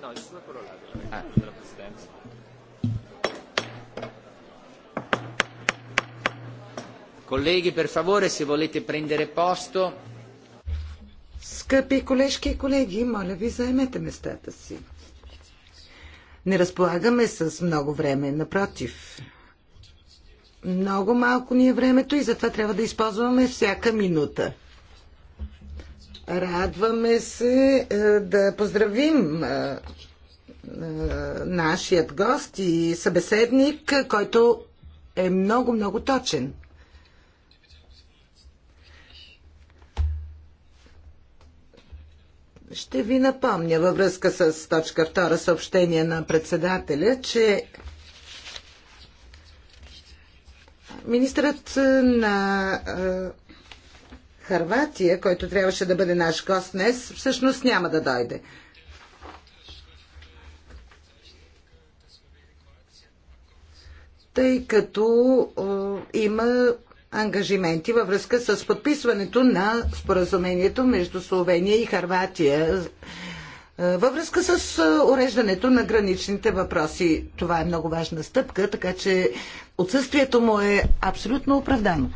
no, quello là della, della Presidenza. per favore, se volete prendere posto. Скъпи колежки и колеги, моля ви, заемете местата си. Не разполагаме с много време, напротив. Много малко ни е времето и затова трябва да използваме всяка минута. Радваме се е, да поздравим е, е, нашият гост и събеседник, който е много-много точен. Ще ви напомня във връзка с точка 2 съобщение на председателя, че министрът на Харватия, който трябваше да бъде наш гост днес, всъщност няма да дойде. Тъй като има ангажименти във връзка с подписването на споразумението между Словения и Харватия е, във връзка с е, уреждането на граничните въпроси. Това е много важна стъпка, така че отсъствието му е абсолютно оправдано.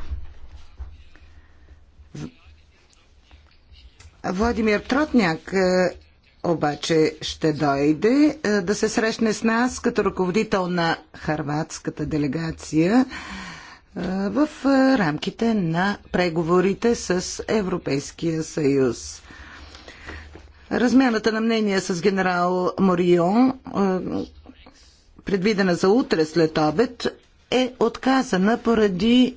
Владимир Тротняк е, обаче ще дойде е, да се срещне с нас като ръководител на харватската делегация е, в рамките на преговорите с Европейския съюз. Размяната на мнение с генерал Морион, предвидена за утре след обед, е отказана поради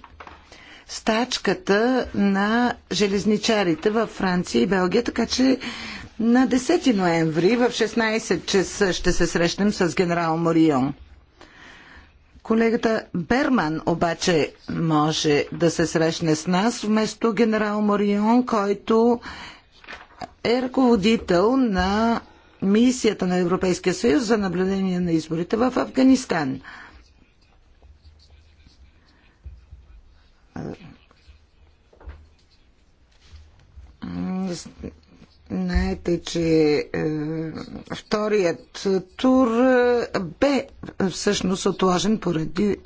стачката на железничарите във Франция и Белгия, така че на 10 ноември в 16 часа ще се срещнем с генерал Морион. Колегата Берман обаче може да се срещне с нас вместо генерал Морион, който е ръководител на мисията на Европейския съюз за наблюдение на изборите в Афганистан. Знаете, че е, вторият тур бе всъщност отложен поради е,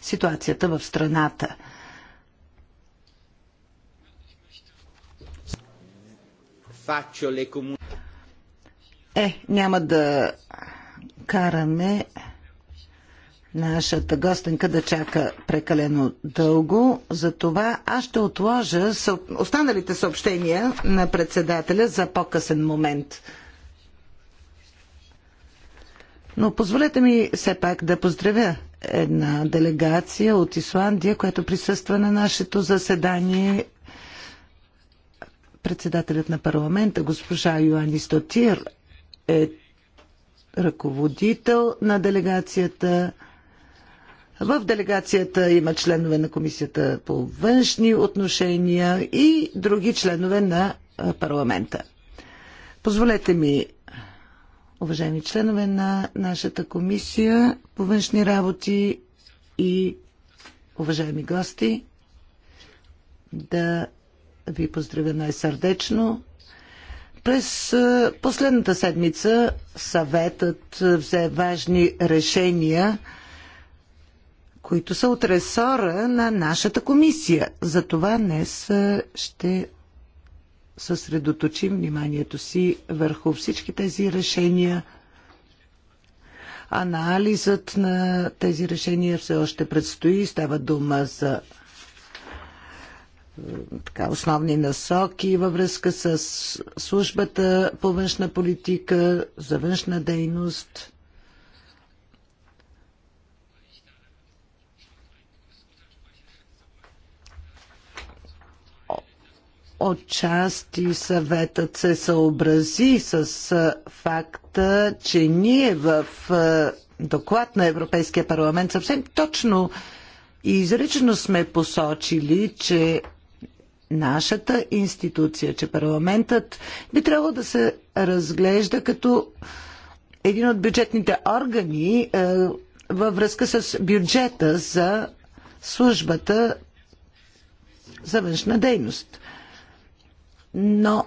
ситуацията в страната. Е, няма да караме нашата гостенка да чака прекалено дълго. Затова аз ще отложа останалите съобщения на председателя за по-късен момент. Но позволете ми все пак да поздравя една делегация от Исландия, която присъства на нашето заседание. Председателят на парламента, госпожа Йоанни Стотир, е ръководител на делегацията в делегацията има членове на Комисията по външни отношения и други членове на парламента. Позволете ми, уважаеми членове на нашата комисия по външни работи и уважаеми гости, да ви поздравя най-сърдечно. През последната седмица съветът взе важни решения – които са от ресора на нашата комисия. Затова днес ще съсредоточим вниманието си върху всички тези решения. Анализът на тези решения все още предстои. Става дума за така, основни насоки във връзка с службата по външна политика, за външна дейност – Отчасти съветът се съобрази с факта, че ние в доклад на Европейския парламент съвсем точно и изрично сме посочили, че нашата институция, че парламентът би трябвало да се разглежда като един от бюджетните органи е, във връзка с бюджета за службата за външна дейност но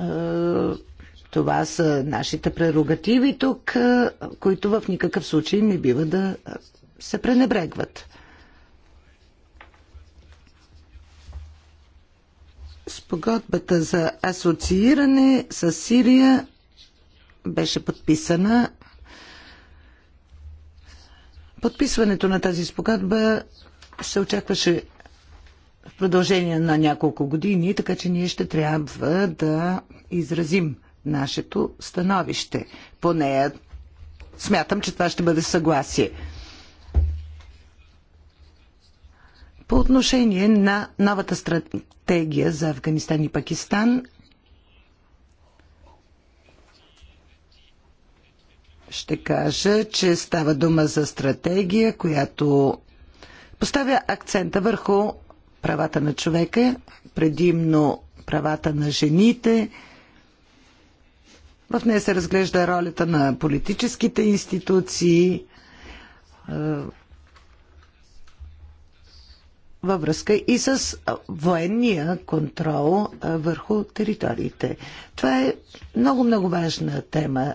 е, това са нашите прерогативи тук, е, които в никакъв случай не бива да се пренебрегват. Спогодбата за асоцииране с Сирия беше подписана. Подписването на тази спогодба се очакваше в продължение на няколко години, така че ние ще трябва да изразим нашето становище по нея. Смятам, че това ще бъде съгласие. По отношение на новата стратегия за Афганистан и Пакистан, ще кажа, че става дума за стратегия, която поставя акцента върху правата на човека, предимно правата на жените. В нея се разглежда ролята на политическите институции е, във връзка и с военния контрол е, върху териториите. Това е много-много важна тема.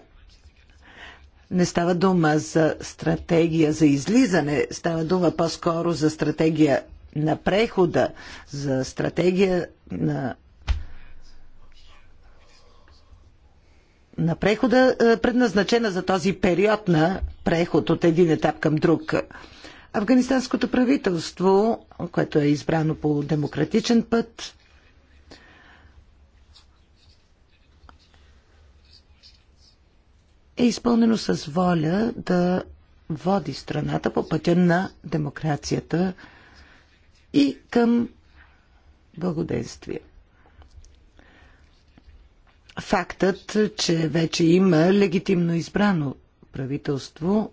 Не става дума за стратегия за излизане, става дума по-скоро за стратегия на прехода, за стратегия на на прехода, е, предназначена за този период на преход от един етап към друг. Афганистанското правителство, което е избрано по демократичен път, е изпълнено с воля да води страната по пътя на демокрацията и към благоденствие. Фактът, че вече има легитимно избрано правителство,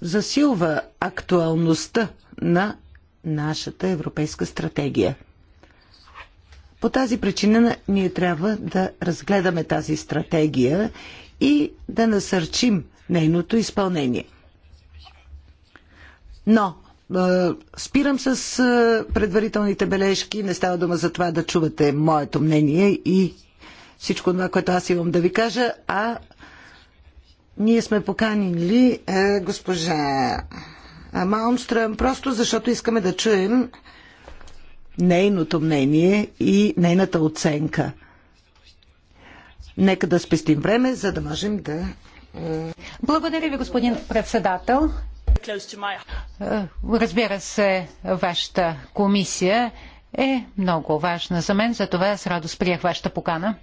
засилва актуалността на нашата европейска стратегия. По тази причина ние трябва да разгледаме тази стратегия и да насърчим нейното изпълнение. Но Спирам с предварителните бележки. Не става дума за това да чувате моето мнение и всичко това, което аз имам да ви кажа, а ние сме поканили е, госпожа Маунстръм, просто защото искаме да чуем нейното мнение и нейната оценка. Нека да спестим време, за да можем да. Благодаря ви, господин председател. Е, разбира се, вашата комисия е много важна за мен, затова с радост приех вашата покана.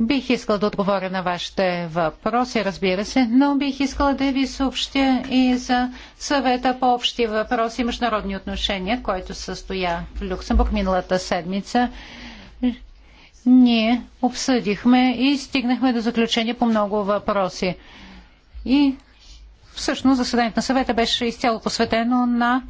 Бих искал да отговоря на вашите въпроси, разбира се, но бих искала да ви съобщя и за съвета по общи въпроси и международни отношения, който състоя в Люксембург миналата седмица. Ние обсъдихме и стигнахме до заключение по много въпроси. И всъщност заседанието на съвета беше изцяло посветено на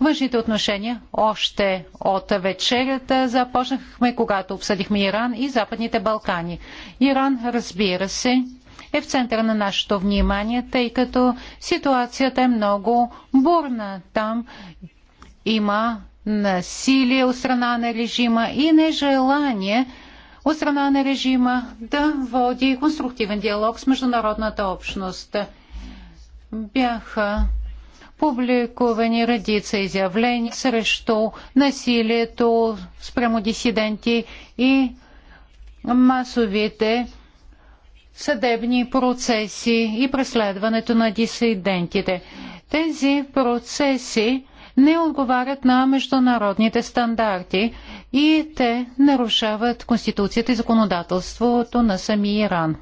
външните отношения. Още от вечерята започнахме, когато обсъдихме Иран и Западните Балкани. Иран, разбира се, е в центъра на нашето внимание, тъй като ситуацията е много бурна. Там има насилие от страна на режима и нежелание от страна на режима да води конструктивен диалог с международната общност бяха публикувани редица изявления срещу насилието спрямо дисиденти и масовите съдебни процеси и преследването на дисидентите. Тези процеси не отговарят на международните стандарти и те нарушават конституцията и законодателството на самия Иран.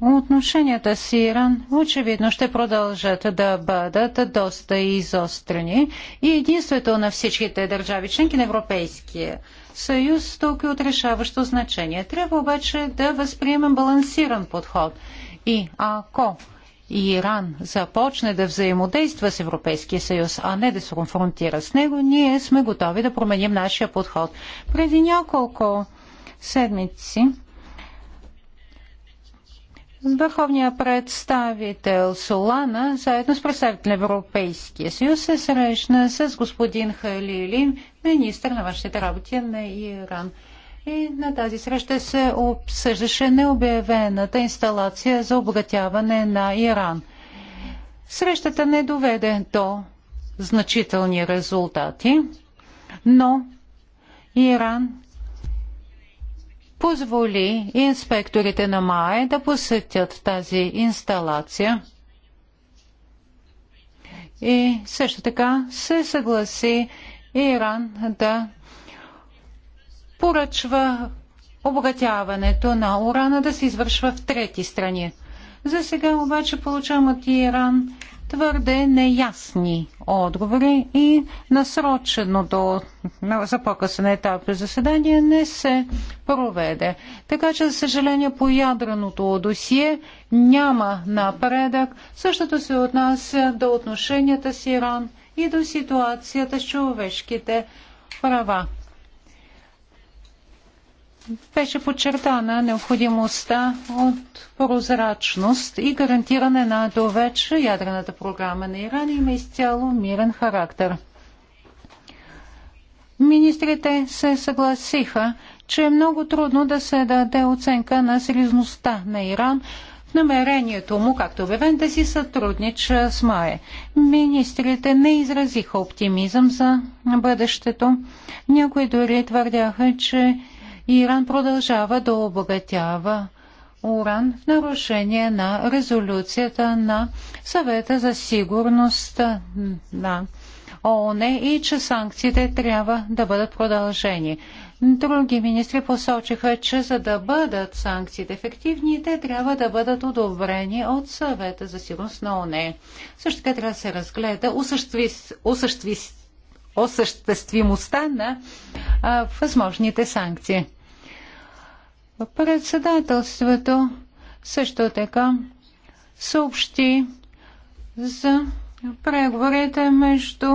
Отношенията с Иран очевидно ще продължат да бъдат доста изострени и единството на всичките държави членки на Европейския съюз тук е от решаващо значение. Трябва обаче да възприемем балансиран подход и ако Иран започне да взаимодейства с Европейския съюз, а не да се конфронтира с него, ние сме готови да променим нашия подход. Преди няколко седмици Върховният представител Солана, заедно с представител на Европейския съюз, се срещна с господин Халили, министр на външните работи на Иран. И на тази среща се обсъждаше необявената инсталация за обогатяване на Иран. Срещата не доведе до значителни резултати, но Иран позволи инспекторите на МАЕ да посетят тази инсталация. И също така се съгласи Иран да поръчва обогатяването на урана да се извършва в трети страни. За сега обаче получавам от Иран твърде неясни отговори и насрочено до, за по-късен етап заседание не се проведе. Така че, за съжаление, по ядреното досие няма напредък. Същото се отнася до отношенията с Иран и до ситуацията с човешките права беше подчертана необходимостта от прозрачност и гарантиране на това, ядрената програма на Иран има изцяло мирен характер. Министрите се съгласиха, че е много трудно да се даде оценка на сериозността на Иран в намерението му, както обявен, да си сътруднича с МАЕ. Министрите не изразиха оптимизъм за бъдещето. Някои дори твърдяха, че Иран продължава да обогатява уран в нарушение на резолюцията на съвета за сигурност на ООН и че санкциите трябва да бъдат продължени. Други министри посочиха, че за да бъдат санкциите ефективни, те трябва да бъдат одобрени от съвета за сигурност на ОНЕ. Също така трябва да се разгледа осъществимостта на а, възможните санкции. В председателството също така съобщи за преговорите между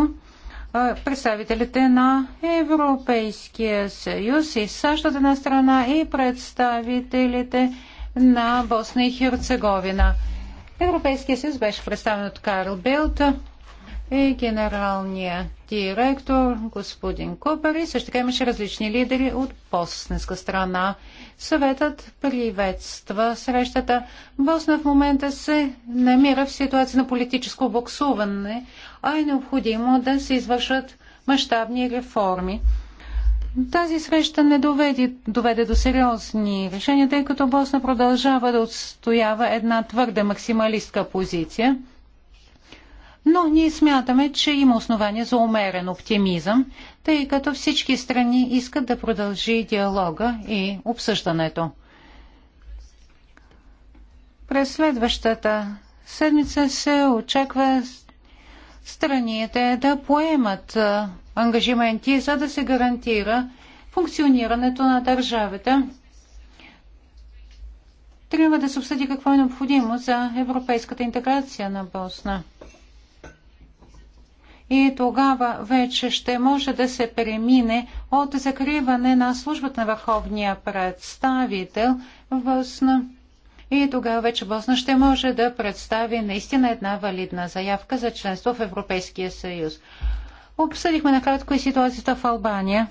представителите на Европейския съюз и САЩ от една страна и представителите на Босна и Херцеговина. Европейския съюз беше представен от Карл Белт и генералния директор, господин Купер и също така имаше различни лидери от босненска страна. Съветът приветства срещата. Босна в момента се намира в ситуация на политическо боксуване, а е необходимо да се извършат мащабни реформи. Тази среща не доведе, доведе до сериозни решения, тъй като Босна продължава да отстоява една твърде максималистка позиция – но ние смятаме, че има основания за умерен оптимизъм, тъй като всички страни искат да продължи диалога и обсъждането. През следващата седмица се очаква страните да поемат ангажименти, за да се гарантира функционирането на държавата. Трябва да се обсъди какво е необходимо за европейската интеграция на Босна и тогава вече ще може да се премине от закриване на службата на върховния представител в СНА. И тогава вече Босна ще може да представи наистина една валидна заявка за членство в Европейския съюз. Обсъдихме накратко и ситуацията в Албания.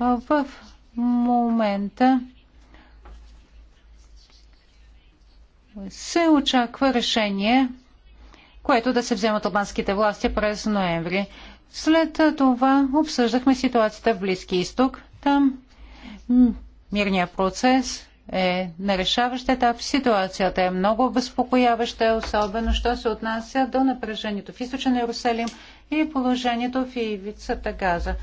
В момента се очаква решение което да се вземат албанските власти през ноември. След това обсъждахме ситуацията в Близки изток. Там мирният процес е на решаващ етап. Ситуацията е много обезпокояваща, особено що се отнася до напрежението в източен Иерусалим и положението в ивицата Газа.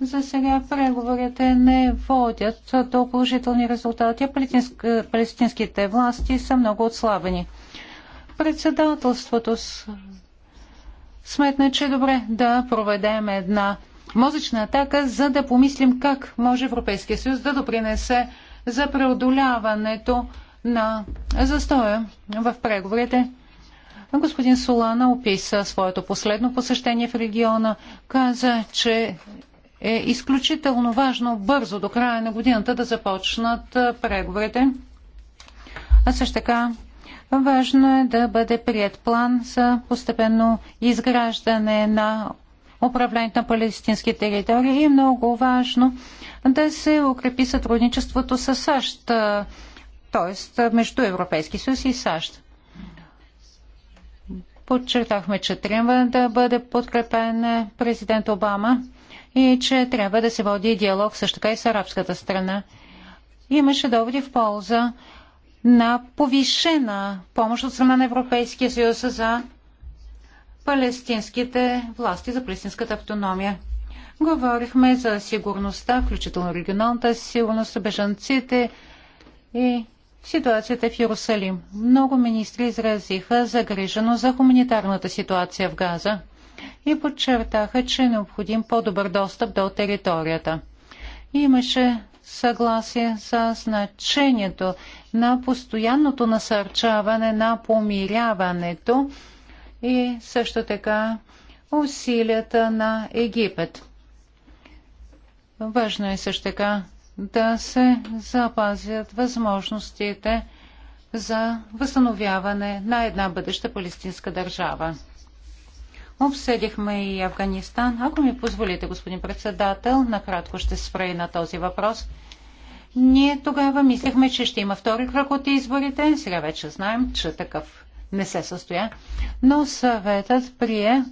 За сега преговорите не водят до положителни резултати, а палестинските власти са много отслабени председателството сметна, че е добре да проведем една мозъчна атака, за да помислим как може Европейския съюз да допринесе за преодоляването на застоя в преговорите. Господин Солана описа своето последно посещение в региона. Каза, че е изключително важно бързо до края на годината да започнат преговорите. А също така Важно е да бъде прият план за постепенно изграждане на управлението на палестински територии и е много важно да се укрепи сътрудничеството с САЩ, т.е. между Европейски съюз и САЩ. Подчертахме, че трябва да бъде подкрепен президент Обама и че трябва да се води диалог също така и с арабската страна. Имаше доводи в полза на повишена помощ от страна на Европейския съюз за палестинските власти, за палестинската автономия. Говорихме за сигурността, включително регионалната сигурност, бежанците и ситуацията в Иерусалим. Много министри изразиха загрижено за хуманитарната ситуация в Газа и подчертаха, че е необходим по-добър достъп до територията. Имаше съгласие за значението на постоянното насърчаване на помиряването и също така усилията на Египет. Важно е също така да се запазят възможностите за възстановяване на една бъдеща палестинска държава. Обсъдихме и Афганистан. Ако ми позволите, господин председател, накратко ще спре на този въпрос – ние тогава мислехме, че ще има втори кръг от изборите. Сега вече знаем, че такъв не се състоя. Но съветът прие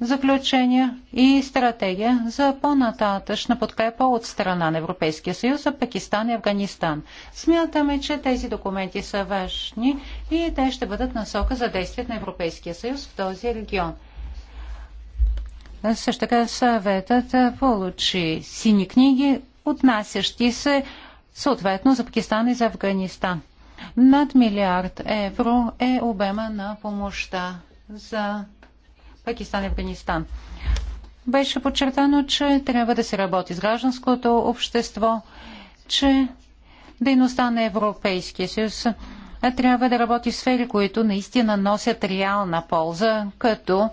заключения и стратегия за по-нататъчна подкрепа от страна на Европейския съюз а Пакистан и Афганистан. Смятаме, че тези документи са важни и те ще бъдат насока за действие на Европейския съюз в този регион. Също така съветът получи сини книги отнасящи се съответно за Пакистан и за Афганистан. Над милиард евро е обема на помощта за Пакистан и Афганистан. Беше подчертано, че трябва да се работи с гражданското общество, че дейността на Европейския съюз трябва да работи в сфери, които наистина носят реална полза, като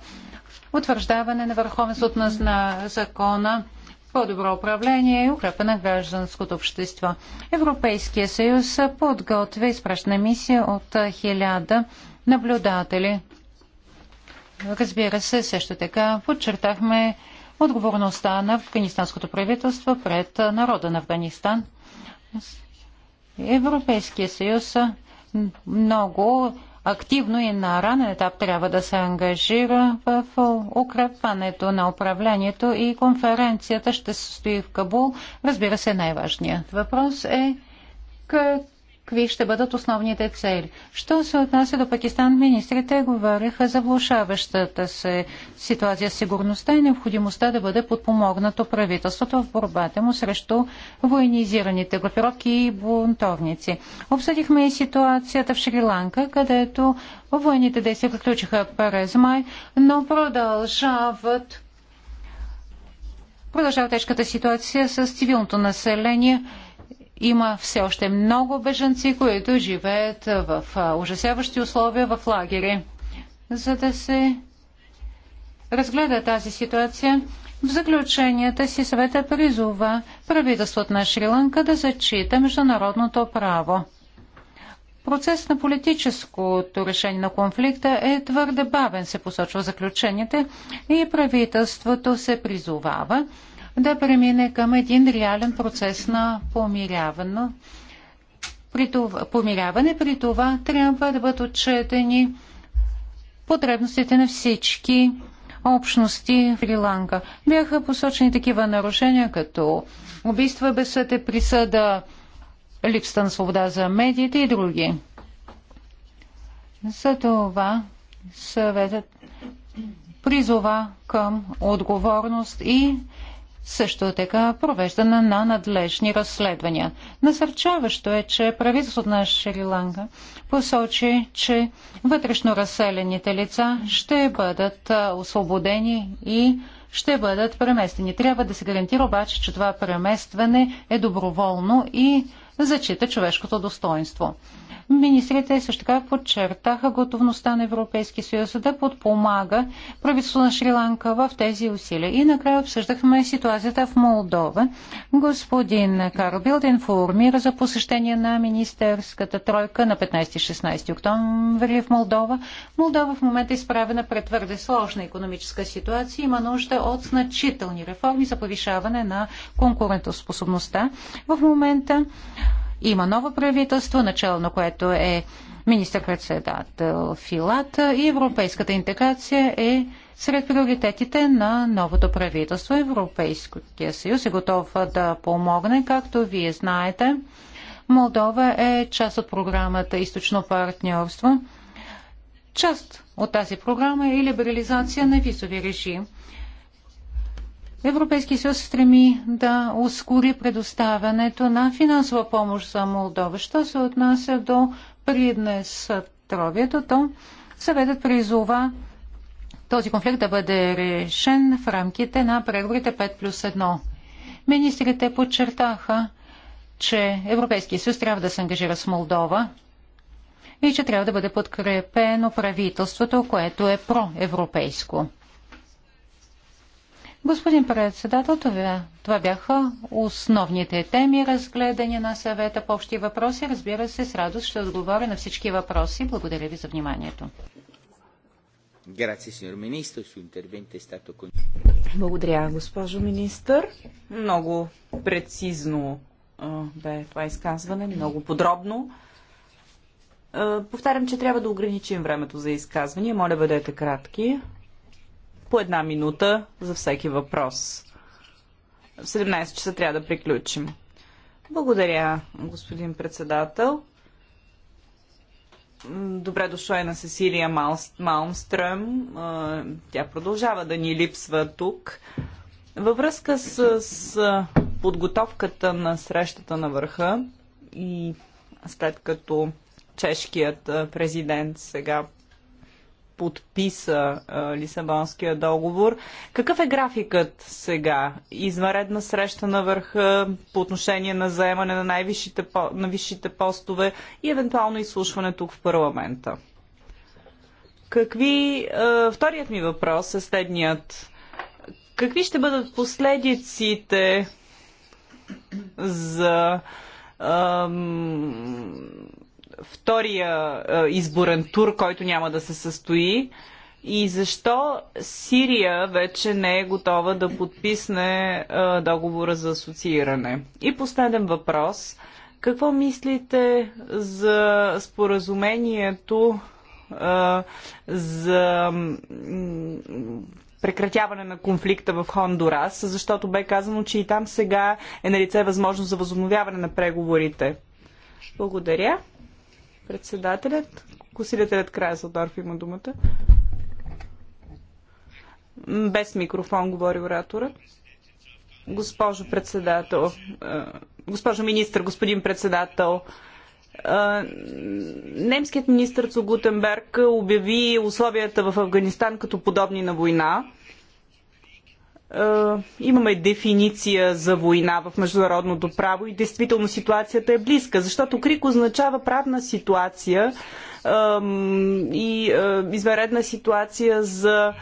утвърждаване на върховенството на закона, по-добро управление и укрепа на гражданското общество. Европейския съюз подготвя изпращана мисия от хиляда наблюдатели. Разбира се, също така подчертахме отговорността на афганистанското правителство пред народа на Афганистан. Европейския съюз много активно и на ранен етап трябва да се ангажира в укрепването на управлението и конференцията ще се състои в Кабул. Разбира се, най-важният въпрос е как какви ще бъдат основните цели. Що се отнася до Пакистан, министрите говориха за влушаващата се ситуация с сигурността и необходимостта да бъде подпомогнато правителството в борбата му срещу военизираните групировки и бунтовници. Обсъдихме и ситуацията в Шри-Ланка, където военните действия приключиха през май, но продължават Продължава тежката ситуация с цивилното население има все още много беженци, които живеят в ужасяващи условия в лагери. За да се разгледа тази ситуация, в заключенията си съвета призова правителството на Шри-Ланка да зачита международното право. Процес на политическото решение на конфликта е твърде бавен, се посочва заключенията, и правителството се призовава да премине към един реален процес на помиряване. При това, помиряване при това трябва да бъдат отчетени потребностите на всички общности в Риланка. Бяха посочени такива нарушения, като убийства без съд и е присъда, липста на свобода за медиите и други. За това съветът призова към отговорност и също така провеждане на надлежни разследвания. Насърчаващо е, че правителството на Шри-Ланка посочи, че вътрешно разселените лица ще бъдат освободени и ще бъдат преместени. Трябва да се гарантира обаче, че това преместване е доброволно и зачита човешкото достоинство. Министрите също така подчертаха готовността на Европейския съюз да подпомага правителството на Шри-Ланка в тези усилия. И накрая обсъждахме ситуацията в Молдова. Господин Карл Билд информира за посещение на министерската тройка на 15-16 октомври в Молдова. Молдова в момента е изправена пред твърде сложна економическа ситуация. Има нужда от значителни реформи за повишаване на конкурентоспособността. В момента има ново правителство, начало на което е министър-председател Филат и европейската интеграция е сред приоритетите на новото правителство. Европейския съюз е готов да помогне, както вие знаете. Молдова е част от програмата Източно партньорство. Част от тази програма е и либерализация на визови режим – Европейския съюз стреми да ускори предоставянето на финансова помощ за Молдова. Що се отнася до приднесътровието, то съветът призова този конфликт да бъде решен в рамките на преговорите 5 плюс 1. Министрите подчертаха, че Европейския съюз трябва да се ангажира с Молдова и че трябва да бъде подкрепено правителството, което е проевропейско. Господин председател, това, това бяха основните теми, разгледани на съвета по общи въпроси. Разбира се, с радост ще отговоря на всички въпроси. Благодаря ви за вниманието. Благодаря, госпожо министър. Много прецизно бе това изказване, много подробно. Повтарям, че трябва да ограничим времето за изказвания. Моля, бъдете кратки по една минута за всеки въпрос. В 17 часа трябва да приключим. Благодаря, господин председател. Добре дошла е на Сесилия Малмстръм. Тя продължава да ни липсва тук. Във връзка с, с подготовката на срещата на върха и след като чешкият президент сега подписа а, Лисабонския договор. Какъв е графикът сега? Извънредна среща на върха по отношение на заемане на най-висшите на висшите постове и евентуално изслушване тук в парламента. Какви... А, вторият ми въпрос е следният. Какви ще бъдат последиците за втория е, изборен тур, който няма да се състои? И защо Сирия вече не е готова да подписне е, договора за асоцииране? И последен въпрос. Какво мислите за споразумението а, е, за прекратяване на конфликта в Хондурас, защото бе казано, че и там сега е на лице възможност за възобновяване на преговорите? Благодаря. Председателят, косилителят Крайзълдорф има думата. Без микрофон говори оратора. Госпожо председател, госпожо министр, господин председател, немският министр Цугутенберг обяви условията в Афганистан като подобни на война е, имаме дефиниция за война в международното право и действително ситуацията е близка, защото КРИК означава правна ситуация и е, извънредна ситуация за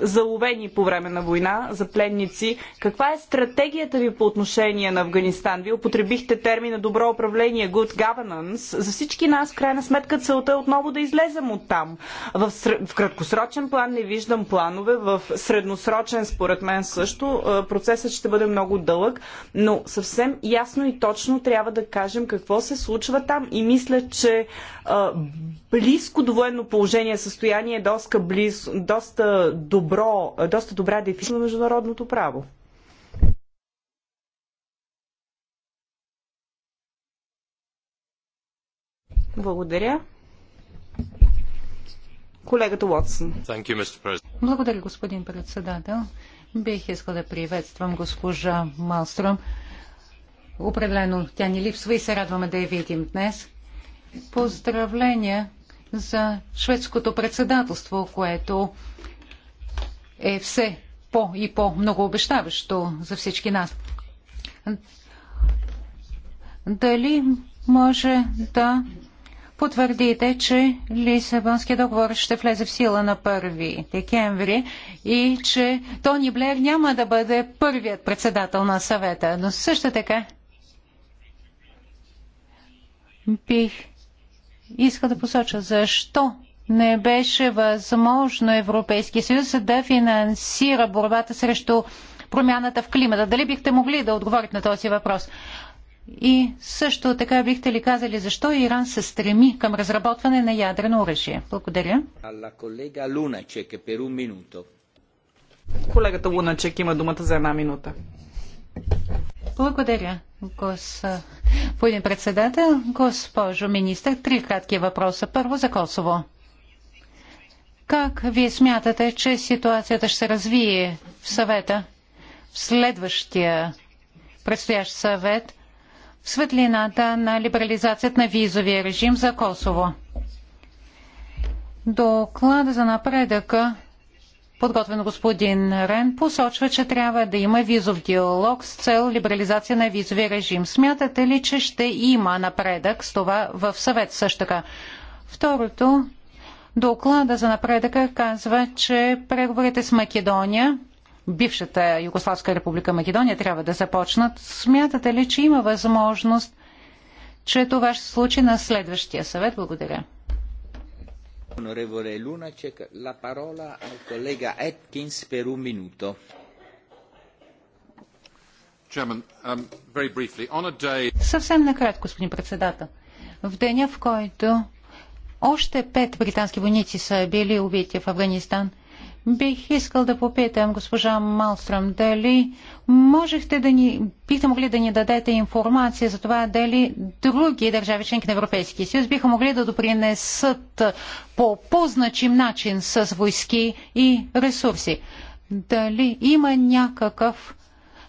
заловени по време на война, за пленници. Каква е стратегията ви по отношение на Афганистан? Вие употребихте термина добро управление, good governance. За всички нас, в крайна сметка, целта е отново да излезем от там. В, в краткосрочен план не виждам планове, в средносрочен, според мен също, процесът ще бъде много дълъг, но съвсем ясно и точно трябва да кажем какво се случва там и мисля, че близко до военно положение състояние е доста близо доста, добро, доста добра дефиниция на международното право. Благодаря. Колегата Уотсън. Благодаря, господин председател. Бих искал да приветствам госпожа Малстром. Определено тя ни липсва и се радваме да я видим днес. Поздравления за шведското председателство, което е все по- и по много обещаващо за всички нас. Дали може да потвърдите, че Лисабонския договор ще влезе в сила на 1 декември и че Тони Блер няма да бъде първият председател на съвета. Но също така бих иска да посоча защо не беше възможно Европейския съюз да финансира борбата срещу промяната в климата. Дали бихте могли да отговорите на този въпрос? И също така бихте ли казали защо Иран се стреми към разработване на ядрено оръжие? Благодаря. Колегата Луначек има думата за една минута. Благодаря, господин председател. Госпожо министр, три кратки въпроса. Първо за Косово. Как вие смятате, че ситуацията ще се развие в съвета, в следващия предстоящ съвет, в светлината на либерализацията на визовия режим за Косово? Доклада за напредъка подготвен господин Рен, посочва, че трябва да има визов диалог с цел либерализация на визовия режим. Смятате ли, че ще има напредък с това в съвет също така? Второто, доклада за напредъка казва, че преговорите с Македония бившата Югославска република Македония трябва да започнат. Смятате ли, че има възможност, че това ще случи на следващия съвет? Благодаря. Onorevole Lunacek, la parola al collega Atkins per un minuto. Um, Съвсем накратко, господин председател. В деня, в който още пет британски войници са били убити в Афганистан, Бих искал да попитам госпожа Малстром, дали можехте да ни, бихте могли да ни дадете информация за това дали други държави членки на Европейския съюз биха могли да допринесат по по-значим начин с войски и ресурси. Дали има някакъв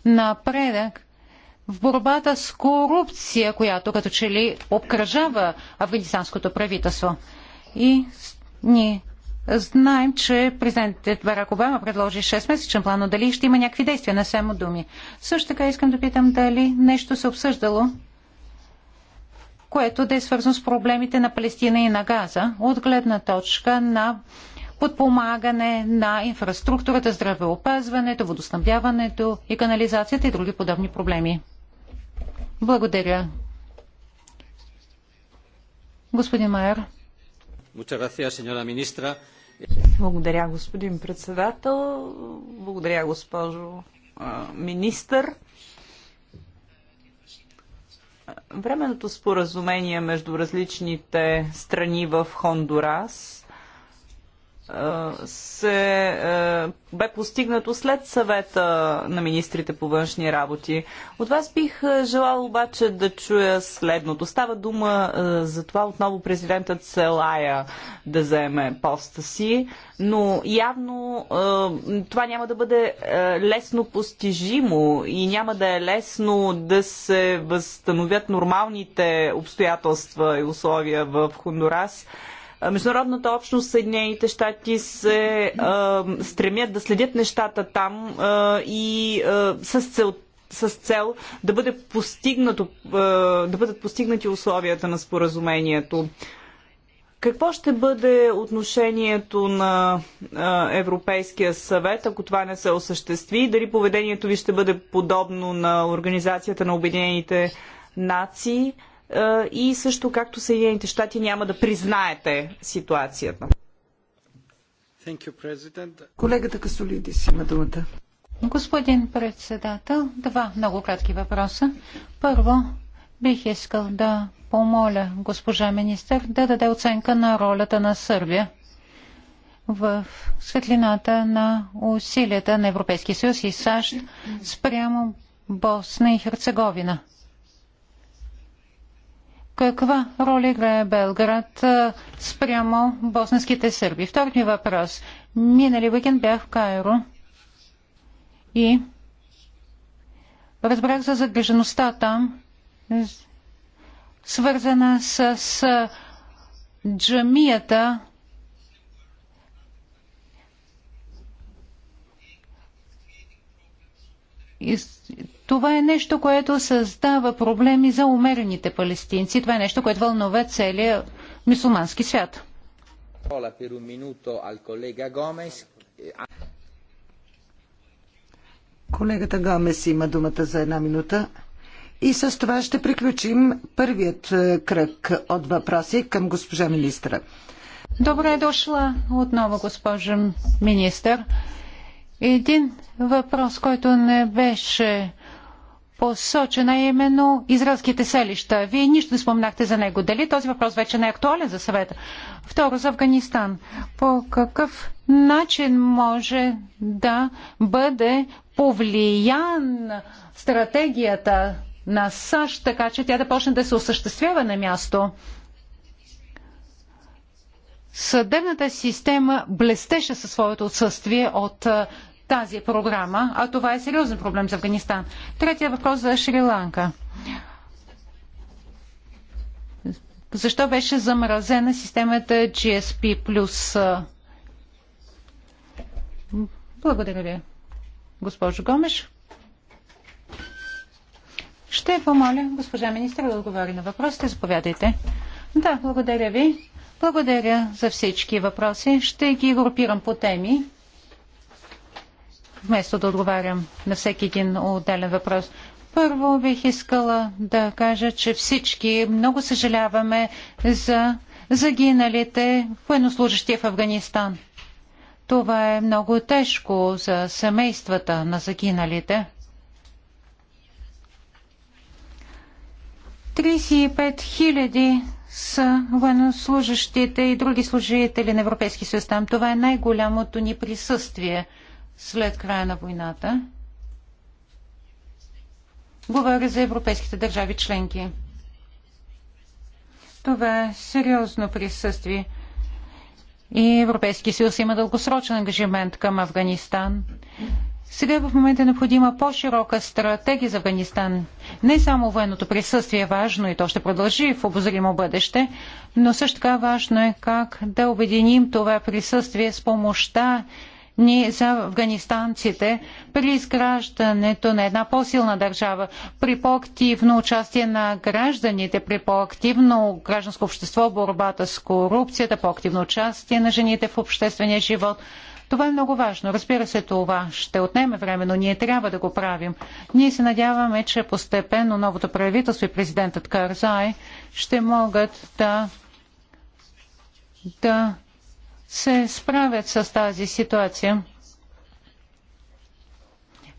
напредък в борбата с корупция, която като че ли обкръжава афганистанското правителство. И ние Знаем, че президентът Барак Обама предложи 6-месечен план, но дали ще има някакви действия, на само думи. Също така искам да питам дали нещо се обсъждало, което да е свързано с проблемите на Палестина и на Газа, от гледна точка на подпомагане на инфраструктурата, здравеопазването, водоснабдяването и канализацията и други подобни проблеми. Благодаря. Господин Майер. Благодаря, gracias, благодаря, господин председател. Благодаря, госпожо министър. Временното споразумение между различните страни в Хондурас се бе постигнато след съвета на министрите по външни работи. От вас бих желал обаче да чуя следното. Става дума за това отново президентът Селая да заеме поста си, но явно това няма да бъде лесно постижимо и няма да е лесно да се възстановят нормалните обстоятелства и условия в Хондурас. Международната общност, Съединените щати се а, стремят да следят нещата там а, и а, с цел с цел да, бъде постигнато, да бъдат постигнати условията на споразумението. Какво ще бъде отношението на Европейския съвет, ако това не се осъществи? Дали поведението ви ще бъде подобно на Организацията на Обединените нации? Е, и също както Съединените щати няма да признаете ситуацията. Колегата Касолидис има думата. Господин председател, два много кратки въпроса. Първо, бих искал да помоля госпожа министър да даде оценка на ролята на Сърбия в светлината на усилията на Европейския съюз и САЩ спрямо Босна и Херцеговина – каква роля играе Белград спрямо босненските сърби? Вторият ми въпрос. Минали уикенд бях в Кайро и разбрах за загрижеността там, свързана с, с джамията, и това е нещо, което създава проблеми за умерените палестинци. Това е нещо, което вълнува целия мусулмански свят. Колегата Гомес има думата за една минута. И с това ще приключим първият е, кръг от въпроси към госпожа министра. Добре дошла отново, госпожа министър. Един въпрос, който не беше посочена е именно израелските селища. Вие нищо не спомнахте за него. Дали този въпрос вече не е актуален за съвета? Второ, за Афганистан. По какъв начин може да бъде повлиян стратегията на САЩ, така че тя да почне да се осъществява на място? Съдебната система блестеше със своето отсъствие от тази програма, а това е сериозен проблем за Афганистан. Третия въпрос за Шри-Ланка. Защо беше замразена системата GSP+. Благодаря ви, госпожо Гомеш. Ще помоля госпожа министра да отговори на въпросите. Заповядайте. Да, благодаря ви. Благодаря за всички въпроси. Ще ги групирам по теми вместо да отговарям на всеки един отделен въпрос. Първо бих искала да кажа, че всички много съжаляваме за загиналите военнослужащи в Афганистан. Това е много тежко за семействата на загиналите. 35 000 са военнослужащите и други служители на Европейски съюз там. Това е най-голямото ни присъствие – след края на войната. Говоря за европейските държави членки. Това е сериозно присъствие. И Европейския съюз има дългосрочен ангажимент към Афганистан. Сега в момента е необходима по-широка стратегия за Афганистан. Не само военното присъствие е важно и то ще продължи в обозримо бъдеще, но също така важно е как да обединим това присъствие с помощта ни за афганистанците при изграждането на една по-силна държава, при по-активно участие на гражданите, при по-активно гражданско общество, борбата с корупцията, по-активно участие на жените в обществения живот. Това е много важно. Разбира се, това ще отнеме време, но ние трябва да го правим. Ние се надяваме, че постепенно новото правителство и президентът Карзай ще могат да, да се справят с тази ситуация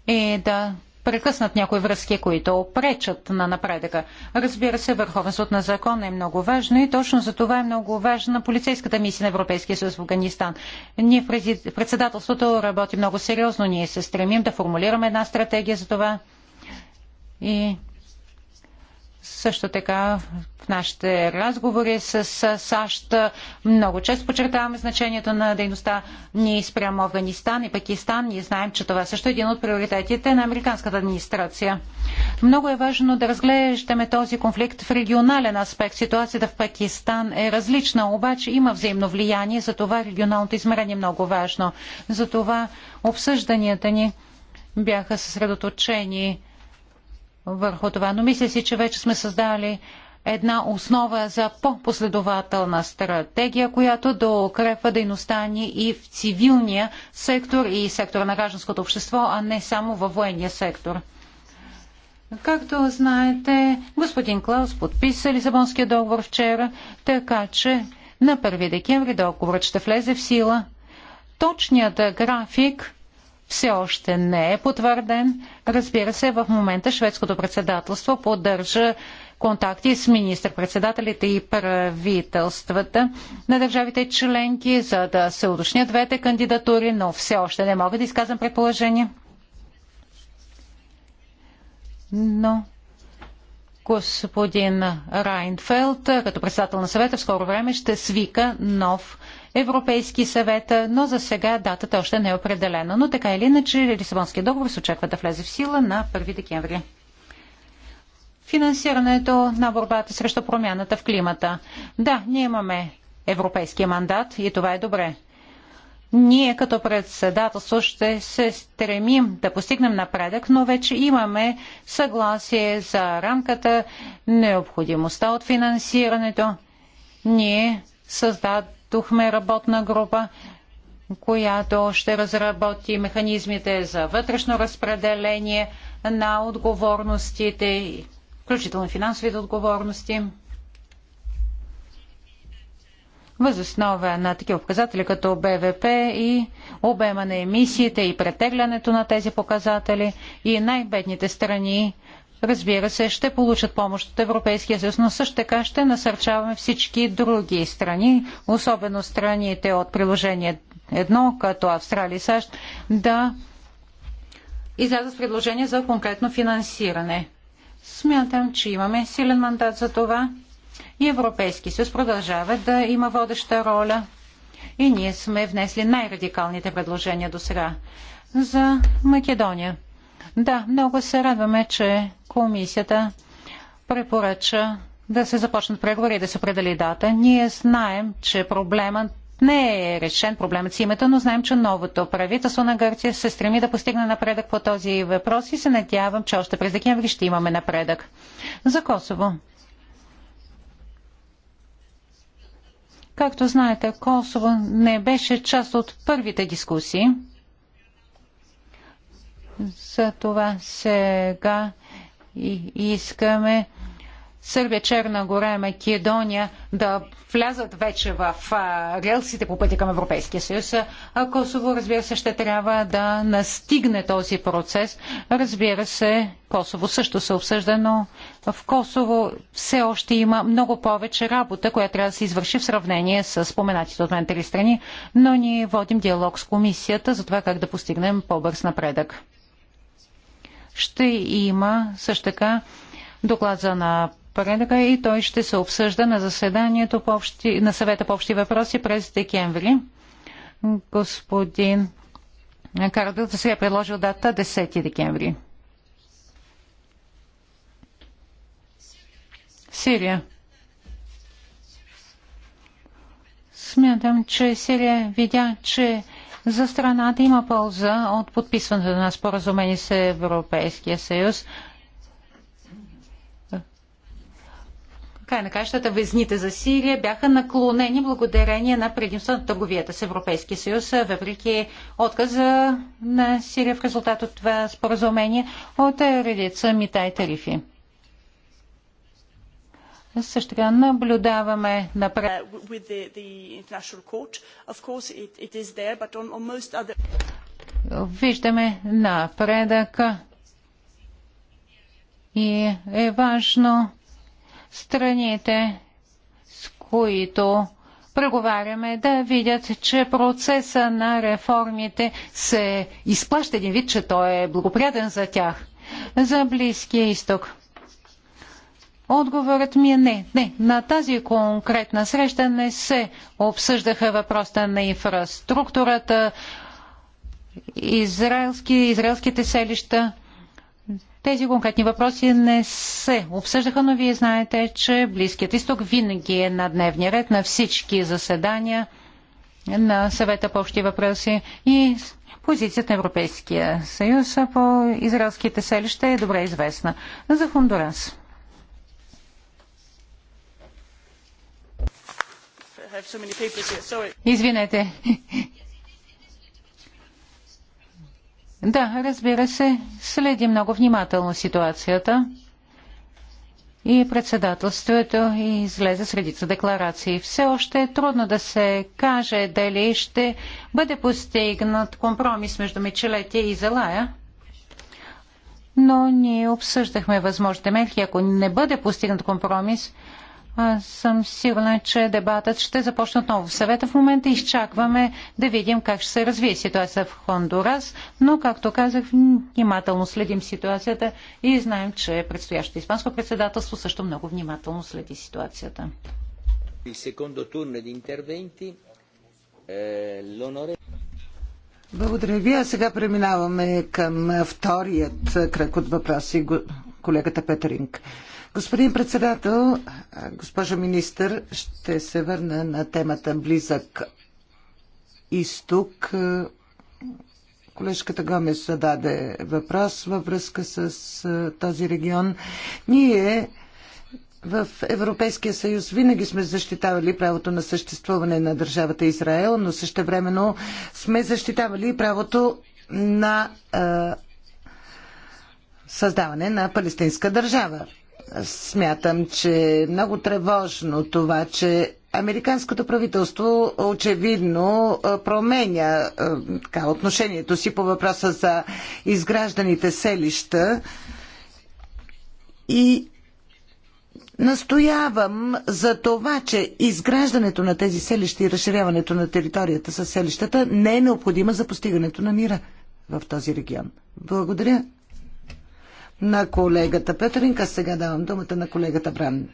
и да прекъснат някои връзки, които пречат на напредъка. Разбира се, върховенството на закона е много важно и точно за това е много важна полицейската мисия на Европейския съюз в Афганистан. Ние в председателството работи много сериозно, ние се стремим да формулираме една стратегия за това и също така в нашите разговори с САЩ много често подчертаваме значението на дейността ни спрямо Афганистан и Пакистан. Ние знаем, че това също е един от приоритетите на американската администрация. Много е важно да разглеждаме този конфликт в регионален аспект. Ситуацията в Пакистан е различна, обаче има взаимно влияние, за това регионалното измерение е много важно. За това обсъжданията ни бяха съсредоточени върху това, но мисля си, че вече сме създали една основа за по-последователна стратегия, която да укрепва дейността ни и в цивилния сектор и сектора на гражданското общество, а не само във военния сектор. Както знаете, господин Клаус подписа Лисабонския договор вчера, така че на 1 декември договорът ще влезе в сила. Точният график все още не е потвърден. Разбира се, в момента шведското председателство поддържа контакти с министр-председателите и правителствата на държавите членки, за да се уточнят двете кандидатури, но все още не мога да изказвам предположение. Но господин Райнфелд, като председател на съвета, в скоро време ще свика нов Европейски съвет, но за сега датата още не е определена. Но така или иначе Лисабонския договор се очаква да влезе в сила на 1 декември. Финансирането на борбата срещу промяната в климата. Да, ние имаме европейския мандат и това е добре. Ние като председателство ще се стремим да постигнем напредък, но вече имаме съгласие за рамката, необходимостта от финансирането. Ние създадем създадохме работна група, която ще разработи механизмите за вътрешно разпределение на отговорностите, включително финансовите отговорности. Възоснова на такива показатели като БВП и обема на емисиите и претеглянето на тези показатели и най-бедните страни разбира се, ще получат помощ от Европейския съюз, но също така ще насърчаваме всички други страни, особено страните от приложение 1, като Австралия и САЩ, да излязат с предложение за конкретно финансиране. Смятам, че имаме силен мандат за това и Европейски съюз продължава да има водеща роля и ние сме внесли най-радикалните предложения до сега за Македония. Да, много се радваме, че комисията препоръча да се започнат преговори и да се определи дата. Ние знаем, че проблемът не е решен проблемът с е името, но знаем, че новото правителство на Гърция се стреми да постигне напредък по този въпрос и се надявам, че още през декември ще имаме напредък. За Косово. Както знаете, Косово не беше част от първите дискусии. За това сега искаме Сърбия, Черна гора и Македония да влязат вече в релсите по пътя към Европейския съюз. А Косово, разбира се, ще трябва да настигне този процес. Разбира се, Косово също се обсъжда, но в Косово все още има много повече работа, която трябва да се извърши в сравнение с споменатите от мен три страни, но ние водим диалог с комисията за това как да постигнем по-бърз напредък ще има също така доклад за напредъка и той ще се обсъжда на заседанието по общи, на съвета по общи въпроси през декември. Господин Кардел, се е предложил дата 10 декември. Сирия. Смятам, че Сирия видя, че за страната има полза от подписването на споразумение с Европейския съюз. Край на кащата везните за Сирия бяха наклонени благодарение на предимство на търговията с Европейския съюз, въпреки отказа на Сирия в резултат от това споразумение от редица мита и тарифи. Също така наблюдаваме напред. Виждаме напредък и е важно страните, с които преговаряме, да видят, че процеса на реформите се изплаща един вид, че той е благоприятен за тях. За Близкия изток. Отговорът ми е не. Не, на тази конкретна среща не се обсъждаха въпроса на инфраструктурата, израелски, израелските селища. Тези конкретни въпроси не се обсъждаха, но вие знаете, че Близкият изток винаги е на дневния ред на всички заседания на съвета по общи въпроси и позицията на Европейския съюз по израелските селища е добре известна. За Хондурас. Извинете. Да, разбира се, следи много внимателно ситуацията и председателството и излезе с редица декларации. Все още е трудно да се каже дали ще бъде постигнат компромис между мечелетия и Зелая, но ние обсъждахме възможните мерки. Ако не бъде постигнат компромис, аз съм сигурна, че дебатът ще започне отново в съвета. В момента изчакваме да видим как ще се развие ситуация в Хондурас, но, както казах, внимателно следим ситуацията и знаем, че предстоящото испанско председателство също много внимателно следи ситуацията. Eh, Благодаря ви. А сега преминаваме към вторият кръг от въпроси, колегата Петеринг. Господин председател, госпожо министър, ще се върна на темата близък изток. Колежката Гомес зададе въпрос във връзка с този регион. Ние в Европейския съюз винаги сме защитавали правото на съществуване на държавата Израел, но същевременно сме защитавали правото на е, създаване на палестинска държава. Смятам, че е много тревожно това, че Американското правителство очевидно променя така, отношението си по въпроса за изгражданите селища и настоявам за това, че изграждането на тези селища и разширяването на територията с селищата не е необходима за постигането на мира в този регион. Благодаря на колегата Петринка, а сега давам думата на колегата Бран.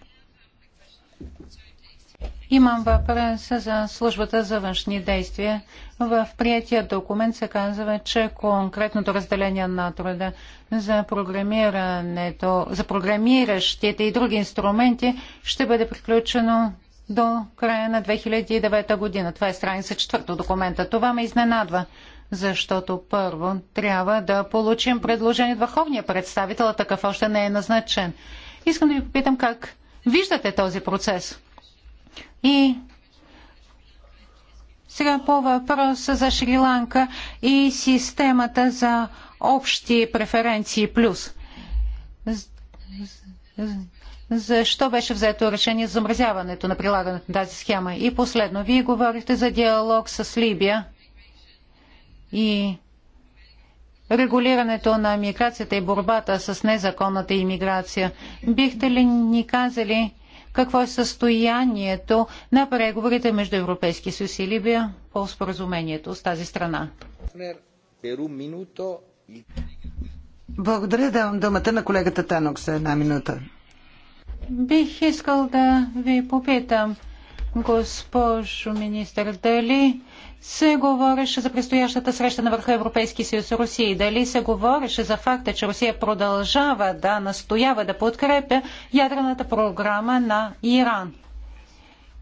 Имам въпрос за службата за външни действия. В приятия документ се казва, че конкретното разделение на труда за програмирането, за програмиращите и други инструменти ще бъде приключено до края на 2009 година. Това е страница четвърта документа. Това ме изненадва, защото първо трябва да получим предложение от върховния представител, а такъв още не е назначен. Искам да ви попитам как виждате този процес. И сега по въпроса за Шри-Ланка и системата за общи преференции плюс. Защо беше взето решение за замразяването на прилагането на тази схема? И последно, вие говорихте за диалог с Либия – и регулирането на миграцията и борбата с незаконната иммиграция. Бихте ли ни казали какво е състоянието на преговорите между Европейски съюз и Либия по споразумението с тази страна? Благодаря. Давам думата на колегата Танок за една минута. Бих искал да ви попитам Госпожо министър, дали се говореше за предстоящата среща на върха Европейски съюз с Русия и дали се говореше за факта, че Русия продължава да настоява да подкрепя ядрената програма на Иран?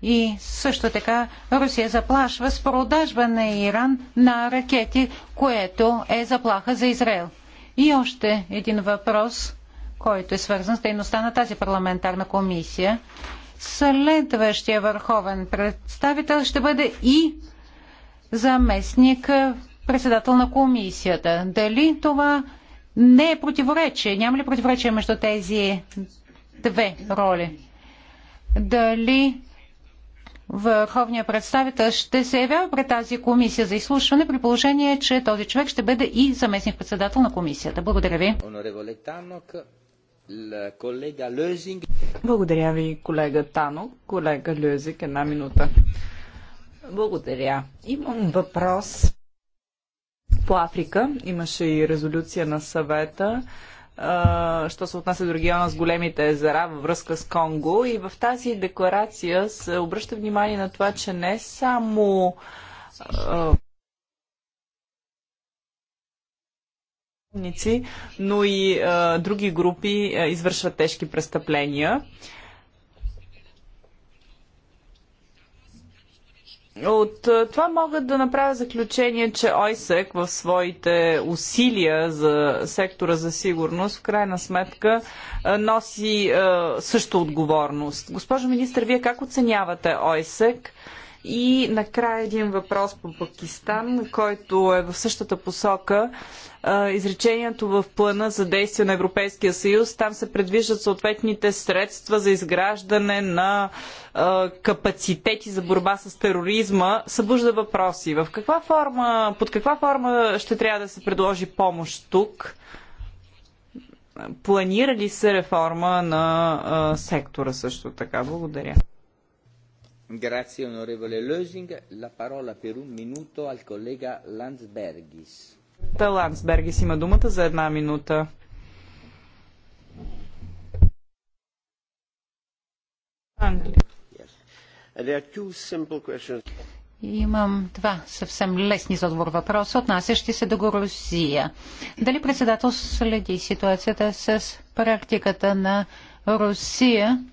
И също така Русия заплашва с продажба на Иран на ракети, което е заплаха за Израел. И още един въпрос, който е свързан с дейността на тази парламентарна комисия следващия върховен представител ще бъде и заместник председател на комисията. Дали това не е противоречие? Няма ли противоречие между тези две роли? Дали върховният представител ще се явява пред тази комисия за изслушване при положение, че този човек ще бъде и заместник председател на комисията? Благодаря ви. Благодаря ви, колега Тано. Колега Лезинг, една минута. Благодаря. Имам въпрос по Африка. Имаше и резолюция на съвета, що се отнася до региона с големите езера във връзка с Конго. И в тази декларация се обръща внимание на това, че не само а, престъпници, но и а, други групи а, извършват тежки престъпления. От това могат да направя заключение, че ОЙСЕК в своите усилия за сектора за сигурност в крайна сметка носи също отговорност. Госпожо министр, вие как оценявате ОЙСЕК? И накрая един въпрос по Пакистан, който е в същата посока изречението в плана за действие на Европейския съюз. Там се предвиждат съответните средства за изграждане на капацитети за борба с тероризма, събужда въпроси. В каква форма, под каква форма ще трябва да се предложи помощ тук? Планира ли се реформа на а, сектора също така? Благодаря. Grazie onorevole Lösing. La parola per un minuto al collega Landsbergis има думата за една минута. Имам два съвсем лесни за отговор въпроса, отнасящи се до Русия. Дали председател следи ситуацията с практиката на Русия?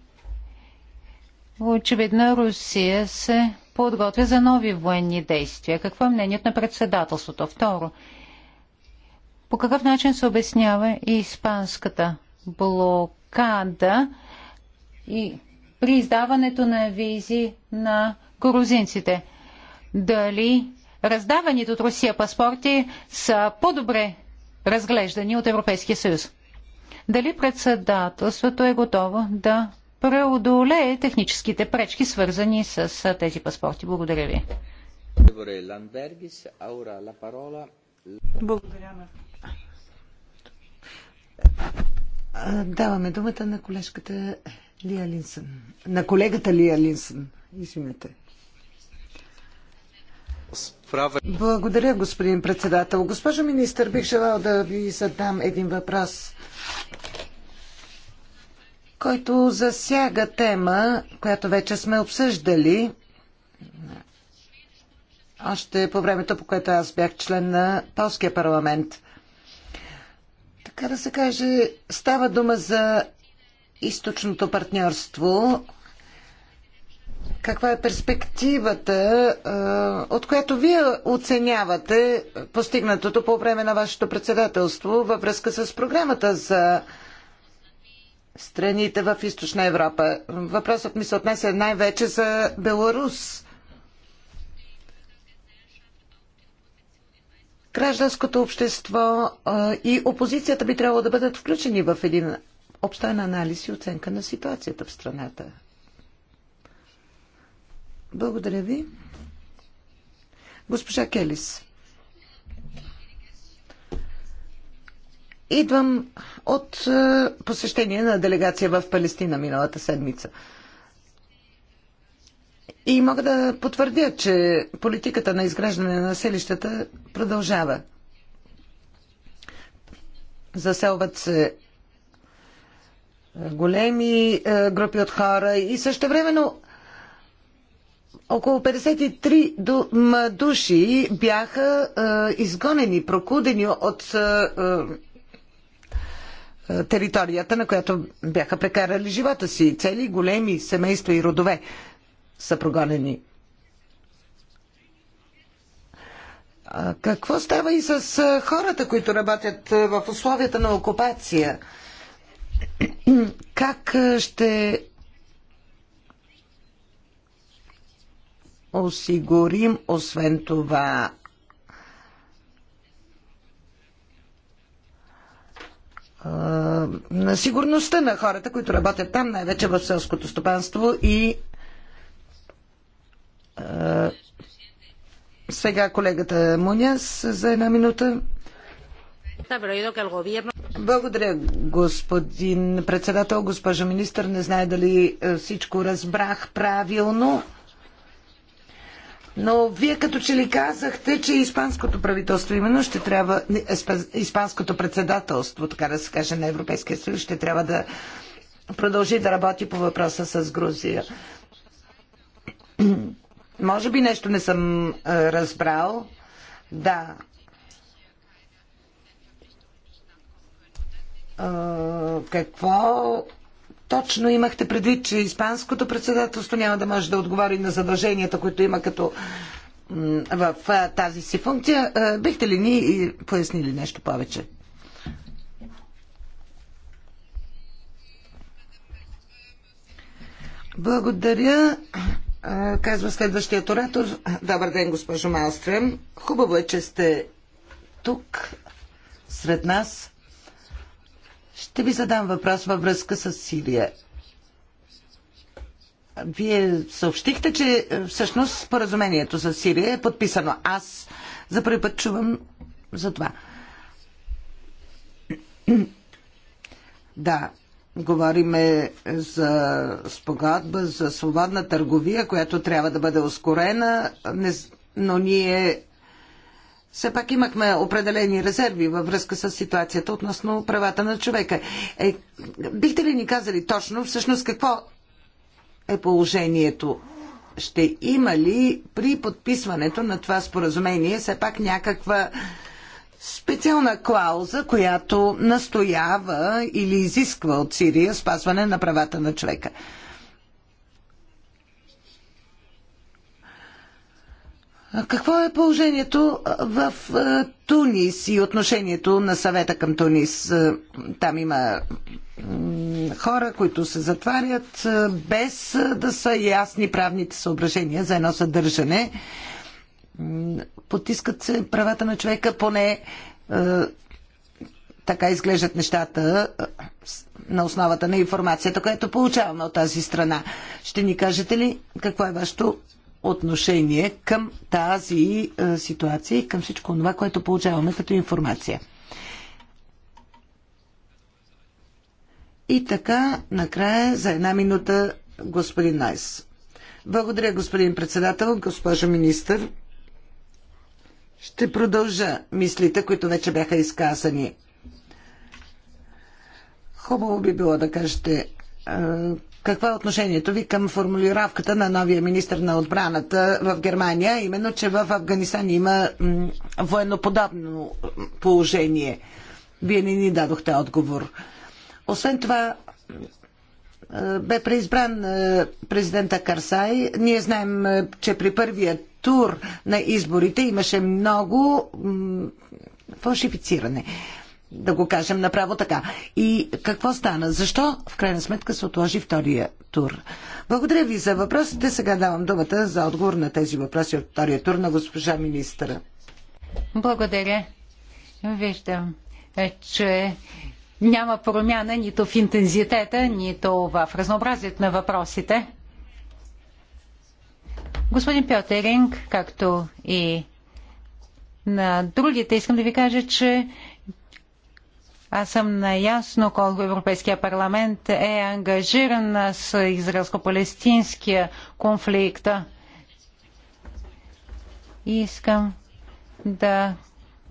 Очевидно Русия се подготвя за нови военни действия. Какво е мнението на председателството? Второ, по какъв начин се обяснява и испанската блокада и при издаването на визи на грузинците? Дали раздаваните от Русия паспорти са по-добре разглеждани от Европейския съюз? Дали председателството е готово да преодолее техническите пречки, свързани с тези паспорти? Благодаря ви. Благодаря, Даваме думата на колежката Лия Линсън. На колегата Лия Линсън. Извинете. Благодаря, господин председател. Госпожо министър, бих желал да ви задам един въпрос, който засяга тема, която вече сме обсъждали още по времето, по което аз бях член на Полския парламент. Така да се каже, става дума за източното партньорство. Каква е перспективата, от която вие оценявате постигнатото по време на вашето председателство във връзка с програмата за страните в Източна Европа? Въпросът ми се отнесе най-вече за Беларус. гражданското общество и опозицията би трябвало да бъдат включени в един обстоен анализ и оценка на ситуацията в страната. Благодаря ви. Госпожа Келис. Идвам от посещение на делегация в Палестина миналата седмица. И мога да потвърдя, че политиката на изграждане на селищата продължава. Заселват се е, големи е, групи от хора и също времено около 53 души бяха е, изгонени, прокудени от територията, на която бяха прекарали живота си. Цели големи семейства и родове са прогонени. Какво става и с хората, които работят в условията на окупация? Как ще осигурим, освен това, на сигурността на хората, които работят там, най-вече в селското стопанство и е, сега колегата Муняс за една минута. Благодаря, господин председател, госпожо министър. Не знае дали е, всичко разбрах правилно. Но вие като че ли казахте, че испанското правителство именно ще трябва, испанското председателство, така да се каже, на Европейския съюз, ще трябва да продължи да работи по въпроса с Грузия. Може би нещо не съм е, разбрал. Да. Е, какво точно имахте предвид, че Испанското председателство няма да може да отговори на задълженията, които има като в е, тази си функция. Бихте ли ни пояснили нещо повече? Благодаря. Казва следващият оратор. Добър ден, госпожо Малстрем. Хубаво е, че сте тук, сред нас. Ще ви задам въпрос във връзка с Сирия. Вие съобщихте, че е, всъщност споразумението с Сирия е подписано. Аз за първи път чувам за това. Да, Говориме за спогадба, за свободна търговия, която трябва да бъде ускорена, но ние все пак имахме определени резерви във връзка с ситуацията относно правата на човека. Е, бихте ли ни казали точно всъщност какво е положението? Ще има ли при подписването на това споразумение все пак някаква специална клауза, която настоява или изисква от Сирия спазване на правата на човека. Какво е положението в Тунис и отношението на съвета към Тунис? Там има хора, които се затварят без да са ясни правните съображения за едно съдържане потискат се правата на човека, поне е, така изглеждат нещата е, на основата на информацията, която получаваме от тази страна. Ще ни кажете ли какво е вашето отношение към тази е, ситуация и към всичко това, което получаваме като информация? И така, накрая, за една минута, господин Найс. Благодаря, господин председател, госпожо министър. Ще продължа мислите, които вече бяха изказани. Хубаво би било да кажете какво е отношението ви към формулировката на новия министр на отбраната в Германия, именно, че в Афганистан има военноподобно положение? Вие не ни дадохте отговор. Освен това, е, бе преизбран е, президента Карсай. Ние знаем, е, че при първия тур на изборите имаше много фалшифициране. Да го кажем направо така. И какво стана? Защо в крайна сметка се отложи втория тур? Благодаря ви за въпросите. Сега давам думата за отговор на тези въпроси от втория тур на госпожа министра. Благодаря. Виждам, че няма промяна нито в интензитета, нито в разнообразието на въпросите. Господин Пьотеринг, както и на другите, искам да ви кажа, че аз съм наясно колко Европейския парламент е ангажиран с израелско-палестинския конфликт. Искам да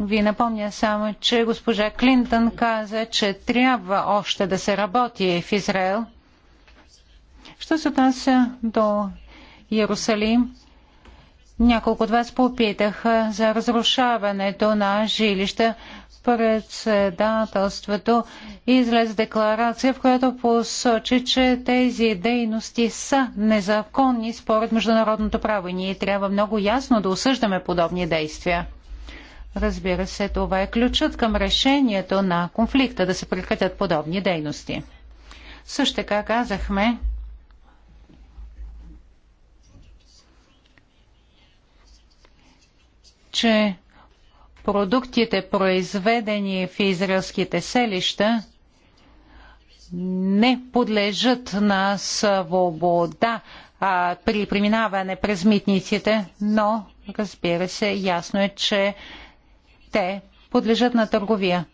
ви напомня само, че госпожа Клинтън каза, че трябва още да се работи в Израел. Що се отнася до Иерусалим, няколко от вас попитаха за разрушаването на жилища. Председателството излез декларация, в която посочи, че тези дейности са незаконни според международното право и ние трябва много ясно да осъждаме подобни действия. Разбира се, това е ключът към решението на конфликта да се прекратят подобни дейности. Също така казахме, че продуктите, произведени в израелските селища, не подлежат на свобода а, при преминаване през митниците, но разбира се, ясно е, че те подлежат на търговия.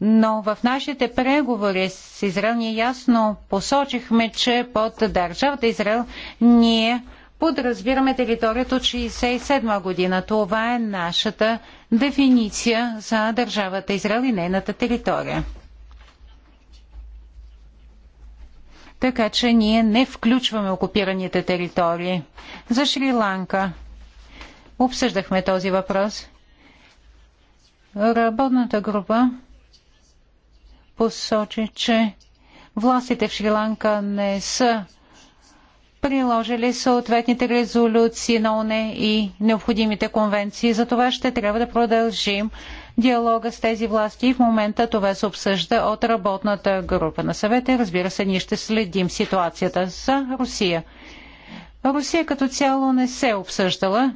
Но в нашите преговори с Израел ние ясно посочихме, че под държавата Израел ние подразбираме територията от 1967 година. Това е нашата дефиниция за държавата Израел и нейната територия. Така че ние не включваме окупираните територии. За Шри-Ланка – обсъждахме този въпрос. Работната група посочи, че властите в Шри-Ланка не са приложили съответните резолюции на ОНЕ и необходимите конвенции. За това ще трябва да продължим диалога с тези власти и в момента това се обсъжда от работната група на съвета. Разбира се, ние ще следим ситуацията за Русия. Русия като цяло не се е обсъждала.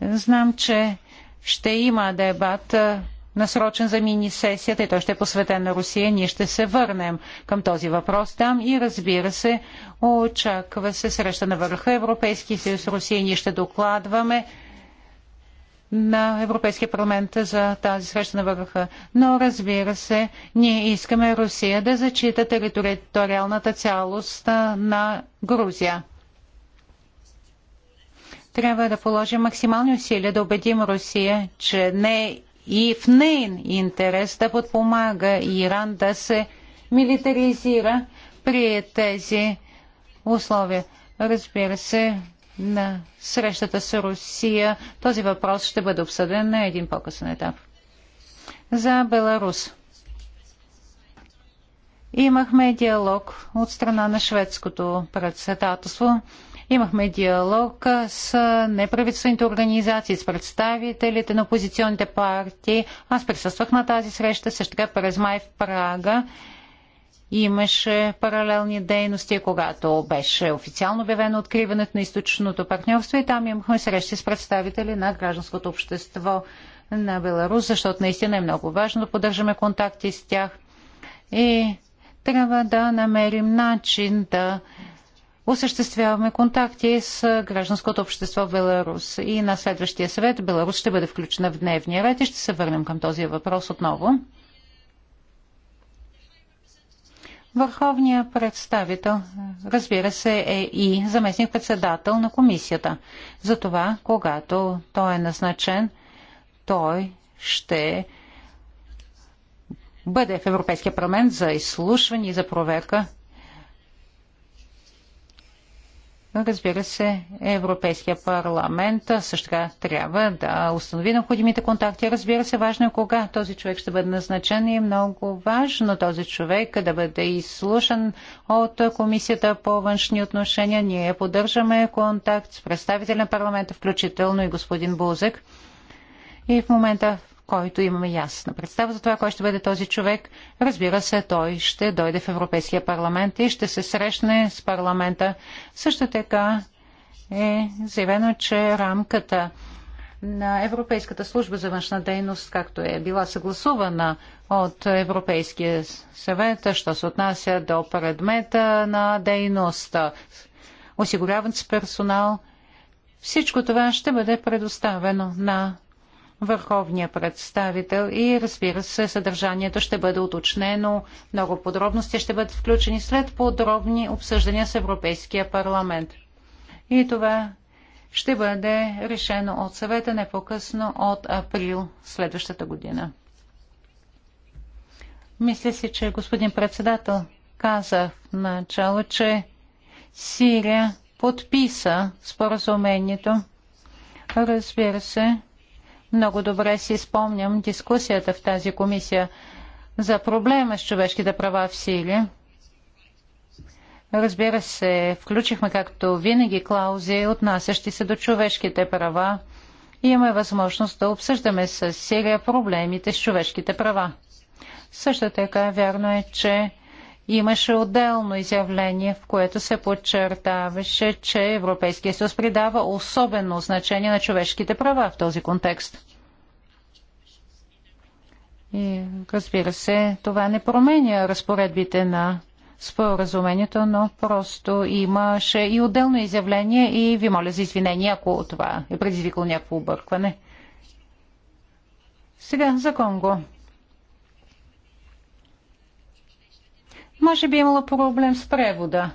Знам, че ще има дебат насрочен за мини-сесията и той ще е посветен на Русия. Ние ще се върнем към този въпрос там и разбира се, очаква се среща на върха Европейски съюз Русия. Ние ще докладваме на Европейския парламент за тази среща на върха. Но разбира се, ние искаме Русия да зачита териториалната цялост на Грузия. Трябва да положим максимални усилия да убедим Русия, че не и в нейн интерес да подпомага Иран да се милитаризира при тези условия. Разбира се, на срещата с Русия този въпрос ще бъде обсъден на един по-късен етап. За Беларус. Имахме диалог от страна на шведското председателство. Имахме диалог с неправителствените организации, с представителите на опозиционните партии. Аз присъствах на тази среща, също така през май в Прага имаше паралелни дейности, когато беше официално обявено откриването на източното партньорство и там имахме срещи с представители на гражданското общество на Беларус, защото наистина е много важно да поддържаме контакти с тях и трябва да намерим начин да осъществяваме контакти с гражданското общество в Беларус. И на следващия съвет Беларус ще бъде включена в дневния ред и ще се върнем към този въпрос отново. Върховният представител, разбира се, е и заместник-председател на комисията. Затова, когато той е назначен, той ще бъде в Европейския парламент за изслушване и за проверка Разбира се, Европейския парламент също така трябва да установи необходимите контакти. Разбира се, важно е кога този човек ще бъде назначен и е много важно този човек да бъде изслушан от Комисията по външни отношения. Ние поддържаме контакт с представителя на парламента, включително и господин Бузек. И в момента в който имаме ясна представа за това, кой ще бъде този човек. Разбира се, той ще дойде в Европейския парламент и ще се срещне с парламента. Също така е заявено, че рамката на Европейската служба за външна дейност, както е била съгласувана от Европейския съвет, що се отнася до предмета на дейността, осигуряван с персонал, всичко това ще бъде предоставено на върховния представител и разбира се, съдържанието ще бъде уточнено. Много подробности ще бъдат включени след подробни обсъждания с Европейския парламент. И това ще бъде решено от съвета не по-късно от април следващата година. Мисля си, че господин председател каза в начало, че Сирия подписа споразумението. Разбира се, много добре си спомням дискусията в тази комисия за проблема с човешките права в сили. Разбира се, включихме както винаги клаузи, отнасящи се до човешките права. И имаме възможност да обсъждаме с Сирия проблемите с човешките права. Също така вярно е, че Имаше отделно изявление, в което се подчертаваше, че Европейския съюз придава особено значение на човешките права в този контекст. И разбира се, това не променя разпоредбите на споразумението, но просто имаше и отделно изявление и ви моля за извинение, ако това е предизвикало някакво объркване. Сега за Конго. Може би е имало проблем с превода.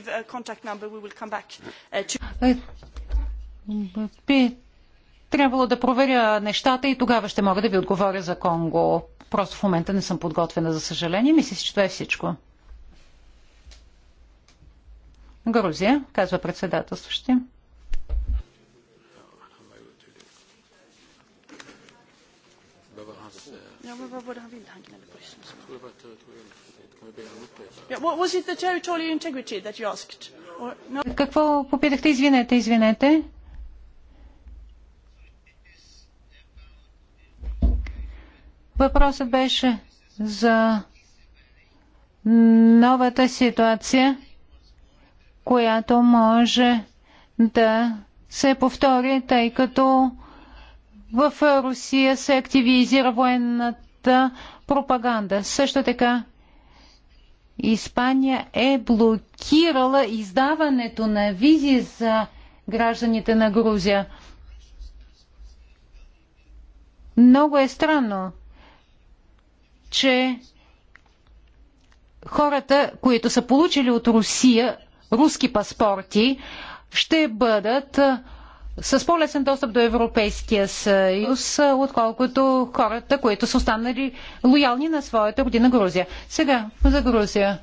Uh, е, би трябвало да проверя нещата и тогава ще мога да ви отговоря за Конго. Просто в момента не съм подготвена, за съжаление. Мисля, че това е всичко. Грузия, казва председателстващи. Ja, men vad var det han ville? Han какво попитахте? Извинете, извинете. Въпросът беше за новата ситуация, която може да се повтори, тъй като в Русия се активизира военната пропаганда. Също така Испания е блокирала издаването на визи за гражданите на Грузия. Много е странно, че хората, които са получили от Русия руски паспорти, ще бъдат с по-лесен достъп до Европейския съюз, отколкото хората, които са останали лоялни на своята година Грузия. Сега за Грузия.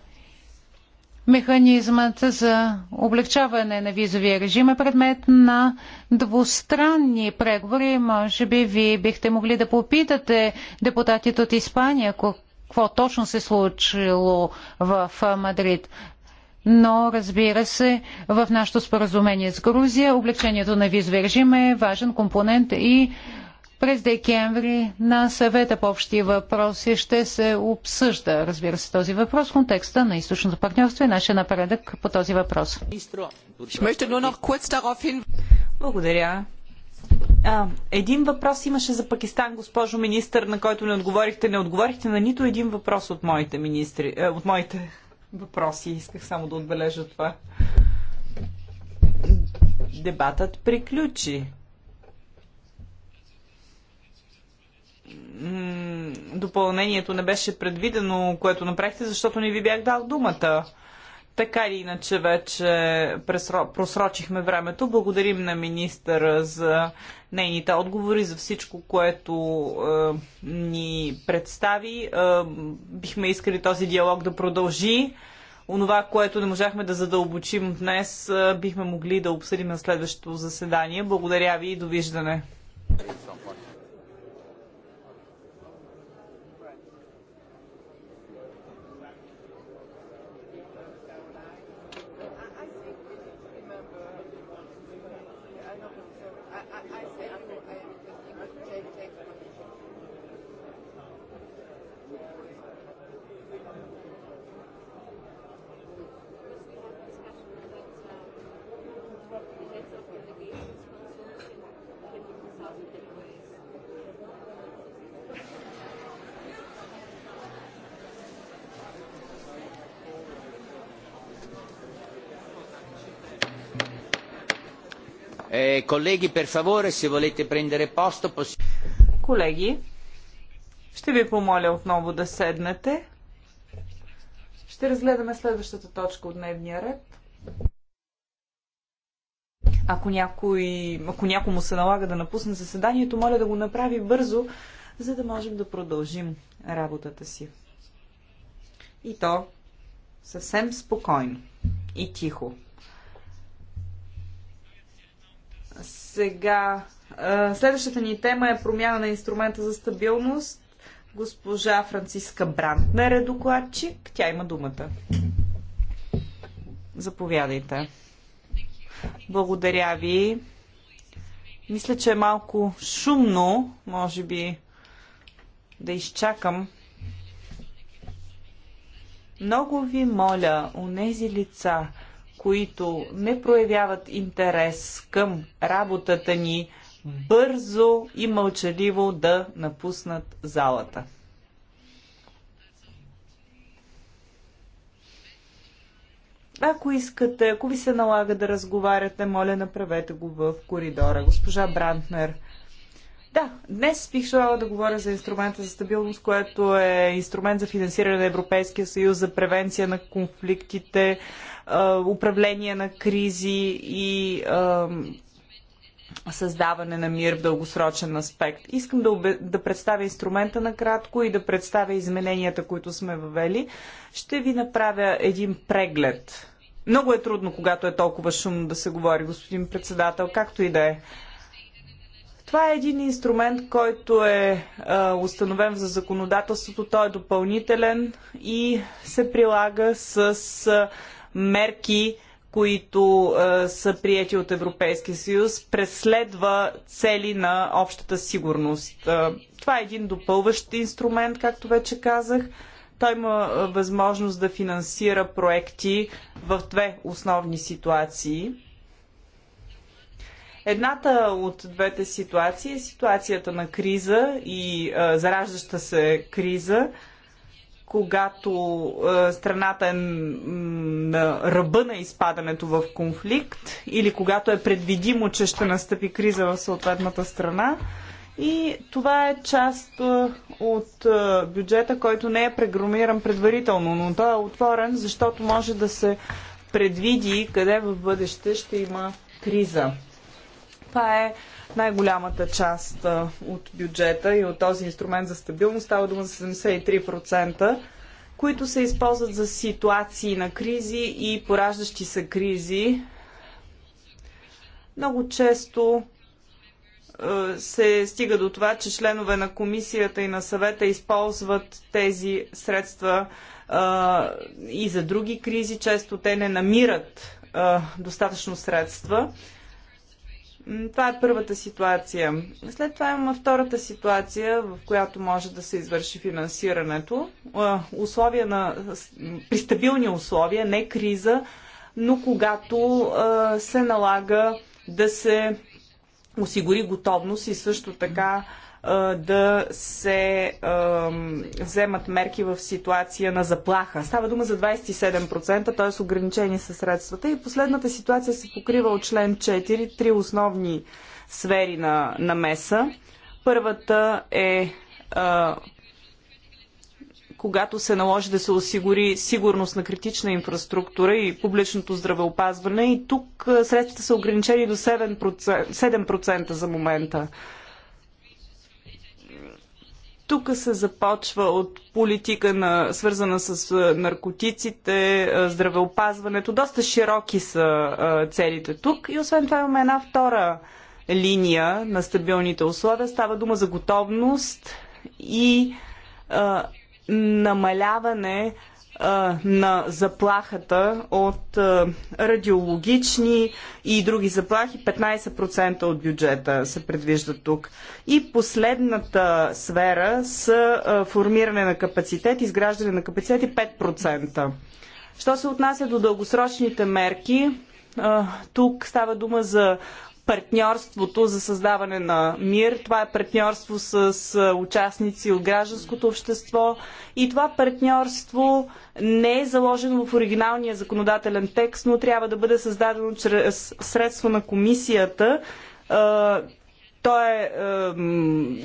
Механизмът за облегчаване на визовия режим е предмет на двустранни преговори. Може би ви бихте могли да попитате депутатите от Испания, какво точно се е случило в Мадрид но разбира се, в нашото споразумение с Грузия облегчението на визови режим е важен компонент и през декември на съвета по общи въпроси ще се обсъжда, разбира се, този въпрос в контекста на източното партньорство и е нашия напредък по този въпрос. Благодаря. А, един въпрос имаше за Пакистан, госпожо министър, на който не отговорихте. Не отговорихте на нито един въпрос от моите министри, е, от моите въпроси. Исках само да отбележа това. Дебатът приключи. Допълнението не беше предвидено, което направихте, защото не ви бях дал думата така или иначе вече просрочихме времето. Благодарим на министъра за нейните отговори, за всичко, което е, ни представи. Е, бихме искали този диалог да продължи. Онова, което не можахме да задълбочим днес, е, бихме могли да обсъдим на следващото заседание. Благодаря ви и довиждане. Колеги, per favore, se volete prendere posto, Колеги, ще ви помоля отново да седнете. Ще разгледаме следващата точка от дневния ред. Ако, някой, ако някому се налага да напусне заседанието, моля да го направи бързо, за да можем да продължим работата си. И то съвсем спокойно и тихо. Сега, следващата ни тема е промяна на инструмента за стабилност. Госпожа Франциска Брантнер е докладчик. Тя има думата. Заповядайте. Благодаря ви. Мисля, че е малко шумно, може би да изчакам. Много ви моля, у нези лица, които не проявяват интерес към работата ни, бързо и мълчаливо да напуснат залата. Ако искате, ако ви се налага да разговаряте, моля, направете го в коридора. Госпожа Брантнер. Да, днес бих желала да говоря за инструмента за стабилност, което е инструмент за финансиране на Европейския съюз, за превенция на конфликтите, управление на кризи и създаване на мир в дългосрочен аспект. Искам да, обе... да представя инструмента накратко и да представя измененията, които сме въвели. Ще ви направя един преглед. Много е трудно, когато е толкова шумно да се говори, господин председател, както и да е. Това е един инструмент, който е а, установен за законодателството. Той е допълнителен и се прилага с. А, мерки, които е, са прияти от Европейския съюз, преследва цели на общата сигурност. Е, това е един допълващ инструмент, както вече казах. Той има е, възможност да финансира проекти в две основни ситуации. Едната от двете ситуации е ситуацията на криза и зараждаща се криза – когато е, страната е на ръба на изпадането в конфликт или когато е предвидимо, че ще настъпи криза в съответната страна. И това е част е, от е, бюджета, който не е прегромиран предварително, но той е отворен, защото може да се предвиди къде в бъдеще ще има криза. Това е най-голямата част от бюджета и от този инструмент за стабилност става дума за 73%, които се използват за ситуации на кризи и пораждащи се кризи. Много често се стига до това, че членове на комисията и на съвета използват тези средства а, и за други кризи. Често те не намират а, достатъчно средства. Това е първата ситуация. След това имаме втората ситуация, в която може да се извърши финансирането. Условия на, при стабилни условия, не криза, но когато се налага да се осигури готовност и също така да се вземат мерки в ситуация на заплаха. Става дума за 27%, т.е. ограничени са средствата. И последната ситуация се покрива от член 4, три основни сфери на, на меса. Първата е а, когато се наложи да се осигури сигурност на критична инфраструктура и публичното здравеопазване. И тук средствата са ограничени до 7%, 7% за момента. Тук се започва от политика, на, свързана с наркотиците, здравеопазването. Доста широки са целите тук. И освен това имаме една втора линия на стабилните условия. Става дума за готовност и намаляване на заплахата от радиологични и други заплахи. 15% от бюджета се предвижда тук. И последната сфера са формиране на капацитет, изграждане на капацитет и 5%. Що се отнася до дългосрочните мерки, тук става дума за партньорството за създаване на мир. Това е партньорство с участници от гражданското общество и това партньорство не е заложено в оригиналния законодателен текст, но трябва да бъде създадено чрез средство на комисията. То е,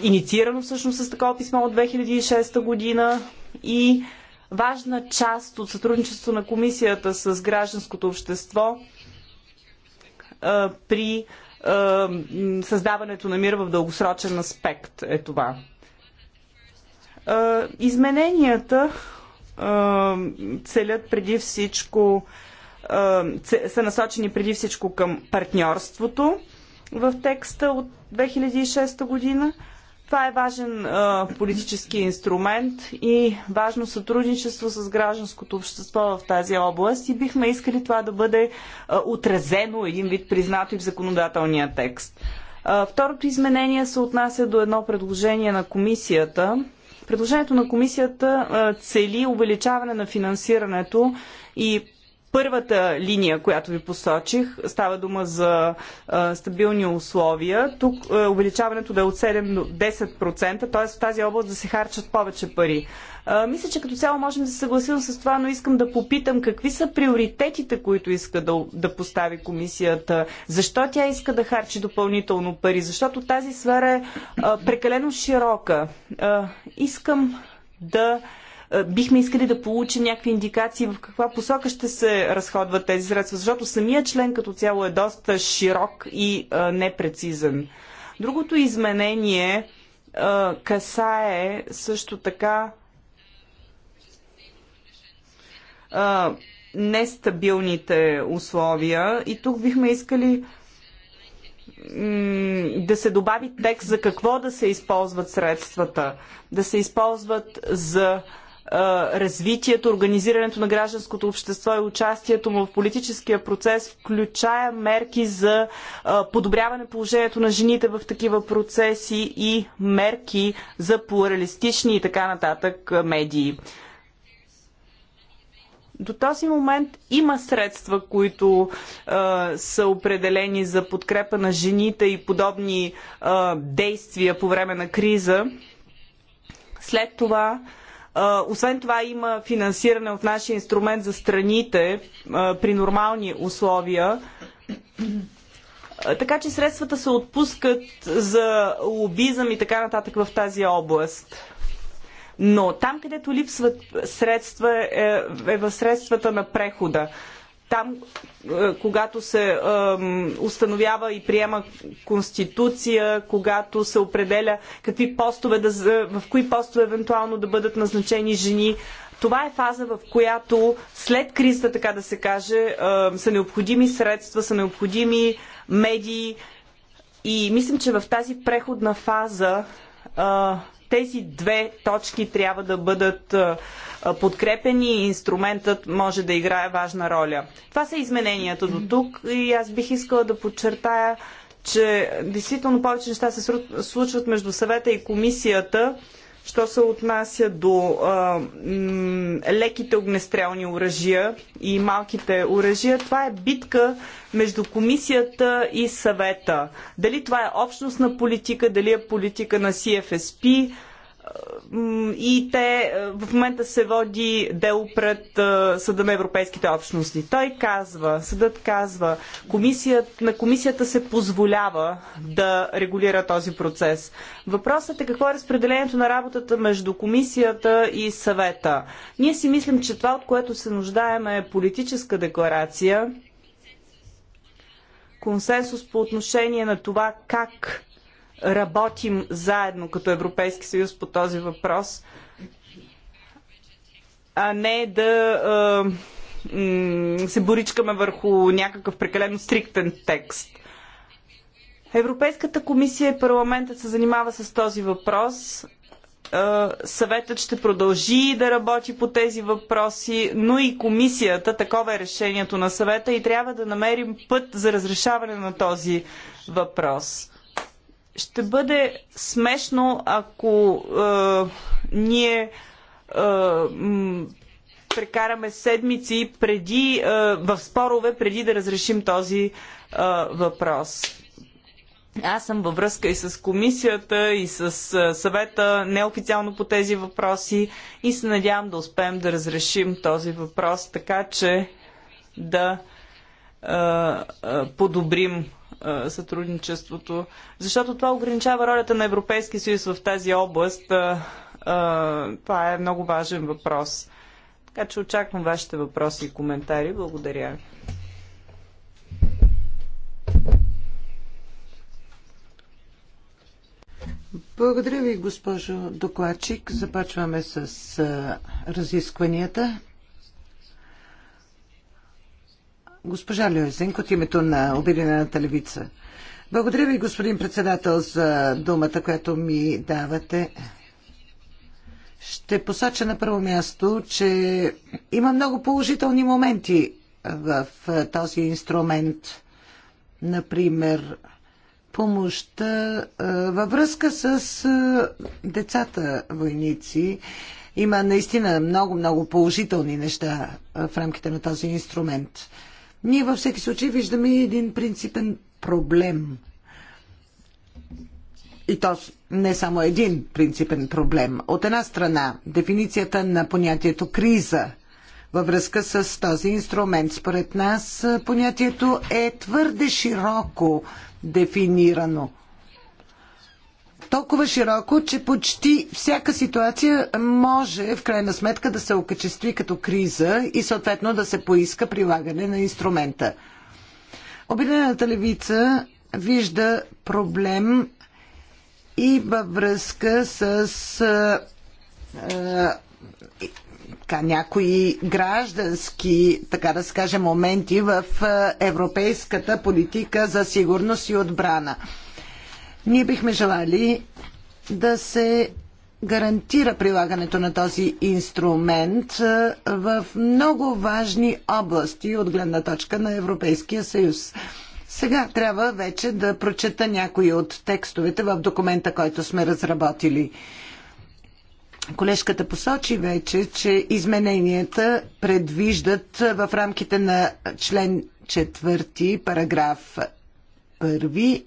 инициирано всъщност с такова писмо от 2006 година и важна част от сътрудничество на комисията с гражданското общество при е, създаването на мир в дългосрочен аспект е това. Е, измененията е, целят преди всичко са насочени преди всичко към партньорството в текста от 2006 година – това е важен а, политически инструмент и важно сътрудничество с гражданското общество в тази област и бихме искали това да бъде а, отразено, един вид признато и в законодателния текст. А, второто изменение се отнася до едно предложение на комисията. Предложението на комисията а, цели увеличаване на финансирането и първата линия, която ви посочих, става дума за а, стабилни условия. Тук а, увеличаването да е от 7 до 10%, т.е. в тази област да се харчат повече пари. А, мисля, че като цяло можем да се съгласим с това, но искам да попитам какви са приоритетите, които иска да, да постави комисията. Защо тя иска да харчи допълнително пари? Защото тази сфера е а, прекалено широка. А, искам да е, бихме искали да получим някакви индикации в каква посока ще се разходват тези средства, защото самия член като цяло е доста широк и е, непрецизен. Другото изменение е, касае също така нестабилните условия и тук бихме искали да се добави текст за какво да се използват средствата. Да се използват за развитието, организирането на гражданското общество и участието му в политическия процес, включая мерки за подобряване положението на жените в такива процеси и мерки за плуралистични и така нататък медии. До този момент има средства, които е, са определени за подкрепа на жените и подобни е, действия по време на криза. След това освен това има финансиране от нашия инструмент за страните при нормални условия. Така че средствата се отпускат за лобизъм и така нататък в тази област. Но там, където липсват средства, е, е в средствата на прехода там, е, когато се установява и приема конституция, когато се определя какви постове да, в кои постове евентуално да бъдат назначени жени. Това е фаза, в която след кризата, така да се каже, са необходими средства, са необходими медии. И мислим, че в тази преходна фаза тези две точки трябва да бъдат подкрепени и инструментът може да играе важна роля. Това са измененията до тук и аз бих искала да подчертая, че действително повече неща се случват между съвета и комисията, Що се отнася до а, леките огнестрелни оръжия и малките оръжия, това е битка между комисията и съвета. Дали това е общностна политика, дали е политика на CFSP, и те е, в момента се води дело пред е, Съда на Европейските общности. Той казва, съдът казва, комисият, на комисията се позволява да регулира този процес. Въпросът е какво е разпределението на работата между комисията и съвета. Ние си мислим, че това, от което се нуждаем е политическа декларация, консенсус по отношение на това как работим заедно като Европейски съюз по този въпрос, а не да се боричкаме върху някакъв прекалено стриктен текст. Европейската комисия и парламентът се занимава с този въпрос съветът ще продължи да работи по тези въпроси, но и комисията, такова е решението на съвета и трябва да намерим път за разрешаване на този въпрос ще бъде смешно, ако е, ние е, прекараме седмици преди, е, в спорове, преди да разрешим този е, въпрос. Аз съм във връзка и с комисията, и с е, съвета, неофициално по тези въпроси и се надявам да успеем да разрешим този въпрос, така че да е, е, подобрим сътрудничеството, защото това ограничава ролята на Европейския съюз в тази област. това е много важен въпрос. Така че очаквам вашите въпроси и коментари. Благодаря Благодаря ви, госпожо докладчик. Започваме с разискванията. Госпожа Люзинг от името на Обединената левица. Благодаря ви, господин председател, за думата, която ми давате. Ще посоча на първо място, че има много положителни моменти в този инструмент. Например, помощта във връзка с децата войници. Има наистина много-много положителни неща в рамките на този инструмент. Ние във всеки случай виждаме един принципен проблем. И то не само един принципен проблем. От една страна, дефиницията на понятието криза във връзка с този инструмент. Според нас понятието е твърде широко дефинирано – толкова широко, че почти всяка ситуация може в крайна сметка да се окачестви като криза и съответно да се поиска прилагане на инструмента. Обединената левица вижда проблем и във връзка с а, така, някои граждански, така да се каже, моменти в европейската политика за сигурност и отбрана. Ние бихме желали да се гарантира прилагането на този инструмент в много важни области от гледна точка на Европейския съюз. Сега трябва вече да прочета някои от текстовете в документа, който сме разработили. Колежката посочи вече, че измененията предвиждат в рамките на член 4, параграф 1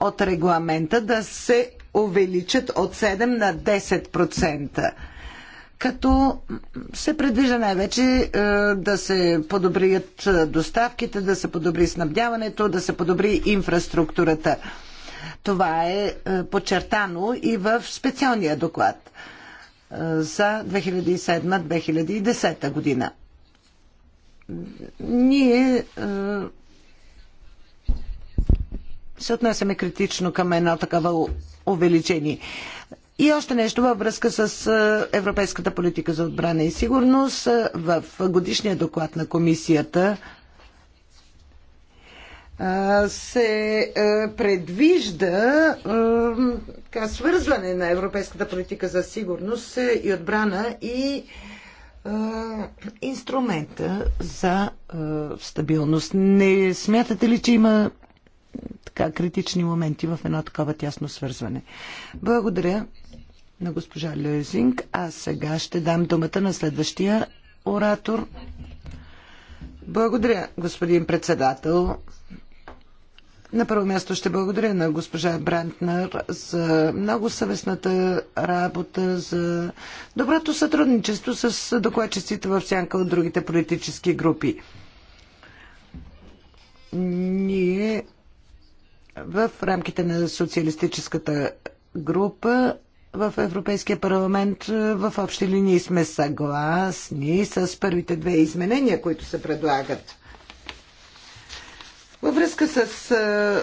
от регламента да се увеличат от 7 на 10%. Като се предвижда най-вече е, да се подобрят е, доставките, да се подобри снабдяването, да се подобри инфраструктурата. Това е, е подчертано и в специалния доклад за 2007-2010 година. Ние се отнасяме критично към едно такава увеличение. И още нещо във връзка с е, Европейската политика за отбрана и сигурност. Е, в годишния доклад на комисията е, се предвижда така, свързване на европейската политика за сигурност и отбрана и инструмента за стабилност. Не смятате ли, че има така критични моменти в едно такова тясно свързване. Благодаря на госпожа Лезинг. А сега ще дам думата на следващия оратор. Благодаря, господин председател. На първо място ще благодаря на госпожа Брантнер за много съвестната работа, за доброто сътрудничество с докладчиците в сянка от другите политически групи. Ние в рамките на социалистическата група в Европейския парламент е, в общи линии сме съгласни с първите две изменения, които се предлагат. Във връзка с е,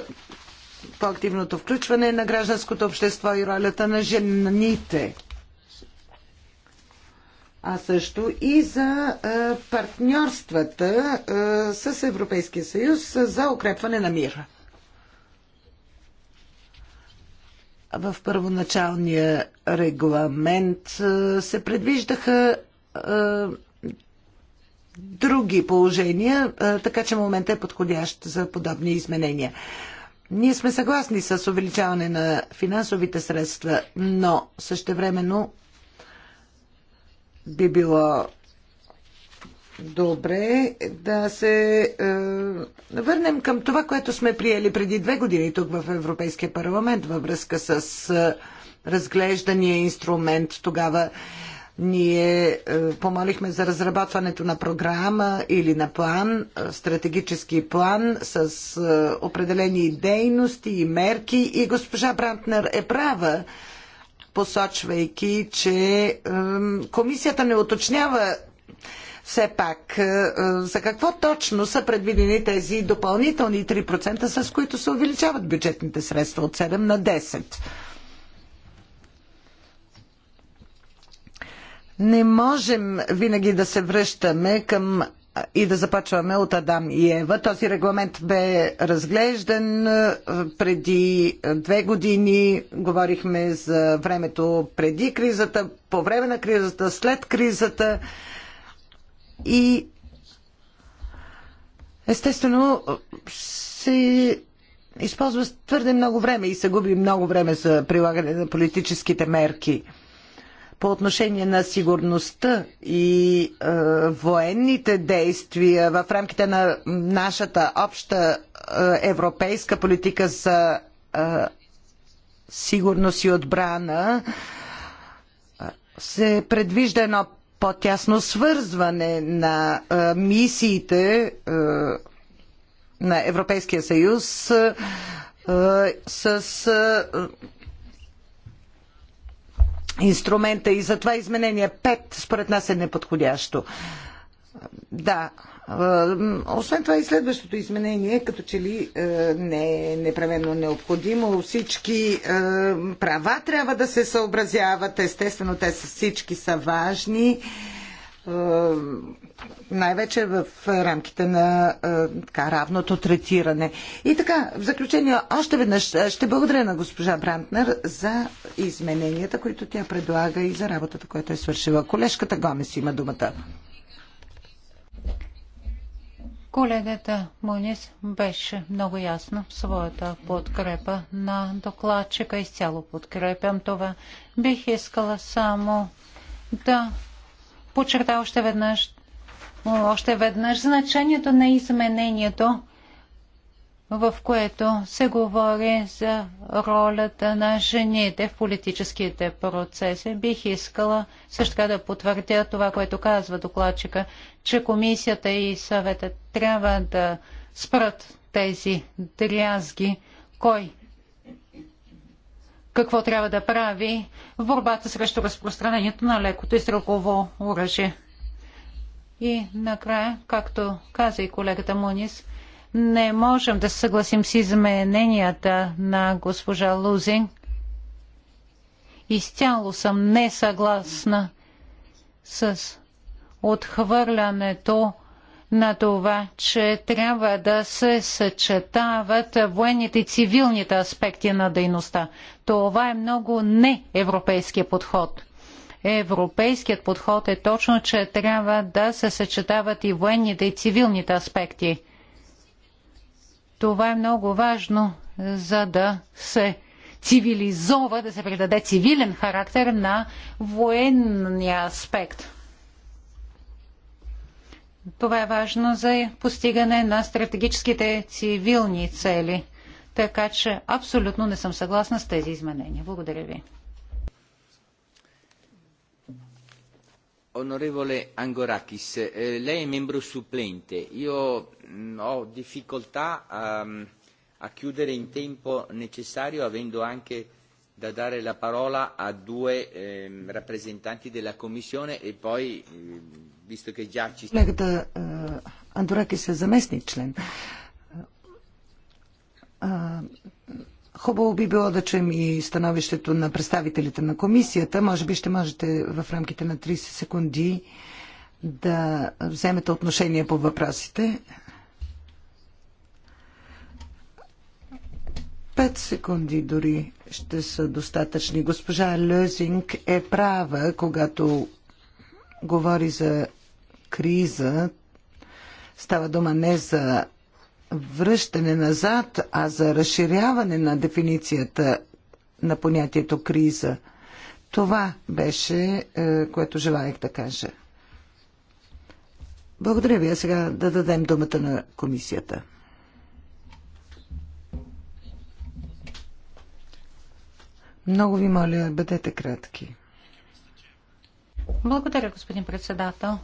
по-активното включване на гражданското общество и ролята на жените, а също и за е, партньорствата с Европейския съюз за укрепване на мира. В първоначалния регламент се предвиждаха други положения, така че момента е подходящ за подобни изменения. Ние сме съгласни с увеличаване на финансовите средства, но същевременно би било Добре, да се е, върнем към това, което сме приели преди две години тук в Европейския парламент във връзка с е, разглеждания инструмент. Тогава ние е, помолихме за разработването на програма или на план, е, стратегически план с е, определени дейности и мерки. И госпожа Брантнер е права посочвайки, че е, комисията не уточнява все пак, е, е, за какво точно са предвидени тези допълнителни 3%, с които се увеличават бюджетните средства от 7 на 10? Не можем винаги да се връщаме към е, и да започваме от Адам и Ева. Този регламент бе разглеждан преди две години. Говорихме за времето преди кризата, по време на кризата, след кризата. И естествено се използва твърде много време и се губи много време за прилагане на политическите мерки по отношение на сигурността и е, военните действия в рамките на нашата обща е, европейска политика за е, сигурност и отбрана е, се предвижда едно по-тясно свързване на мисиите на Европейския съюз с инструмента и затова изменение 5 според нас е неподходящо. Да, освен това и следващото изменение, като че ли е, не е непременно необходимо, всички е, права трябва да се съобразяват, естествено те всички са важни, е, най-вече в рамките на така, равното третиране. И така, в заключение, още веднъж ще благодаря на госпожа Брантнер за измененията, които тя предлага и за работата, която е свършила. Колежката Гомес има думата. Колегата Мунис беше много ясна в своята подкрепа на докладчика. Изцяло подкрепям това. Бих искала само да подчертая още веднъж, още веднъж значението на изменението в което се говори за ролята на жените в политическите процеси. Бих искала също така да потвърдя това, което казва докладчика, че комисията и съвета трябва да спрат тези дрязги, кой какво трябва да прави в борбата срещу разпространението на лекото и стрелково оръжие. И накрая, както каза и колегата Мунис, не можем да се съгласим с измененията на госпожа Лузинг. Изцяло съм несъгласна с отхвърлянето на това, че трябва да се съчетават военните и цивилните аспекти на дейността. Това е много неевропейския подход. Европейският подход е точно, че трябва да се съчетават и военните и цивилните аспекти – това е много важно, за да се цивилизова, да се придаде цивилен характер на военния аспект. Това е важно за постигане на стратегическите цивилни цели. Така че абсолютно не съм съгласна с тези изменения. Благодаря ви. Onorevole Angorakis, lei è membro supplente. Io ho difficoltà a, chiudere in tempo necessario, avendo anche da dare la parola a due rappresentanti della Commissione e poi, visto che già ci... Колегата Андоракис е заместник член. Хубаво би било да чуем и становището на представителите на комисията. Може би ще можете в рамките на 30 секунди да вземете отношение по въпросите. 5 секунди дори ще са достатъчни. Госпожа Лезинг е права, когато говори за криза. Става дума не за връщане назад, а за разширяване на дефиницията на понятието криза. Това беше, е, което желаях да кажа. Благодаря ви. А сега да дадем думата на комисията. Много ви моля, бъдете кратки. Благодаря, господин председател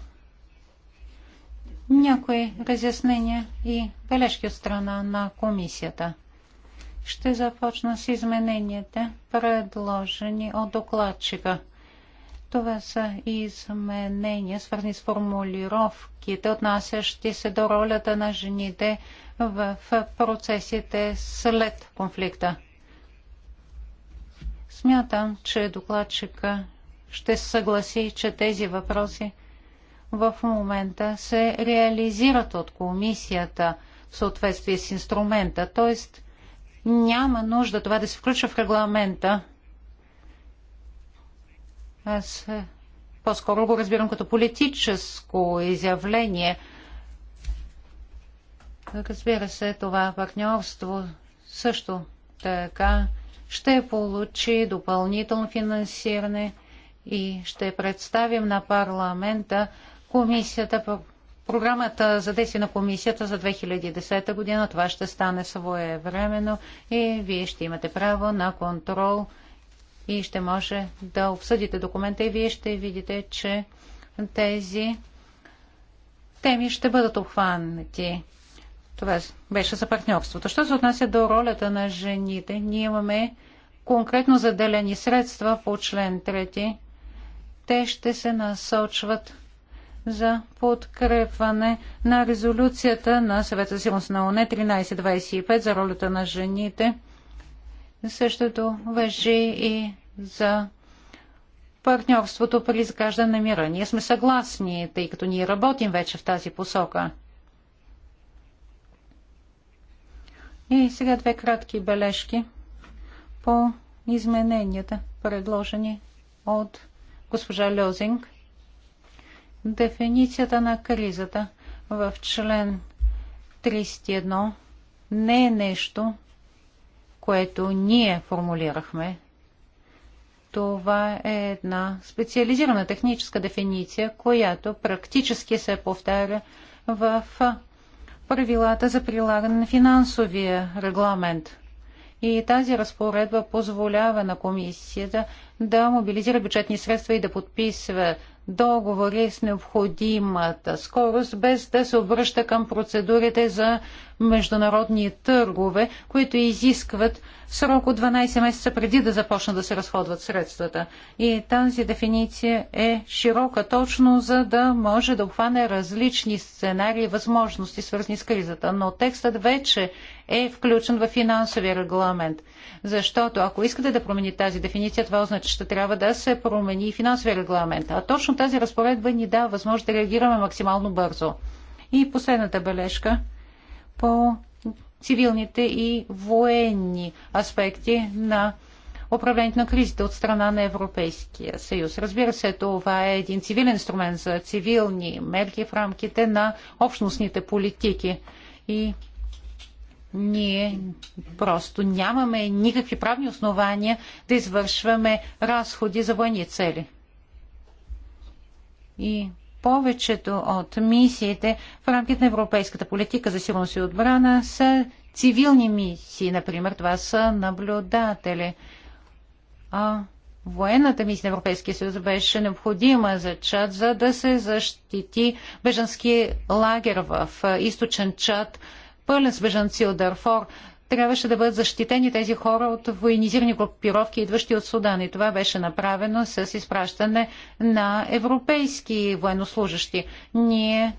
някои разяснения и бележки от страна на комисията. Ще започна с измененията, предложени от докладчика. Това са изменения, свързани с формулировките, отнасящи се до ролята на жените в процесите след конфликта. Смятам, че докладчика ще съгласи, че тези въпроси в момента се реализират от комисията в съответствие с инструмента. Т.е. няма нужда това да се включва в регламента. Аз е, по-скоро го разбирам като политическо изявление. Разбира се, това партньорство също така ще получи допълнително финансиране и ще представим на парламента Комисията по Програмата за действие на комисията за 2010 година, това ще стане своевременно и вие ще имате право на контрол и ще може да обсъдите документа и вие ще видите, че тези теми ще бъдат обхванати. Това беше за партньорството. Що се отнася до ролята на жените, ние имаме конкретно заделени средства по член 3. Те ще се насочват за подкрепване на резолюцията на съвета за сигурност на ОНЕ 1325 за ролята на жените. Същото въжи и за партньорството при изграждане на мира. Ние сме съгласни, тъй като ние работим вече в тази посока. И сега две кратки бележки по измененията, предложени от госпожа Льозинг – Дефиницията на кризата в член 31 не е нещо, което ние формулирахме. Това е една специализирана техническа дефиниция, която практически се повтаря в правилата за прилагане на финансовия регламент. И тази разпоредба позволява на комисията да мобилизира бюджетни средства и да подписва договори с необходимата скорост, без да се обръща към процедурите за международни търгове, които изискват срок от 12 месеца преди да започнат да се разходват средствата. И тази дефиниция е широка точно, за да може да обхване различни сценарии и възможности, свързани с кризата. Но текстът вече е включен в финансовия регламент. Защото ако искате да промени тази дефиниция, това означава, че ще трябва да се промени и финансовия регламент. А точно тази разпоредба ни дава възможност да реагираме максимално бързо. И последната бележка по цивилните и военни аспекти на управлението на кризите от страна на Европейския съюз. Разбира се, това е един цивилен инструмент за цивилни мерки в рамките на общностните политики. И ние просто нямаме никакви правни основания да извършваме разходи за военни цели. И повечето от мисиите в рамките на европейската политика за сигурност и отбрана са цивилни мисии, например, това са наблюдатели. А военната мисия на Европейския съюз беше необходима за Чад, за да се защити бежански лагер в източен Чад, пълен с бежанци от Дарфор трябваше да бъдат защитени тези хора от военизирани групировки, идващи от Судан. И това беше направено с изпращане на европейски военнослужащи. Ние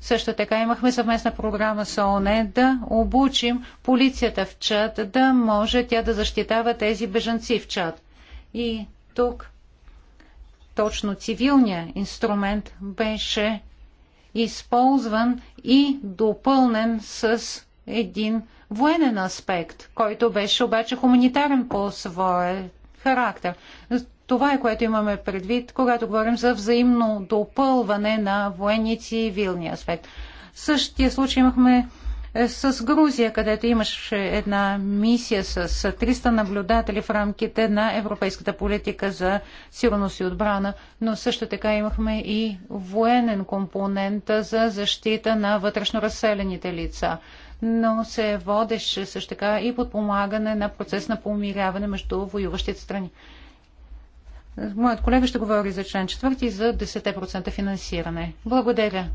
също така имахме съвместна програма с ООН да обучим полицията в Чад, да може тя да защитава тези бежанци в чат. И тук точно цивилният инструмент беше използван и допълнен с един военен аспект, който беше обаче хуманитарен по своя характер. Това е което имаме предвид, когато говорим за взаимно допълване на военни цивилни аспект. Същия случай имахме е, с Грузия, където имаше една мисия с 300 наблюдатели в рамките на европейската политика за сигурност и отбрана, но също така имахме и военен компонент за защита на вътрешно разселените лица но се водеше също така и подпомагане на процес на помиряване между воюващите страни. Моят колега ще говори за член 4 и за 10% финансиране. Благодаря.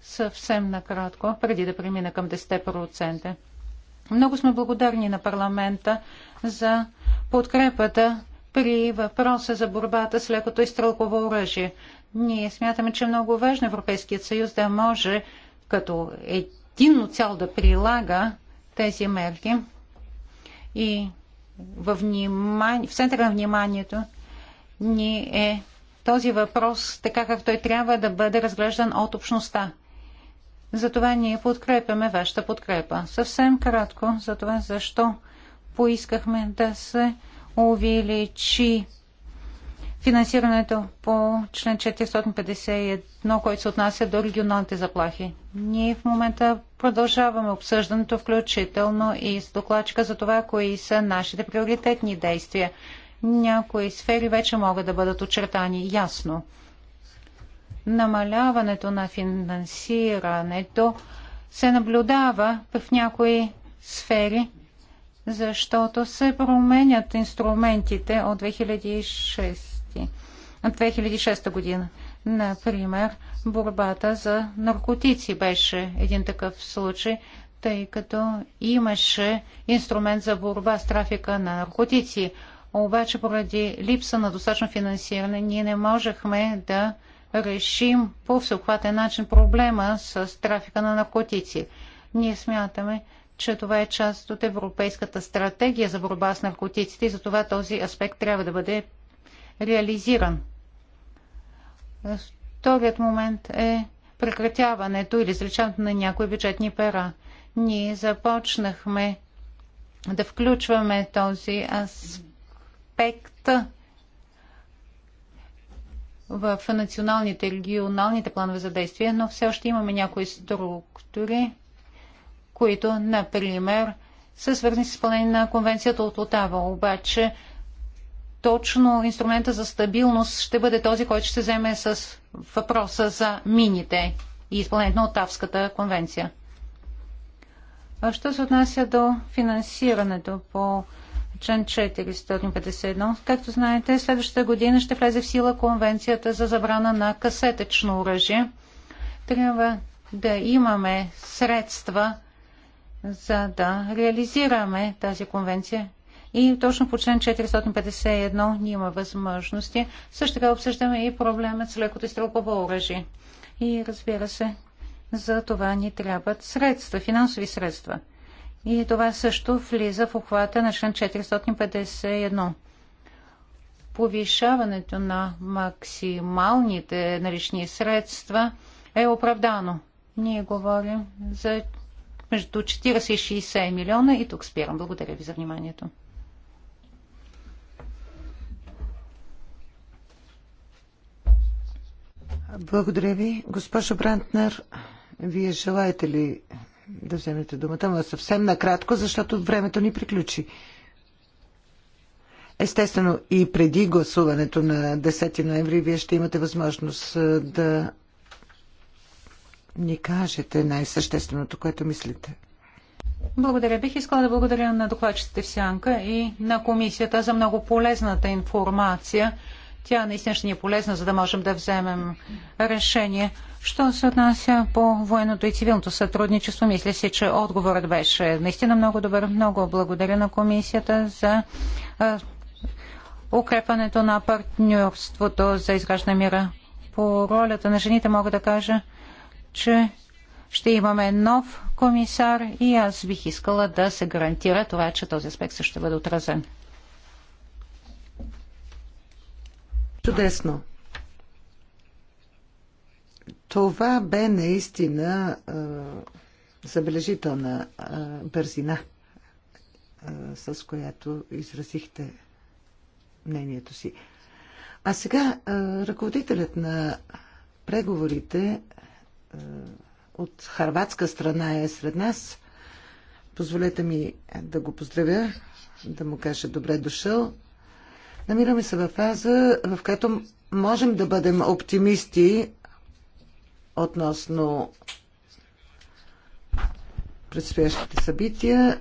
Съвсем накратко, преди да премина към 10%. Много сме благодарни на парламента за подкрепата при въпроса за борбата с лекото и стрелково оръжие. Ние смятаме, че е много важно Европейският съюз да може като е единно цяло да прилага тези мерки и във внимание, в центъра на вниманието ни е този въпрос, така как той трябва да бъде разглеждан от общността. Затова ние подкрепяме вашата подкрепа. Съвсем кратко за това, защо поискахме да се увеличи финансирането по член 451, който се отнася до регионалните заплахи. Ние в момента Продължаваме обсъждането, включително и с докладчика за това, кои са нашите приоритетни действия. Някои сфери вече могат да бъдат очертани ясно. Намаляването на финансирането се наблюдава в някои сфери, защото се променят инструментите от 2006, 2006 година. Например, борбата за наркотици беше един такъв случай, тъй като имаше инструмент за борба с трафика на наркотици. Обаче поради липса на достатъчно финансиране ние не можехме да решим по всеобхватен начин проблема с трафика на наркотици. Ние смятаме, че това е част от Европейската стратегия за борба с наркотиците и затова този аспект трябва да бъде реализиран. Вторият момент е прекратяването или изречането на някои бюджетни пера. Ние започнахме да включваме този аспект в националните и регионалните планове за действие, но все още имаме някои структури, които, например, са свързани с изпълнение на конвенцията от Отава. Обаче точно инструмента за стабилност ще бъде този, който ще вземе с въпроса за мините и изпълнението на Отавската конвенция. А що се отнася до финансирането по член 451. Както знаете, следващата година ще влезе в сила конвенцията за забрана на касетечно оръжие. Трябва да имаме средства, за да реализираме тази конвенция. И точно по член 451 ние има възможности. Също така обсъждаме и проблемът с лекото и стрелково оръжие. И разбира се, за това ни трябват средства, финансови средства. И това също влиза в обхвата на член 451. Повишаването на максималните налични средства е оправдано. Ние говорим за между 40 и 60 милиона и тук спирам. Благодаря ви за вниманието. Благодаря ви. Госпожо Брантнер, вие желаете ли да вземете думата, но съвсем накратко, защото времето ни приключи. Естествено, и преди гласуването на 10 ноември вие ще имате възможност да ни кажете най-същественото, което мислите. Благодаря. Бих искала да благодаря на докладчиците в Сянка и на комисията за много полезната информация тя наистина ще ни е полезна, за да можем да вземем решение. Що се отнася по военното и цивилното сътрудничество, мисля си, че отговорът беше наистина много добър. Много благодаря на комисията за укрепването на партньорството за изграждане мира. По ролята на жените мога да кажа, че ще имаме нов комисар и аз бих искала да се гарантира това, че този аспект също ще бъде отразен. Чудесно! Това бе наистина а, забележителна а, бързина, а, с която изразихте мнението си. А сега а, ръководителят на преговорите а, от харватска страна е сред нас. Позволете ми да го поздравя, да му кажа добре дошъл. Намираме се в фаза, в която можем да бъдем оптимисти относно предстоящите събития.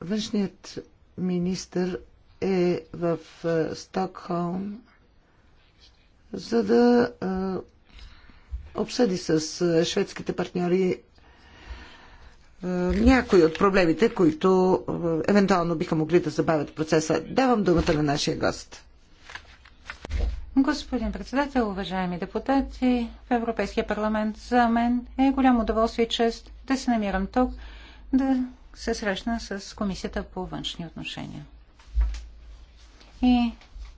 Външният министр е в Стокхолм, за да обсъди с шведските партньори е, някои от проблемите, които е, евентуално биха могли да забавят процеса. Давам думата на нашия гост. Господин председател, уважаеми депутати в Европейския парламент, за мен е голямо удоволствие и чест да се намирам тук, да се срещна с Комисията по външни отношения и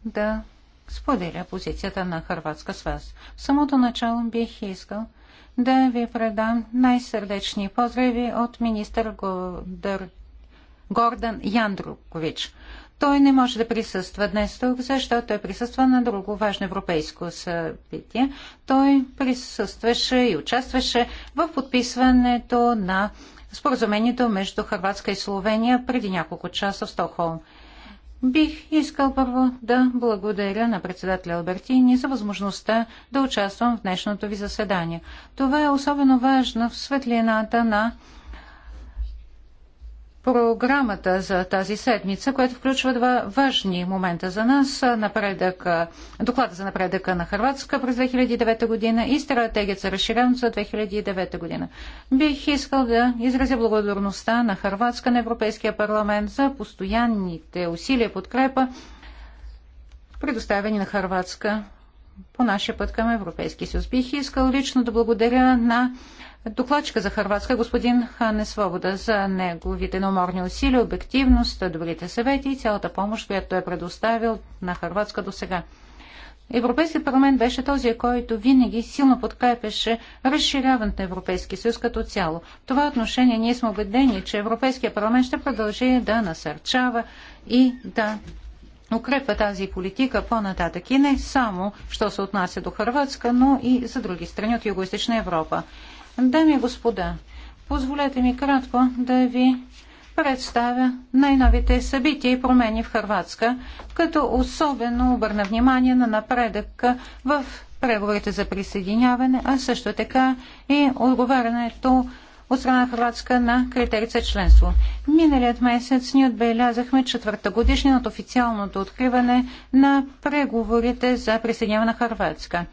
да споделя позицията на Харватска с вас. В самото начало бих искал да ви предам най-сърдечни поздрави от министър Гордър... Гордан Яндрукович. Той не може да присъства днес тук, защото той присъства на друго важно европейско събитие. Той присъстваше и участваше в подписването на споразумението между Харватска и Словения преди няколко часа в Стокхолм. Бих искал първо да благодаря на председателя Албертини за възможността да участвам в днешното ви заседание. Това е особено важно в светлината на програмата за тази седмица, която включва два важни момента за нас. Напредък, доклада за напредъка на Харватска през 2009 година и стратегията за разширяването за 2009 година. Бих искал да изразя благодарността на Харватска на Европейския парламент за постоянните усилия подкрепа, предоставени на Харватска по нашия път към Европейския съюз. Бих искал лично да благодаря на докладчика за Харватска, е господин Хане Свобода, за неговите наморни усилия, обективност, добрите съвети и цялата помощ, която той е предоставил на Харватска до сега. Европейският парламент беше този, който винаги силно подкрепеше разширяването на Европейския съюз като цяло. В това отношение ние сме убедени, че Европейския парламент ще продължи да насърчава и да укрепва тази политика по-нататък и не само, що се отнася до Харватска, но и за други страни от Юго-Источна Европа. Дами и господа, позволете ми кратко да ви представя най-новите събития и промени в Харватска, като особено обърна внимание на напредък в преговорите за присъединяване, а също така и отговарянето от страна Хрватска на критерица членство. Миналият месец ни отбелязахме четвърта годишнина от официалното откриване на преговорите за присъединяване на Харватска.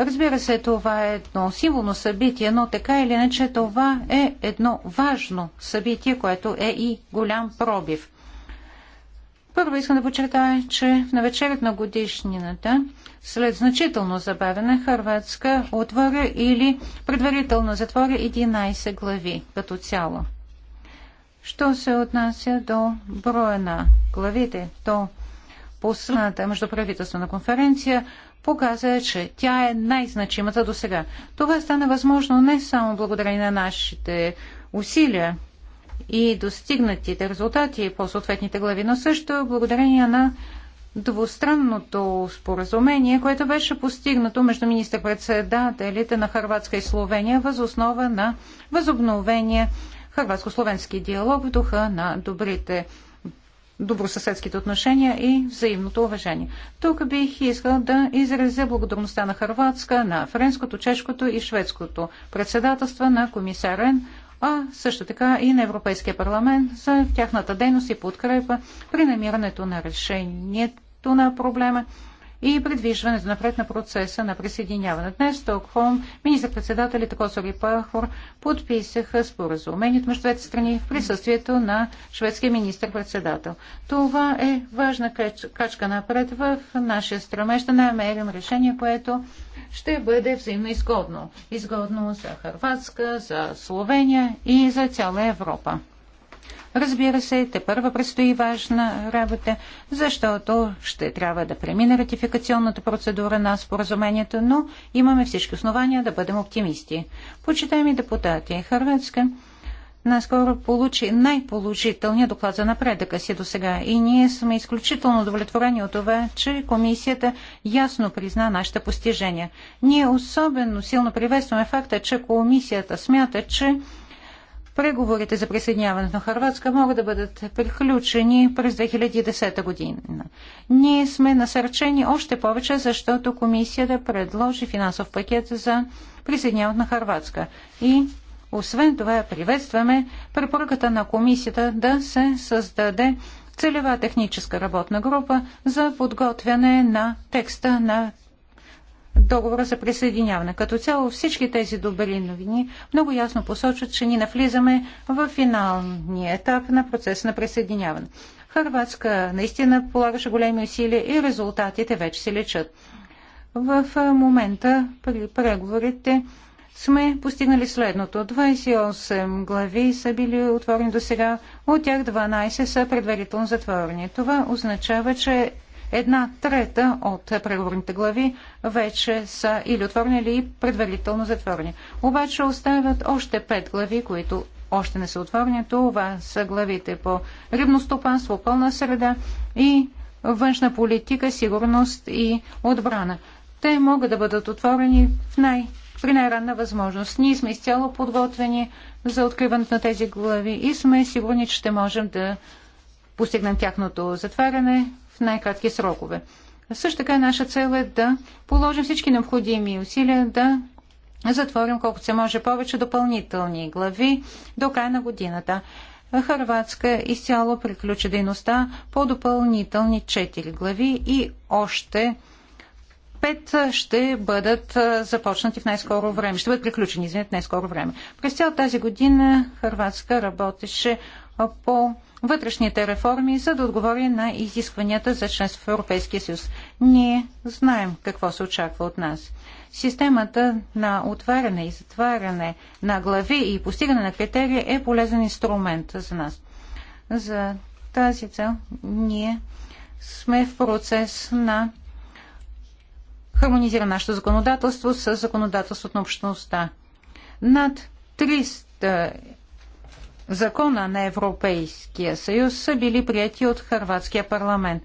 Разбира се, това е едно символно събитие, но така или иначе това е едно важно събитие, което е и голям пробив. Първо искам да подчертая, че на вечерят на годишнината, след значително забавяне, Харватска отваря или предварително затворя 11 глави като цяло. Що се отнася до броя на главите, то последната междуправителствена конференция показа, че тя е най-значимата до сега. Това стана възможно не само благодарение на нашите усилия и достигнатите резултати по съответните глави, но също благодарение на двустранното споразумение, което беше постигнато между министър-председателите на Харватска и Словения възоснова на възобновения хърватско-словенски диалог в духа на добрите добросъседските отношения и взаимното уважение. Тук бих искал да изразя благодарността на Харватска, на френското, чешкото и шведското председателство, на комисар Рен, а също така и на Европейския парламент за тяхната дейност и подкрепа при намирането на решението на проблема и предвижването напред на процеса на присъединяване. Днес в Стокхолм министр председател и и Пахор подписаха споразумението между двете страни в присъствието на шведския министр-председател. Това е важна качка напред в нашия стремеж да намерим решение, което ще бъде взаимно изгодно. Изгодно за Харватска, за Словения и за цяла Европа. Разбира се, те първа предстои важна работа, защото ще трябва да премине ратификационната процедура на споразумението, но имаме всички основания да бъдем оптимисти. Почитаеми депутати, Харватска наскоро получи най-положителния доклад за напредъка си до сега. И ние сме изключително удовлетворени от това, че комисията ясно призна нашите постижения. Ние особено силно приветстваме факта, че комисията смята, че преговорите за присъединяването на Харватска могат да бъдат приключени през 2010 година. Ние сме насърчени още повече, защото комисията предложи финансов пакет за присъединяването на Харватска. И освен това приветстваме препоръката на комисията да се създаде целева техническа работна група за подготвяне на текста на договора за присъединяване. Като цяло всички тези добри новини много ясно посочват, че ни навлизаме в финалния етап на процеса на присъединяване. Харватска наистина полагаше големи усилия и резултатите вече се лечат. В момента при преговорите сме постигнали следното. 28 глави са били отворени до сега, от тях 12 са предварително затворени. Това означава, че една трета от преговорните глави вече са или отворени, или предварително затворени. Обаче остават още пет глави, които още не са отворени. Това са главите по рибностопанство, пълна среда и външна политика, сигурност и отбрана. Те могат да бъдат отворени в най- при най-ранна възможност. Ние сме изцяло подготвени за откриването на тези глави и сме сигурни, че ще можем да постигнем тяхното затваряне най-кратки срокове. Също така наша цел е да положим всички необходими усилия да затворим колкото се може повече допълнителни глави до края на годината. Харватска изцяло приключи дейността по допълнителни 4 глави и още 5 ще бъдат започнати в най-скоро време. Ще бъдат приключени, извинете, в най-скоро време. През цял тази година Харватска работеше по вътрешните реформи, за да отговори на изискванията за членство в Европейския съюз. Ние знаем какво се очаква от нас. Системата на отваряне и затваряне на глави и постигане на критерии е полезен инструмент за нас. За тази цел ние сме в процес на хармонизира нашето законодателство с законодателството на общността. Над 300 закона на Европейския съюз са били прияти от Харватския парламент.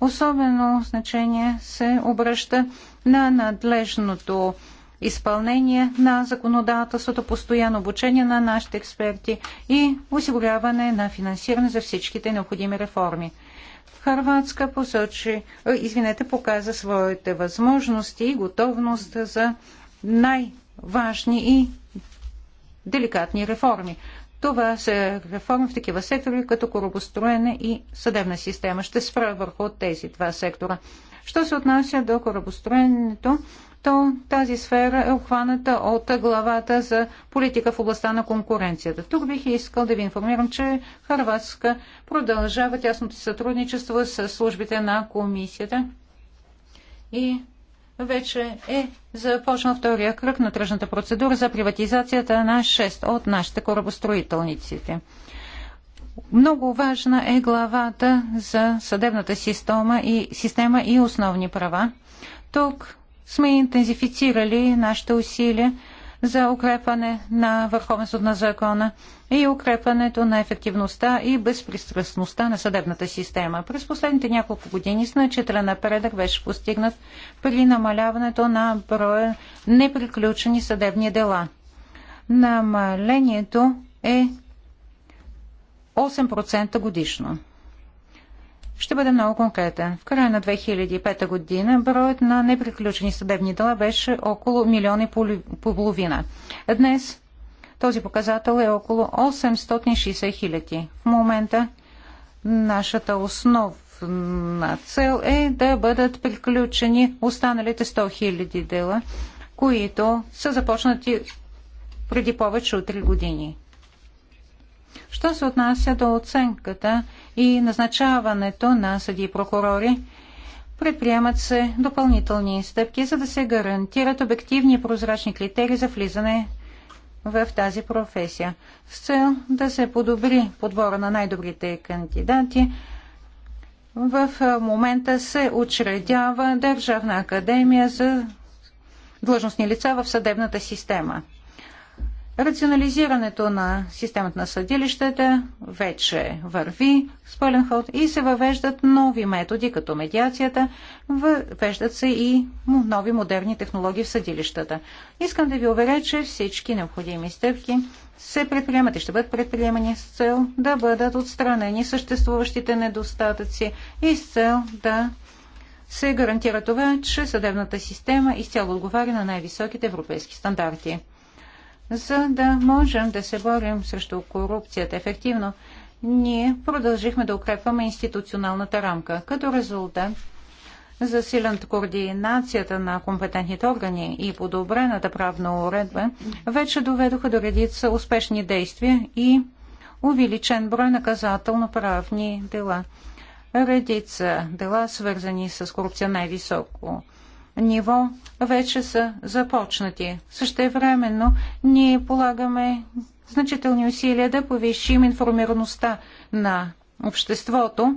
Особено значение се обръща на надлежното изпълнение на законодателството, постоянно обучение на нашите експерти и осигуряване на финансиране за всичките необходими реформи. Харватска посочи, извинете, показа своите възможности и готовност за най-важни и деликатни реформи. Това са реформи в такива сектори, като корабостроене и съдебна система. Ще спра върху тези два сектора. Що се отнася до корабостроенето, то тази сфера е обхваната от главата за политика в областта на конкуренцията. Тук бих искал да ви информирам, че Харватска продължава тясното сътрудничество с службите на комисията и вече е започнал втория кръг на тръжната процедура за приватизацията на 6 от нашите корабостроителниците. Много важна е главата за съдебната система и, система и основни права. Тук сме интензифицирали нашите усилия за укрепване на върховенството на закона и укрепването на ефективността и безпристрастността на съдебната система. През последните няколко години значителен напредък беше постигнат при намаляването на броя неприключени съдебни дела. Намалението е 8% годишно. Ще бъде много конкретен. В края на 2005 година броят на неприключени съдебни дела беше около милиони и половина. Днес този показател е около 860 хиляди. В момента нашата основна цел е да бъдат приключени останалите 100 хиляди дела, които са започнати преди повече от 3 години. Що се отнася до оценката и назначаването на съди и прокурори, предприемат се допълнителни стъпки, за да се гарантират обективни и прозрачни критерии за влизане в тази професия. С цел да се подобри подбора на най-добрите кандидати, в момента се учредява Държавна академия за длъжностни лица в съдебната система. Рационализирането на системата на съдилищата вече върви с пълен ход и се въвеждат нови методи, като медиацията, въвеждат се и нови модерни технологии в съдилищата. Искам да ви уверя, че всички необходими стъпки се предприемат и ще бъдат предприемани с цел да бъдат отстранени съществуващите недостатъци и с цел да се гарантира това, че съдебната система изцяло отговаря на най-високите европейски стандарти. За да можем да се борим срещу корупцията ефективно, ние продължихме да укрепваме институционалната рамка. Като резултат, засилената координацията на компетентните органи и подобрената правна уредба вече доведоха до редица успешни действия и увеличен брой наказателно-правни дела. Редица дела, свързани с корупция най-високо ниво вече са започнати. Същевременно ние полагаме значителни усилия да повишим информираността на обществото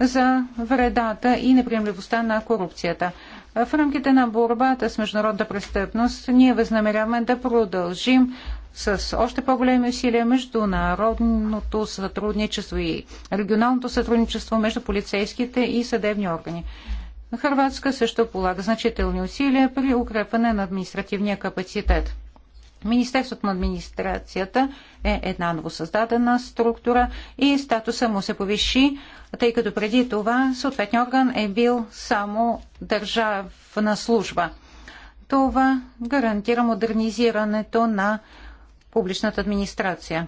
за вредата и неприемливостта на корупцията. В рамките на борбата с международна престъпност ние възнамеряваме да продължим с още по-големи усилия международното сътрудничество и регионалното сътрудничество между полицейските и съдебни органи. Хрватска също полага значителни усилия при укрепване на административния капацитет. Министерството на администрацията е една новосъздадена структура и статуса му се повиши, тъй като преди това съответният орган е бил само държавна служба. Това гарантира модернизирането на публичната администрация.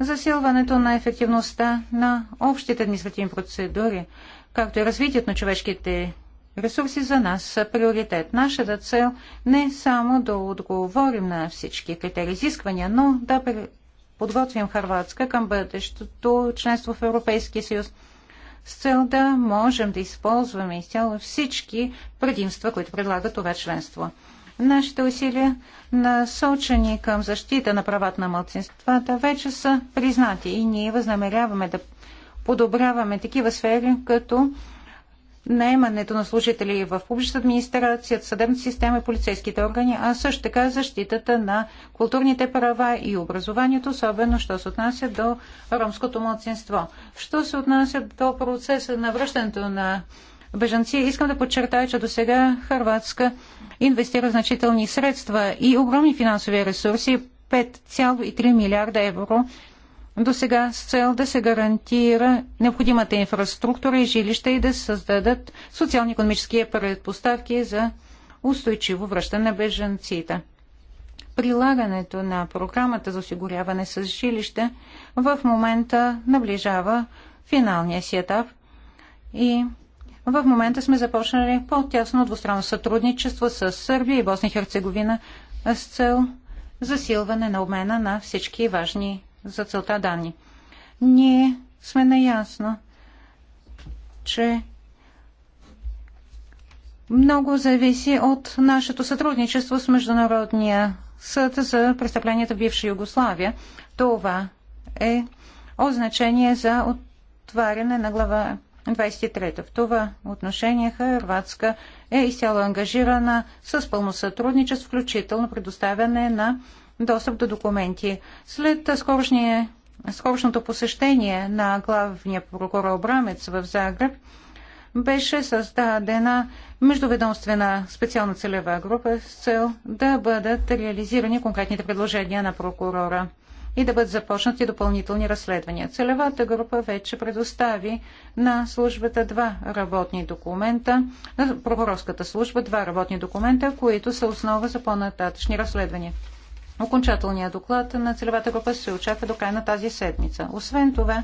Засилването на ефективността на общите административни процедури – както и развитието на човешките ресурси за нас са приоритет. Нашата цел не е само да отговорим на всички критерии изисквания, но да подготвим Харватска към бъдещото членство в Европейския съюз с цел да можем да използваме изцяло всички предимства, които предлага това членство. Нашите усилия, насочени към защита на правата на младсинствата, вече са признати и ние възнамеряваме да подобряваме такива сфери, като наемането на служители в публичната администрация, съдебната система и полицейските органи, а също така защитата на културните права и образованието, особено що се отнася до ромското младсинство. Що се отнася до процеса на връщането на бежанци, искам да подчертая, че до сега Харватска инвестира значителни средства и огромни финансови ресурси 5,3 милиарда евро до сега с цел да се гарантира необходимата инфраструктура и жилища и да създадат социално економическия предпоставки за устойчиво връщане на беженците. Прилагането на програмата за осигуряване с жилища в момента наближава финалния си етап и в момента сме започнали по-тясно двустранно сътрудничество с Сърбия и Босния и Херцеговина с цел засилване на обмена на всички важни за целта данни. Ние сме наясно, че много зависи от нашето сътрудничество с Международния съд за престъпленията в бивша Югославия. Това е означение за отваряне на глава 23. В това отношение Хърватска е изцяло ангажирана с пълно сътрудничество, включително предоставяне на достъп до документи. След скорошния, скорошното посещение на главния прокурор Брамец в Загреб, беше създадена междуведомствена специална целева група с цел да бъдат реализирани конкретните предложения на прокурора и да бъдат започнати допълнителни разследвания. Целевата група вече предостави на службата два работни документа, на прокурорската служба два работни документа, които са основа за по-нататъчни разследвания. Окончателният доклад на целевата група се очаква до края на тази седмица. Освен това,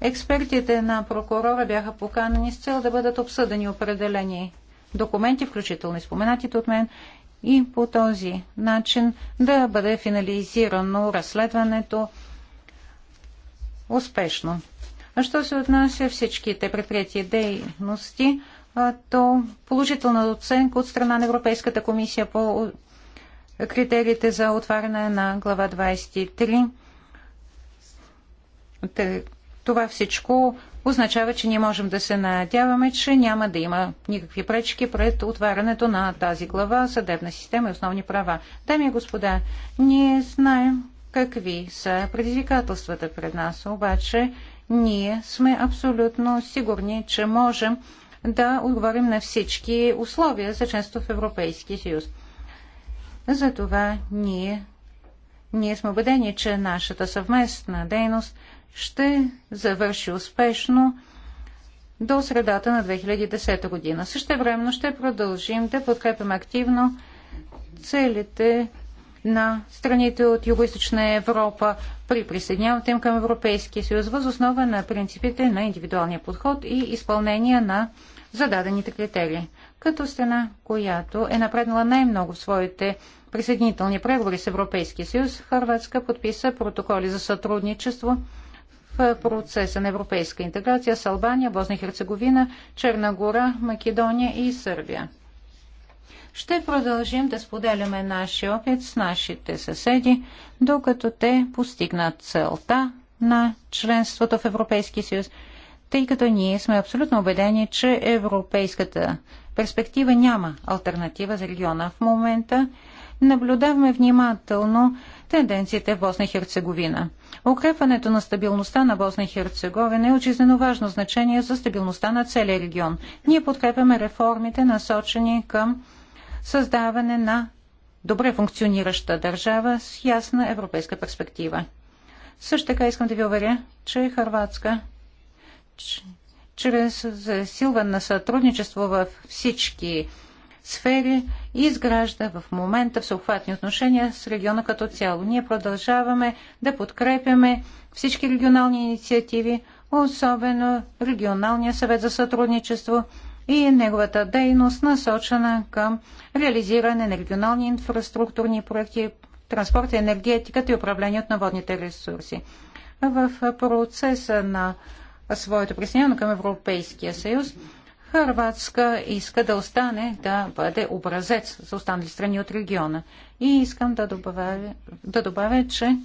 експертите на прокурора бяха поканени с цел да бъдат обсъдени определени документи, включително изпоменатите от мен, и по този начин да бъде финализирано разследването успешно. А що се отнася всичките предприятия дейности, то положителна оценка от страна на Европейската комисия по критериите за отваряне на глава 23. Това всичко означава, че ние можем да се надяваме, че няма да има никакви пречки пред отварянето на тази глава съдебна система и основни права. Дами и господа, ние знаем какви са предизвикателствата пред нас, обаче ние сме абсолютно сигурни, че можем да отговорим на всички условия за членство в Европейския съюз. Затова ние, ние сме убедени, че нашата съвместна дейност ще завърши успешно до средата на 2010 година. Също времено ще продължим да подкрепим активно целите на страните от Юго-Источна Европа при присъединяването им към Европейския съюз въз основа на принципите на индивидуалния подход и изпълнение на зададените критерии като страна, която е напреднала най-много в своите присъединителни преговори с Европейския съюз, Харватска подписа протоколи за сътрудничество в процеса на европейска интеграция с Албания, Босна и Херцеговина, Черна гора, Македония и Сърбия. Ще продължим да споделяме нашия опит с нашите съседи, докато те постигнат целта на членството в Европейския съюз – тъй като ние сме абсолютно убедени, че европейската перспектива няма альтернатива за региона в момента. Наблюдаваме внимателно тенденциите в Босна и Херцеговина. Укрепването на стабилността на Босна и Херцеговина е от важно значение за стабилността на целия регион. Ние подкрепяме реформите, насочени към създаване на добре функционираща държава с ясна европейска перспектива. Също така искам да ви уверя, че Харватска чрез засилване на сътрудничество във всички сфери и изгражда в момента всеобхватни отношения с региона като цяло. Ние продължаваме да подкрепяме всички регионални инициативи, особено Регионалния съвет за сътрудничество и неговата дейност, насочена към реализиране на регионални инфраструктурни проекти, транспорта, енергетиката и управлението на водните ресурси. В процеса на своето присъединяване към Европейския съюз, Харватска иска да остане, да бъде образец за останали страни от региона. И искам да добавя, да добавя че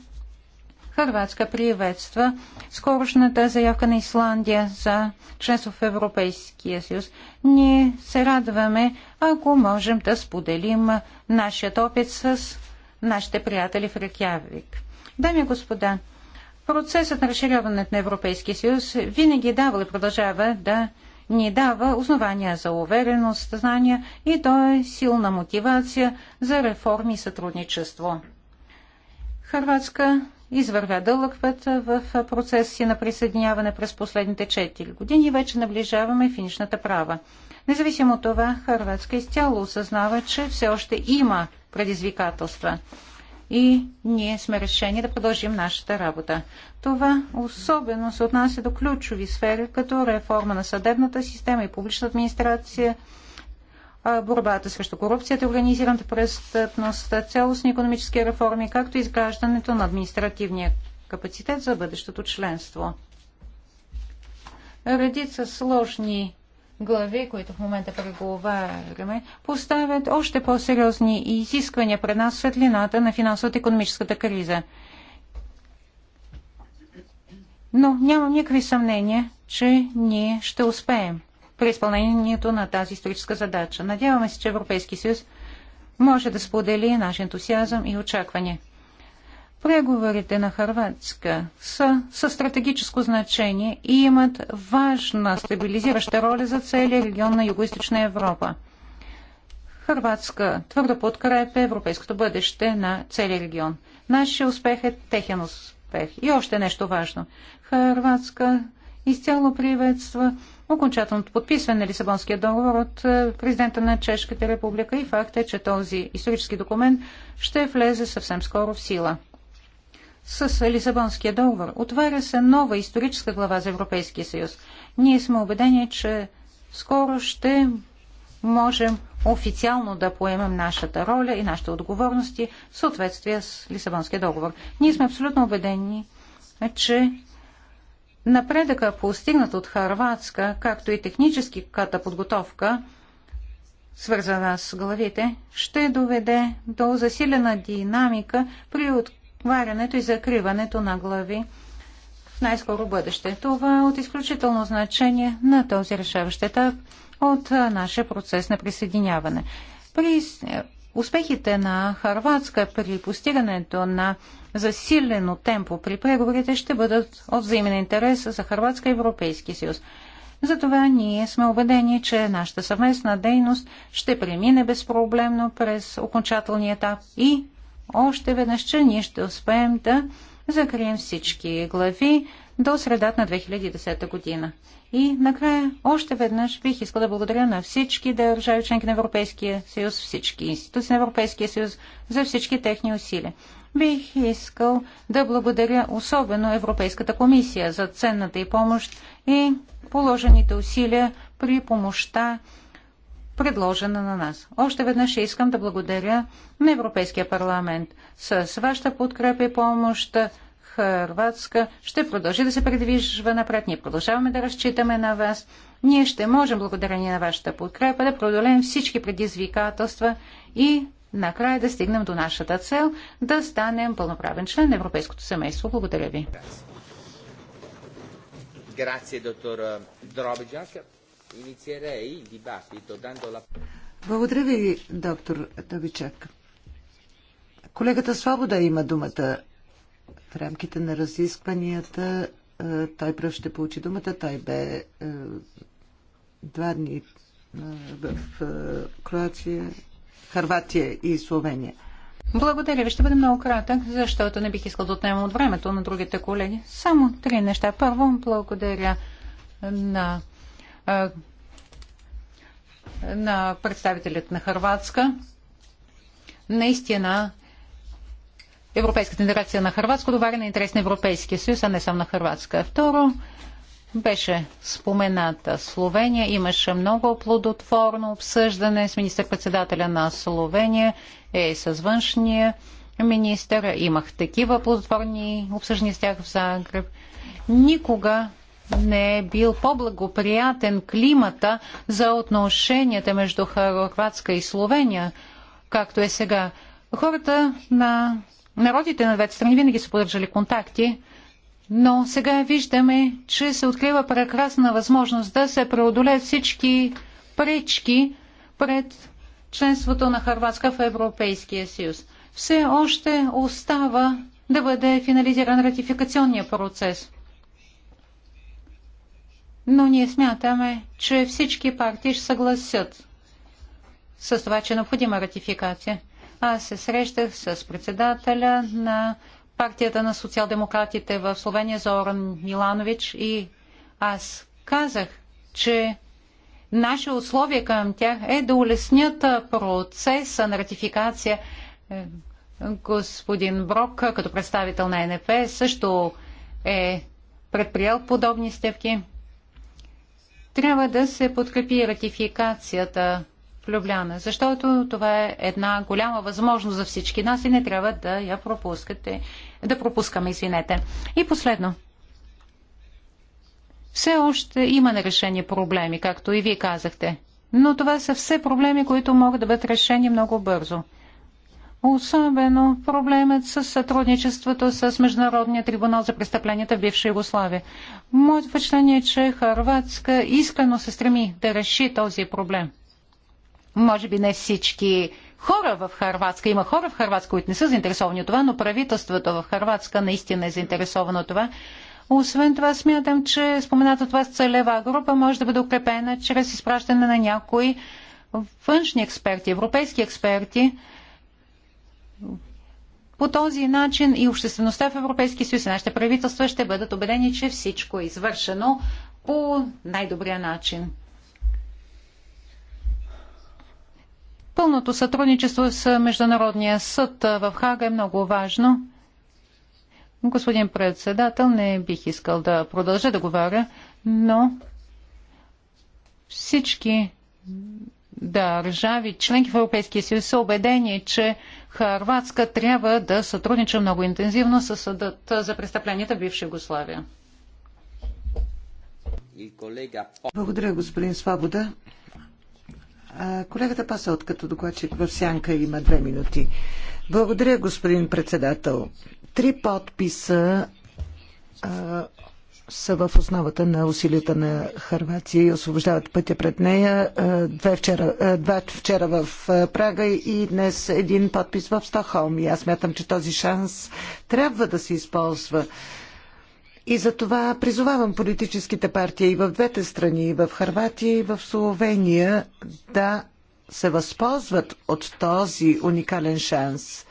Харватска приветства скорошната заявка на Исландия за членство в Европейския съюз. Ние се радваме, ако можем да споделим нашия опит с нашите приятели в Рекявик. Дами и господа, Процесът на разширяването на Европейския съюз винаги е дава и продължава да ни дава основания за увереност, знания и то е силна мотивация за реформи и сътрудничество. Харватска извървя дълъг път в процес си на присъединяване през последните 4 години и вече наближаваме финишната права. Независимо от това, Харватска изцяло осъзнава, че все още има предизвикателства – и ние сме решени да продължим нашата работа. Това особено се отнася до ключови сфери, като реформа на съдебната система и публична администрация, борбата срещу корупцията, организираната престъпност, цялостни економически реформи, както и изграждането на административния капацитет за бъдещото членство. Редица сложни глави, които в момента преговаряме, поставят още по-сериозни изисквания пред нас светлината на финансовата економическата криза. Но нямам никакви съмнения, че ние ще успеем при изпълнението на тази историческа задача. Надяваме се, че Европейски съюз може да сподели наш ентусиазъм и очакване. Преговорите на Харватска са със стратегическо значение и имат важна стабилизираща роля за целия регион на Юго-Источна Европа. Харватска твърдо подкрепя европейското бъдеще на целия регион. Нашия успех е техен успех. И още нещо важно. Харватска изцяло приветства окончателното подписване на Лисабонския договор от е, президента на Чешката република и факт е, че този исторически документ ще влезе съвсем скоро в сила с Лисабонския договор. Отваря се нова историческа глава за Европейския съюз. Ние сме убедени, че скоро ще можем официално да поемем нашата роля и нашите отговорности в съответствие с Лисабонския договор. Ние сме абсолютно убедени, че напредъка, постигнат от Харватска, както и техническата подготовка, свързана с главите, ще доведе до засилена динамика при от отварянето и закриването на глави в най-скоро бъдеще. Това е от изключително значение на този решаващ етап от нашия процес на присъединяване. При е, успехите на Харватска при постигането на засилено темпо при преговорите ще бъдат от взаимен интерес за Харватска и Европейски съюз. Затова ние сме убедени, че нашата съвместна дейност ще премине безпроблемно през окончателния етап и още веднъж, че ние ще успеем да закрием всички глави до средата на 2010 година. И накрая още веднъж бих искал да благодаря на всички държави, членки на Европейския съюз, всички институции на Европейския съюз за всички техни усилия. Бих искал да благодаря особено Европейската комисия за ценната и помощ и положените усилия при помощта предложена на нас. Още веднъж искам да благодаря на Европейския парламент. С вашата подкрепа и помощ Хрватска ще продължи да се предвижва напред. Ние продължаваме да разчитаме на вас. Ние ще можем, благодарение на вашата подкрепа, да продолеем всички предизвикателства и накрая да стигнем до нашата цел да станем пълноправен член на Европейското семейство. Благодаря ви. Grazie, dottor Drobjak. Благодаря ви, доктор Табичак. Колегата Свобода има думата в рамките на разискванията. Е, той пръв ще получи думата. Той бе е, два дни е, в Кроация, Харватия и Словения. Благодаря ви. Ще бъде много кратък, защото не бих искал да отнемам от времето на другите колеги. Само три неща. Първо, благодаря на на представителят на Харватска. Наистина, Европейската интеграция на Харватска отговаря на интерес на Европейския съюз, а не само на Харватска. Второ, беше спомената Словения. Имаше много плодотворно обсъждане с министър-председателя на Словения и е с външния министър. Имах такива плодотворни обсъждания с тях в Загреб. Никога не е бил по-благоприятен климата за отношенията между Хрватска и Словения, както е сега. Хората на народите на двете страни винаги са поддържали контакти, но сега виждаме, че се открива прекрасна възможност да се преодолеят всички пречки пред членството на Харватска в Европейския съюз. Все още остава да бъде финализиран ратификационния процес но ние смятаме, че всички партии ще съгласят с това, че е необходима ратификация. Аз се срещах с председателя на партията на социал-демократите в Словения Зоран Миланович и аз казах, че наше условие към тях е да улеснят процеса на ратификация. Е, господин Брок, като представител на НП, също е предприел подобни стъпки. Трябва да се подкрепи ратификацията в Любляна, защото това е една голяма възможност за всички нас и не трябва да я пропускате, да пропускаме, извинете. И последно. Все още има нерешени проблеми, както и вие казахте. Но това са все проблеми, които могат да бъдат решени много бързо. Особено проблемът с сътрудничеството с Международния трибунал за престъпленията в бивша Югославия. Моето впечатление е, че Харватска искрено се стреми да реши този проблем. Може би не всички хора в Харватска. Има хора в Харватска, които не са заинтересовани от това, но правителството в Харватска наистина е заинтересовано от това. Освен това, смятам, че спомената от вас целева група може да бъде укрепена чрез изпращане на някои външни експерти, европейски експерти, по този начин и обществеността в Европейския съюз и нашите правителства ще бъдат убедени, че всичко е извършено по най-добрия начин. Пълното сътрудничество с Международния съд в Хага е много важно. Господин председател, не бих искал да продължа да говоря, но всички държави, членки в Европейския съюз, са убедени, че Харватска трябва да сътрудничи много интензивно с съдът за престъпленията в бивша Югославия. Благодаря, господин Свобода. Колегата от като докладчик в Сянка, има две минути. Благодаря, господин председател. Три подписа са в основата на усилията на Харватия и освобождават пътя пред нея. Е, две вчера, е, два вчера в е, Прага и днес един подпис в Стокхолм. И аз смятам, че този шанс трябва да се използва. И за това призовавам политическите партии и в двете страни, и в Харватия, и в Словения да се възползват от този уникален шанс –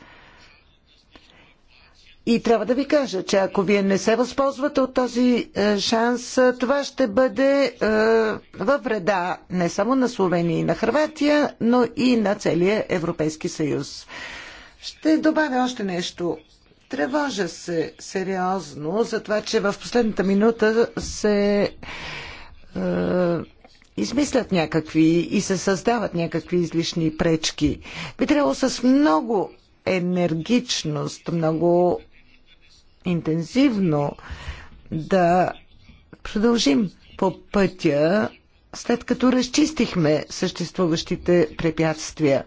и трябва да ви кажа, че ако вие не се възползвате от този е, шанс, е, това ще бъде е, във вреда не само на Словения и на Хрватия, но и на целия Европейски съюз. Ще добавя още нещо. Тревожа се сериозно за това, че в последната минута се е, измислят някакви и се създават някакви излишни пречки. Би трябвало с много енергичност, много интензивно да продължим по пътя, след като разчистихме съществуващите препятствия.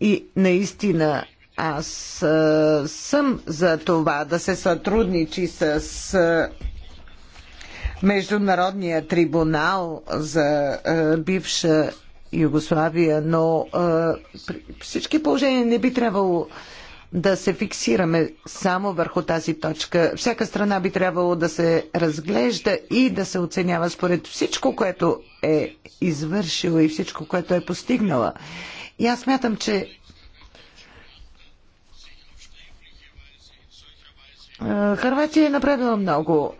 И наистина аз а, съм за това да се сътрудничи с а, Международния трибунал за а, бивша Югославия, но а, при всички положения не би трябвало да се фиксираме само върху тази точка. Всяка страна би трябвало да се разглежда и да се оценява според всичко, което е извършила и всичко, което е постигнала. И аз мятам, че Харватия е направила много.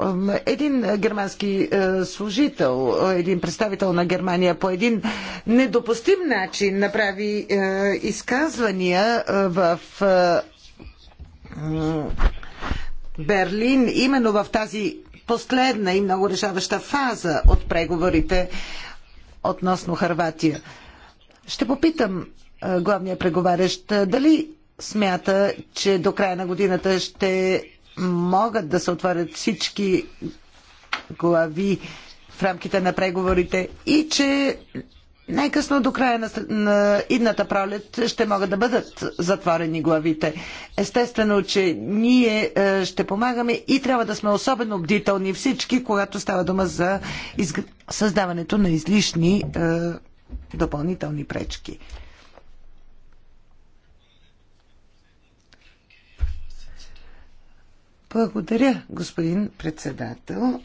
Един германски е, служител, е, един представител на Германия по един недопустим начин направи е, изказвания в Берлин, именно в тази последна и много решаваща фаза от преговорите относно Харватия. Ще попитам главния преговарящ дали смята, че до края на годината ще могат да се отворят всички глави в рамките на преговорите и че най-късно до края на, на идната пролет ще могат да бъдат затворени главите. Естествено, че ние е, ще помагаме и трябва да сме особено бдителни всички, когато става дума за изг... създаването на излишни е, допълнителни пречки. Благодаря, господин председател,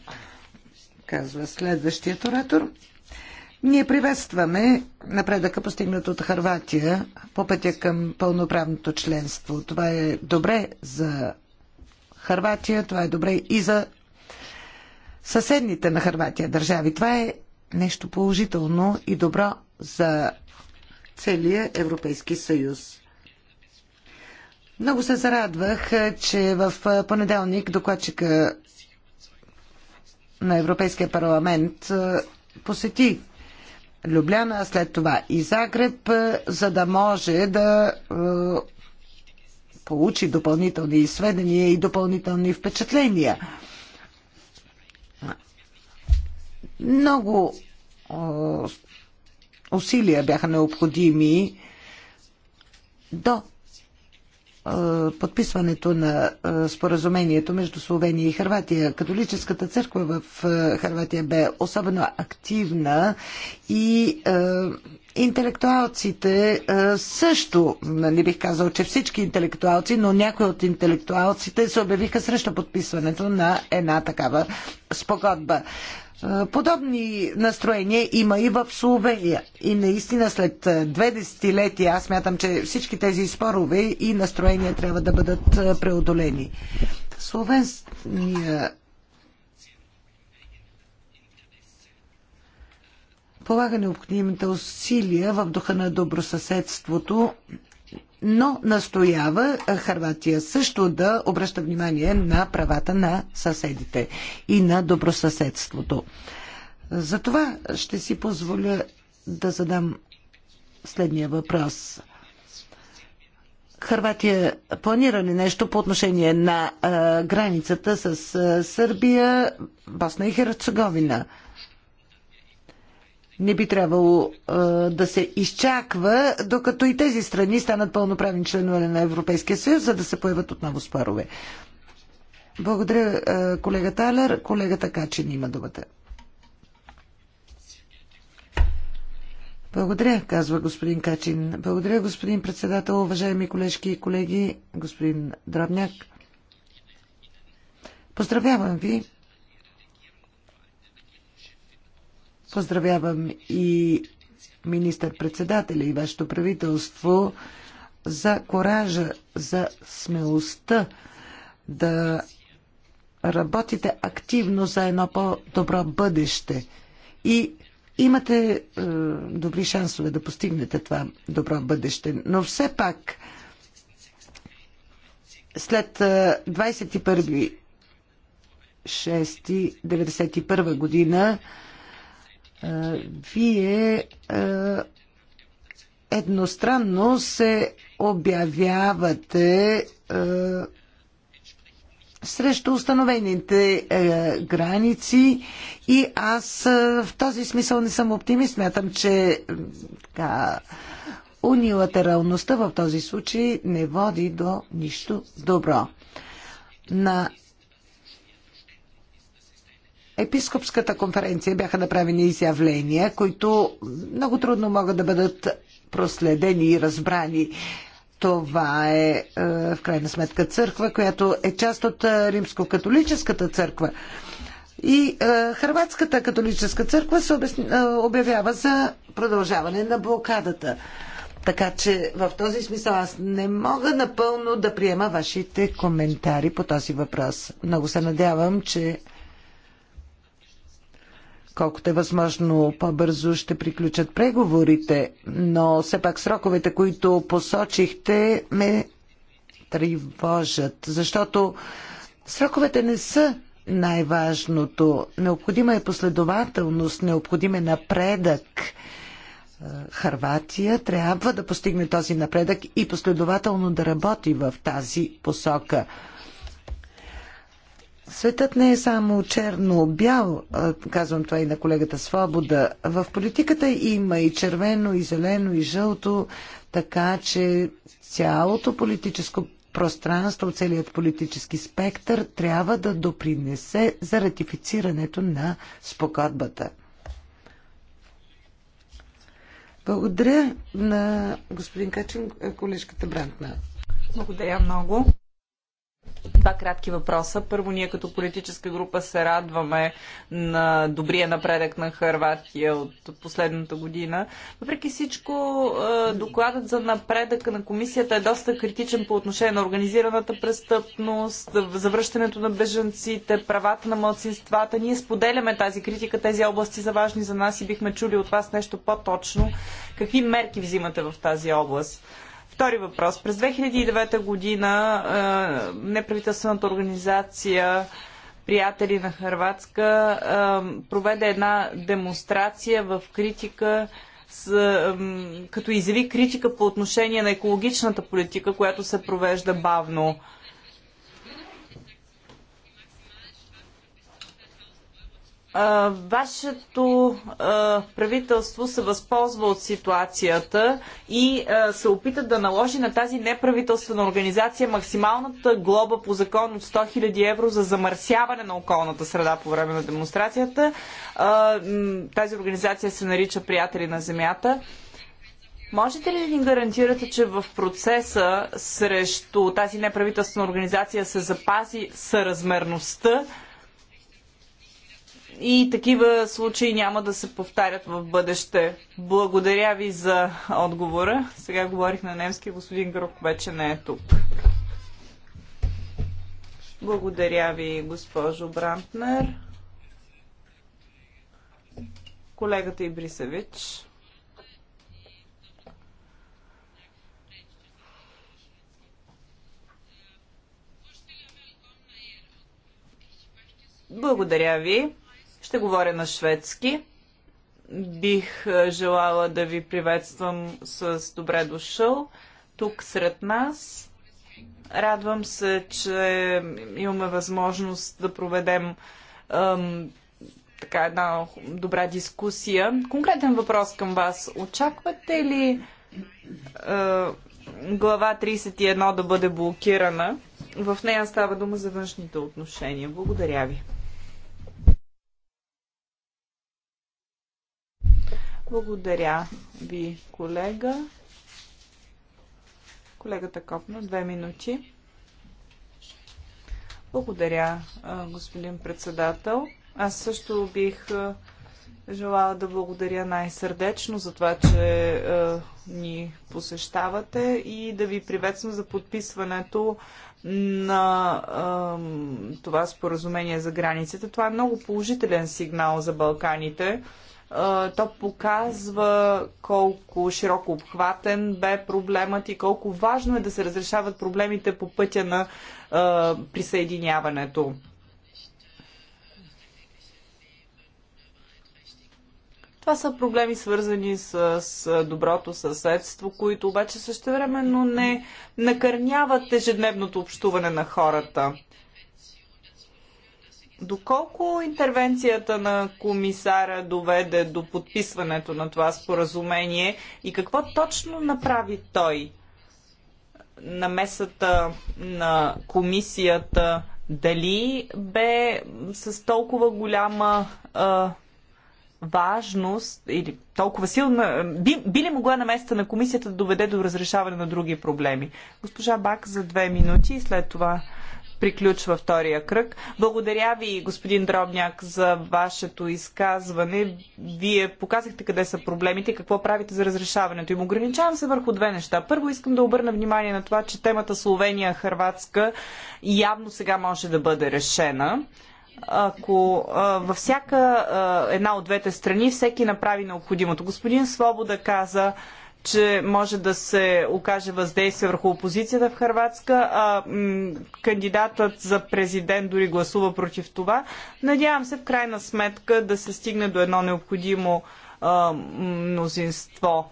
казва следващият оратор. Ние приветстваме напредъка, постигнат от Харватия по пътя към пълноправното членство. Това е добре за Харватия, това е добре и за съседните на Харватия държави. Това е нещо положително и добро за целия Европейски съюз. Много се зарадвах, е, че в е, понеделник докладчика на Европейския парламент е, посети Любляна, а след това и Загреб, за да може да получи допълнителни сведения и допълнителни впечатления. Много усилия бяха необходими до подписването на споразумението между Словения и Харватия. Католическата църква в Харватия бе особено активна и Интелектуалците също, не нали, бих казал, че всички интелектуалци, но някои от интелектуалците се обявиха срещу подписването на една такава спогодба. Подобни настроения има и в Словения. И наистина след две десетилетия аз мятам, че всички тези спорове и настроения трябва да бъдат преодолени. Словенския полага необходимите усилия в духа на добросъседството, но настоява Харватия също да обръща внимание на правата на съседите и на добросъседството. Затова ще си позволя да задам следния въпрос. Харватия планира ли нещо по отношение на а, границата с а, Сърбия, Босна и Херцеговина? не би трябвало а, да се изчаква, докато и тези страни станат пълноправни членове на Европейския съюз, за да се появят отново спорове. Благодаря, а, колега Талер. Колегата Качин има думата. Благодаря, казва господин Качин. Благодаря, господин председател, уважаеми колежки и колеги, господин Драбняк. Поздравявам ви Поздравявам и министър-председателя и вашето правителство за коража, за смелостта да работите активно за едно по-добро бъдеще. И имате е, добри шансове да постигнете това добро бъдеще. Но все пак, след е, 21.6.91 година, вие едностранно се обявявате срещу установените е, граници и аз е, в този смисъл не съм оптимист. Смятам, че така, унилатералността в този случай не води до нищо добро. На епископската конференция бяха направени изявления, които много трудно могат да бъдат проследени и разбрани. Това е, е в крайна сметка църква, която е част от е, римско-католическата църква. И е, Хрватската католическа църква се е, обявява за продължаване на блокадата. Така че в този смисъл аз не мога напълно да приема вашите коментари по този въпрос. Много се надявам, че колкото е възможно по-бързо ще приключат преговорите, но все пак сроковете, които посочихте, ме тревожат, защото сроковете не са най-важното. Необходима е последователност, необходим е напредък. Е, Харватия трябва да постигне този напредък и последователно да работи в тази посока. Светът не е само черно-бял, казвам това и на колегата Свобода. В политиката има и червено, и зелено, и жълто, така че цялото политическо пространство, целият политически спектър трябва да допринесе за ратифицирането на спогодбата. Благодаря на господин Качин, колежката Брантна. Благодаря много. Два кратки въпроса. Първо, ние като политическа група се радваме на добрия напредък на Харватия от последната година. Въпреки всичко, е, докладът за напредък на комисията е доста критичен по отношение на организираната престъпност, завръщането на бежанците, правата на младсинствата. Ние споделяме тази критика. Тези области са важни за нас и бихме чули от вас нещо по-точно. Какви мерки взимате в тази област? Втори въпрос. През 2009 година е, неправителствената организация Приятели на Харватска е, проведе една демонстрация в критика с, като изяви критика по отношение на екологичната политика, която се провежда бавно. вашето правителство се възползва от ситуацията и се опита да наложи на тази неправителствена организация максималната глоба по закон от 100 000 евро за замърсяване на околната среда по време на демонстрацията. тази организация се нарича Приятели на земята. Можете ли да ни гарантирате, че в процеса срещу тази неправителствена организация се запази съразмерността и такива случаи няма да се повтарят в бъдеще. Благодаря ви за отговора. Сега говорих на немски, господин Грок, вече не е тук. Благодаря ви, госпожо Брантнер. Колегата Ибрисевич. Благодаря ви. Ще говоря на шведски. Бих е, желала да ви приветствам с добре дошъл тук сред нас. Радвам се, че имаме възможност да проведем ем, така една добра дискусия. Конкретен въпрос към вас. Очаквате ли е, глава 31 да бъде блокирана. В нея става дума за външните отношения. Благодаря ви. Благодаря ви, колега. Колегата Копна, две минути. Благодаря, господин председател. Аз също бих желала да благодаря най-сърдечно за това, че ни посещавате и да ви приветствам за подписването на това споразумение за границите. Това е много положителен сигнал за Балканите то показва колко широко обхватен бе проблемът и колко важно е да се разрешават проблемите по пътя на присъединяването. Това са проблеми свързани с, с доброто съседство, които обаче същевременно не накърняват ежедневното общуване на хората. Доколко интервенцията на комисара доведе до подписването на това споразумение и какво точно направи той? Намесата на комисията дали бе с толкова голяма а, важност или толкова силна, би, би ли могла наместа на комисията да доведе до разрешаване на други проблеми? Госпожа Бак за две минути и след това приключва втория кръг. Благодаря ви, господин Дробняк, за вашето изказване. Вие показахте къде са проблемите и какво правите за разрешаването им. Ограничавам се върху две неща. Първо искам да обърна внимание на това, че темата Словения-Хрватска явно сега може да бъде решена ако а, във всяка а, една от двете страни всеки направи необходимото. Господин Свобода каза, че може да се окаже въздействие върху опозицията в Харватска, а кандидатът за президент дори гласува против това. Надявам се в крайна сметка да се стигне до едно необходимо а, мнозинство.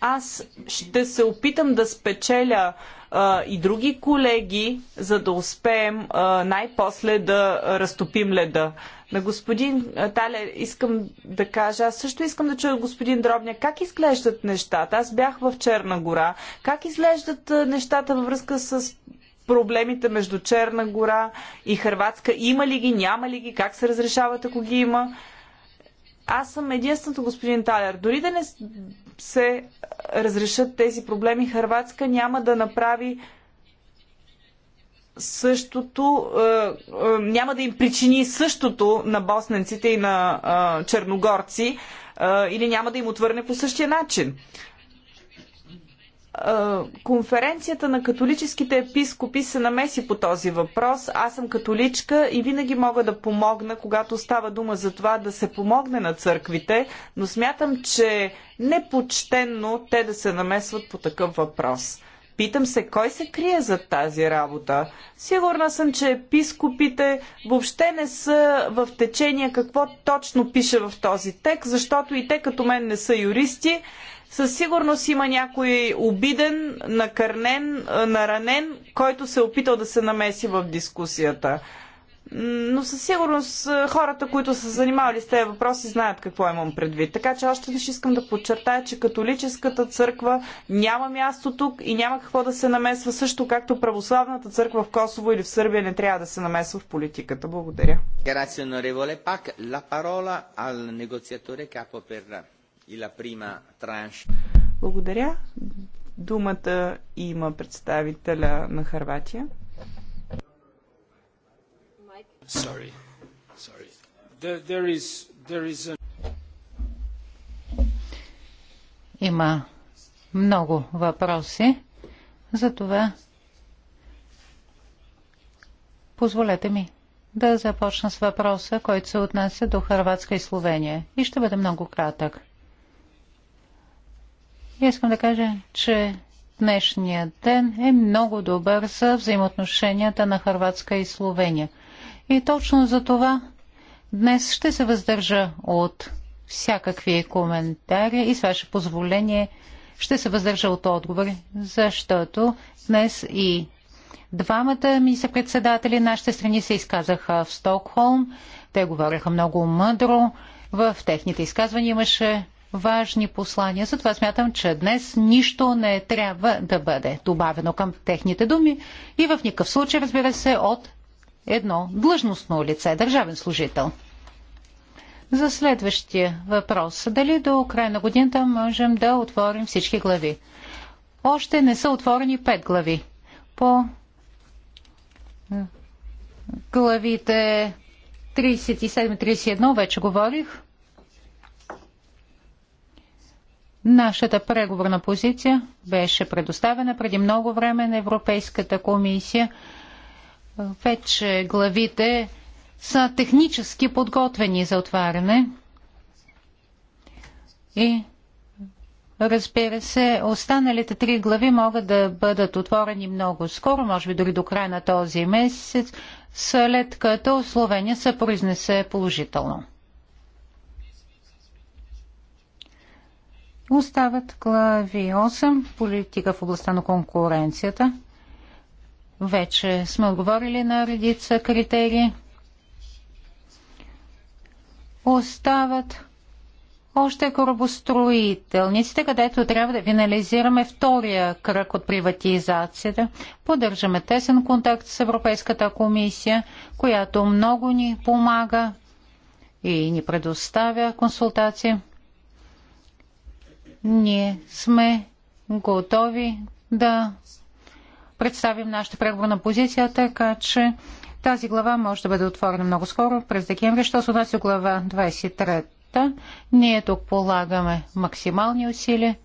Аз ще се опитам да спечеля а, и други колеги, за да успеем най-после да разтопим леда. На господин Тале искам да кажа, аз също искам да чуя господин Дробня, как изглеждат нещата. Аз бях в Черна гора. Как изглеждат нещата във връзка с проблемите между Черна гора и Хрватска? Има ли ги, няма ли ги, как се разрешават, ако ги има? Аз съм единственото, господин Талер. Дори да не, се разрешат тези проблеми, Харватска няма да направи същото, е, е, няма да им причини същото на босненците и на е, черногорци или няма да им отвърне по същия начин конференцията на католическите епископи се намеси по този въпрос. Аз съм католичка и винаги мога да помогна, когато става дума за това да се помогне на църквите, но смятам, че непочтенно те да се намесват по такъв въпрос. Питам се, кой се крие за тази работа? Сигурна съм, че епископите въобще не са в течение какво точно пише в този текст, защото и те като мен не са юристи със сигурност има някой обиден, накърнен, наранен, който се е опитал да се намеси в дискусията. Но със сигурност хората, които са занимавали с тези въпроси, знаят какво имам предвид. Така че още не искам да подчертая, че католическата църква няма място тук и няма какво да се намесва, също както православната църква в Косово или в Сърбия не трябва да се намесва в политиката. Благодаря. Пак. La parola al negoziatore capo per благодаря. Думата има представителя на Харватия. Sorry. Sorry. There, there is, there is a... Има много въпроси, затова позволете ми да започна с въпроса, който се отнася до Харватска и Словения. И ще бъде много кратък. Искам да кажа, че днешният ден е много добър за взаимоотношенията на Харватска и Словения. И точно за това днес ще се въздържа от всякакви коментари и с ваше позволение ще се въздържа от отговори, защото днес и двамата министър-председатели нашите страни се изказаха в Стокхолм. Те говореха много мъдро. В техните изказвания имаше важни послания. Затова смятам, че днес нищо не трябва да бъде добавено към техните думи и в никакъв случай, разбира се, от едно длъжностно лице, държавен служител. За следващия въпрос. Дали до края на годината можем да отворим всички глави? Още не са отворени пет глави. По главите 37-31 вече говорих. Нашата преговорна позиция беше предоставена преди много време на Европейската комисия. Вече главите са технически подготвени за отваряне. И разбира се, останалите три глави могат да бъдат отворени много скоро, може би дори до края на този месец, след като Словения се произнесе положително. Остават глави 8 политика в областта на конкуренцията. Вече сме отговорили на редица критерии. Остават още корабостроителниците, където трябва да финализираме втория кръг от приватизацията. Поддържаме тесен контакт с Европейската комисия, която много ни помага и ни предоставя консултации. Ние сме готови да представим нашата преговорна позиция, така че тази глава може да бъде отворена много скоро през декември. Що се отнася глава 23, ние тук полагаме максимални усилия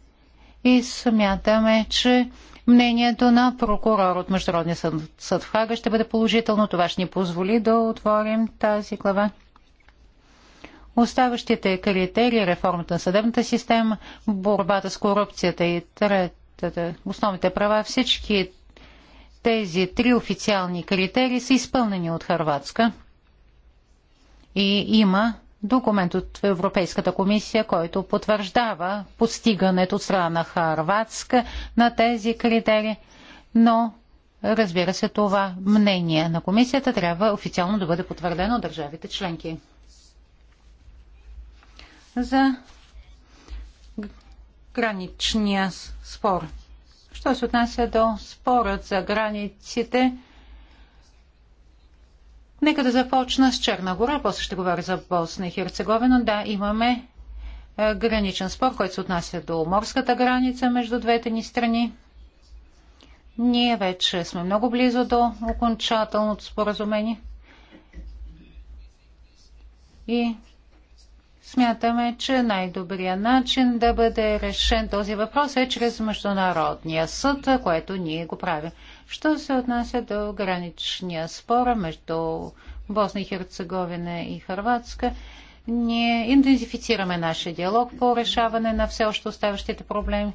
и смятаме, че мнението на прокурор от Международния съд в Хага ще бъде положително. Това ще ни позволи да отворим тази глава. Оставащите критерии, реформата на съдебната система, борбата с корупцията и третата, основните права, всички тези три официални критерии са изпълнени от Харватска. И има документ от Европейската комисия, който потвърждава постигането от страна на Харватска на тези критерии, но разбира се, това мнение на комисията трябва официално да бъде потвърдено от държавите членки за граничния спор. Що се отнася до спорът за границите, нека да започна с Черна гора, после ще говоря за Босна и Херцеговина. Да, имаме е, граничен спор, който се отнася до морската граница между двете ни страни. Ние вече сме много близо до окончателното споразумение. И Смятаме, че най-добрият начин да бъде решен този въпрос е чрез Международния съд, което ние го правим. Що се отнася до граничния спор между Босна и Херцеговина и Харватска, ние интензифицираме нашия диалог по решаване на все още оставащите проблеми.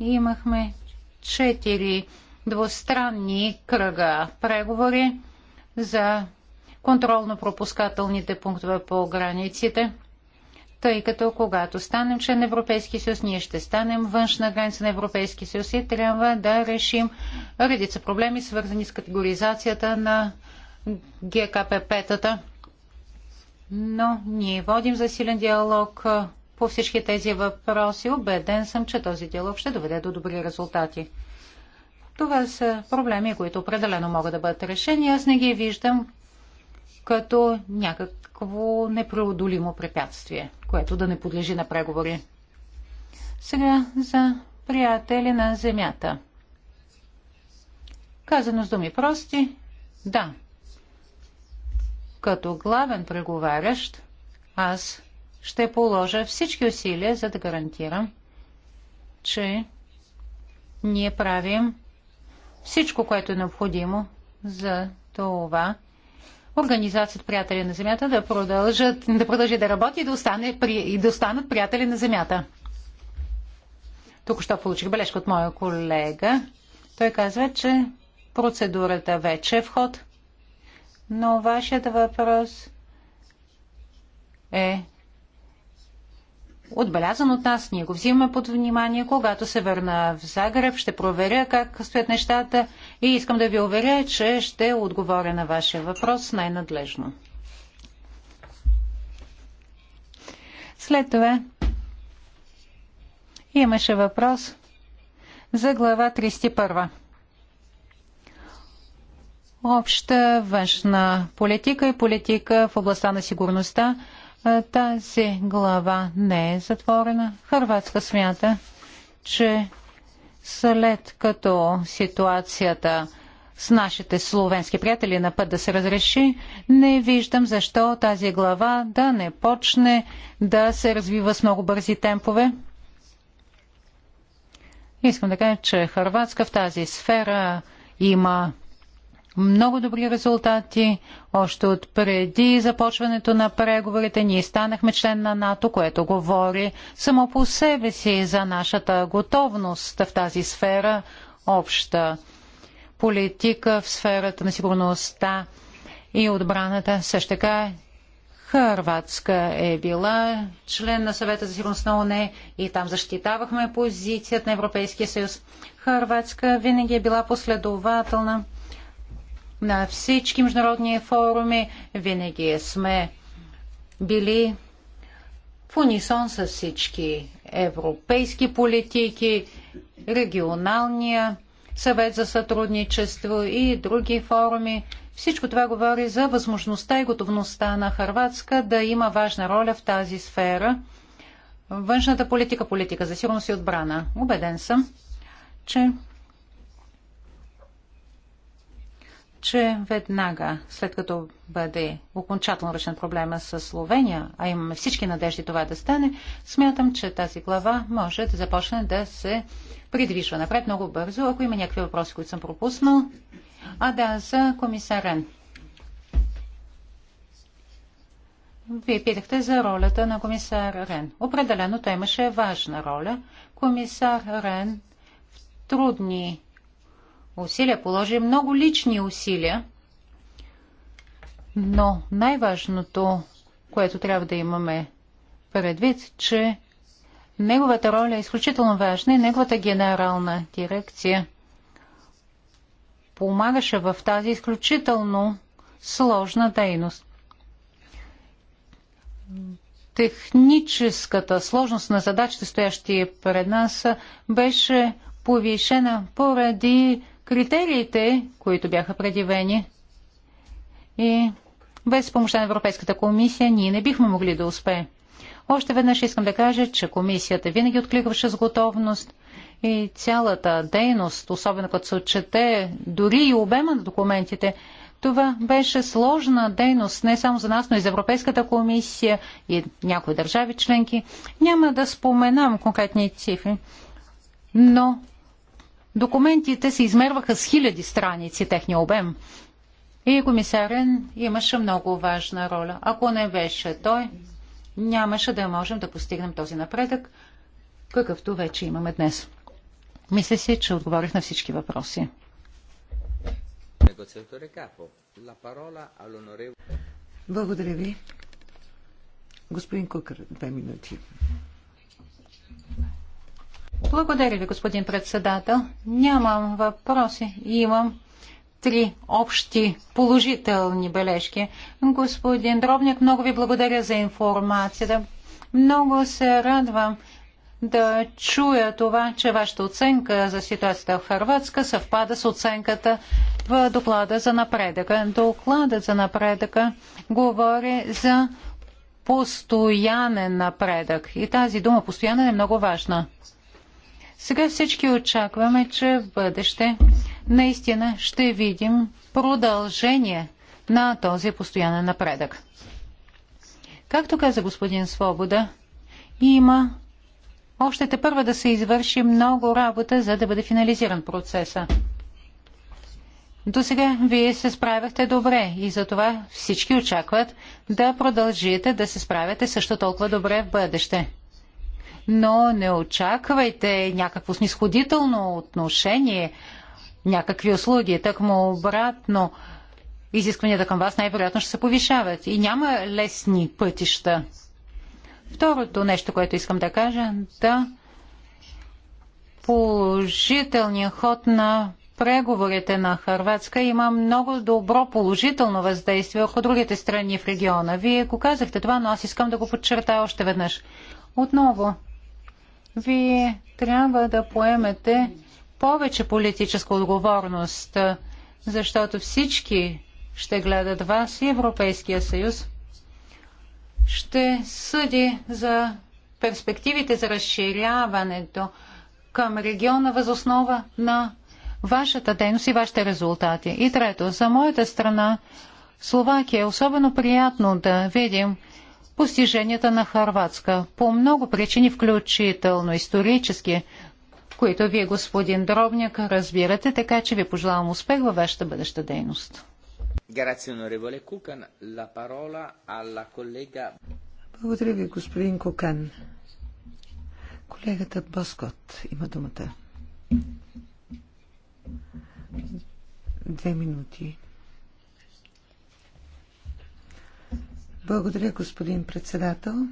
Имахме четири двустранни кръга преговори за контролно-пропускателните пунктове по границите – тъй като когато станем член на съюз, ние ще станем външна граница на Европейския съюз и трябва да решим редица проблеми, свързани с категоризацията на ГКПП-тата. Но ние водим засилен диалог по всички тези въпроси. Обеден съм, че този диалог ще доведе до добри резултати. Това са проблеми, които определено могат да бъдат решени. Аз не ги виждам като някакво непреодолимо препятствие, което да не подлежи на преговори. Сега за приятели на земята. Казано с думи прости, да. Като главен преговарящ, аз ще положа всички усилия, за да гарантирам, че ние правим всичко, което е необходимо за това организацията Приятели на Земята да, продължат, да продължи да работи и да, остане, и да останат приятели на Земята. Тук що получих бележка от моя колега. Той казва, че процедурата вече е в ход. Но вашият въпрос е отбелязан от нас. Ние го взимаме под внимание. Когато се върна в Загреб, ще проверя как стоят нещата и искам да ви уверя, че ще отговоря на вашия въпрос най-надлежно. След това имаше въпрос за глава 31. Обща външна политика и политика в областта на сигурността. Тази глава не е затворена. Харватска смята, че след като ситуацията с нашите словенски приятели на път да се разреши, не виждам защо тази глава да не почне да се развива с много бързи темпове. Искам да кажа, че Харватска в тази сфера има много добри резултати. Още от преди започването на преговорите ние станахме член на НАТО, което говори само по себе си за нашата готовност в тази сфера, обща политика в сферата на сигурността и отбраната. Също така Хърватска е била член на съвета за сигурност на ОНЕ и там защитавахме позицията на Европейския съюз. Хърватска винаги е била последователна на всички международни форуми, винаги сме били в унисон с всички европейски политики, регионалния съвет за сътрудничество и други форуми. Всичко това говори за възможността и готовността на Харватска да има важна роля в тази сфера. Външната политика, политика за сигурност и отбрана. Убеден съм, че че веднага, след като бъде окончателно решен проблема с Словения, а имаме всички надежди това да стане, смятам, че тази глава може да започне да се придвижва напред много бързо. Ако има някакви въпроси, които съм пропуснал, а да, за комисарен. Вие питахте за ролята на комисар Рен. Определено той имаше важна роля. Комисар Рен в трудни усилия, положи много лични усилия, но най-важното, което трябва да имаме предвид, че неговата роля е изключително важна и неговата генерална дирекция помагаше в тази изключително сложна дейност. Техническата сложност на задачите, стоящи пред нас, беше повишена поради критериите, които бяха предявени и без помощта на Европейската комисия ние не бихме могли да успеем. Още веднъж искам да кажа, че комисията винаги откликваше с готовност и цялата дейност, особено като се отчете дори и обема на документите, това беше сложна дейност не само за нас, но и за Европейската комисия и някои държави членки. Няма да споменам конкретни цифри, но Документите се измерваха с хиляди страници техния обем. И комисарен имаше много важна роля. Ако не беше той, нямаше да можем да постигнем този напредък, какъвто вече имаме днес. Мисля си, че отговорих на всички въпроси. Е Благодаря ви. Господин Кукър, две минути. Благодаря ви, господин председател. Нямам въпроси. Имам три общи положителни бележки. Господин Дробник, много ви благодаря за информацията. Много се радвам да чуя това, че вашата оценка за ситуацията в Харватска съвпада с оценката в доклада за напредъка. Докладът за напредъка говори за постоянен напредък. И тази дума постоянен е много важна. Сега всички очакваме, че в бъдеще наистина ще видим продължение на този постоянен напредък. Както каза господин Свобода, има още те първа да се извърши много работа, за да бъде финализиран процеса. До сега вие се справяхте добре и затова всички очакват да продължите да се справяте също толкова добре в бъдеще но не очаквайте някакво снисходително отношение, някакви услуги. Так му обратно, изискванията към вас най-вероятно ще се повишават и няма лесни пътища. Второто нещо, което искам да кажа, да положителният ход на преговорите на Харватска има много добро положително въздействие върху другите страни в региона. Вие го казахте това, но аз искам да го подчертая още веднъж. Отново, вие трябва да поемете повече политическа отговорност, защото всички ще гледат вас и Европейския съюз. Ще съди за перспективите за разширяването към региона възоснова на вашата дейност и вашите резултати. И трето, за моята страна Словакия е особено приятно да видим, постиженията на Харватска по много причини, включително исторически, които вие, господин Дробняк, разбирате, така че ви пожелавам успех във вашата бъдеща дейност. Благодаря ви, господин Кукан. Колегата Боскот има думата. Две минути. Благодаря, господин председател.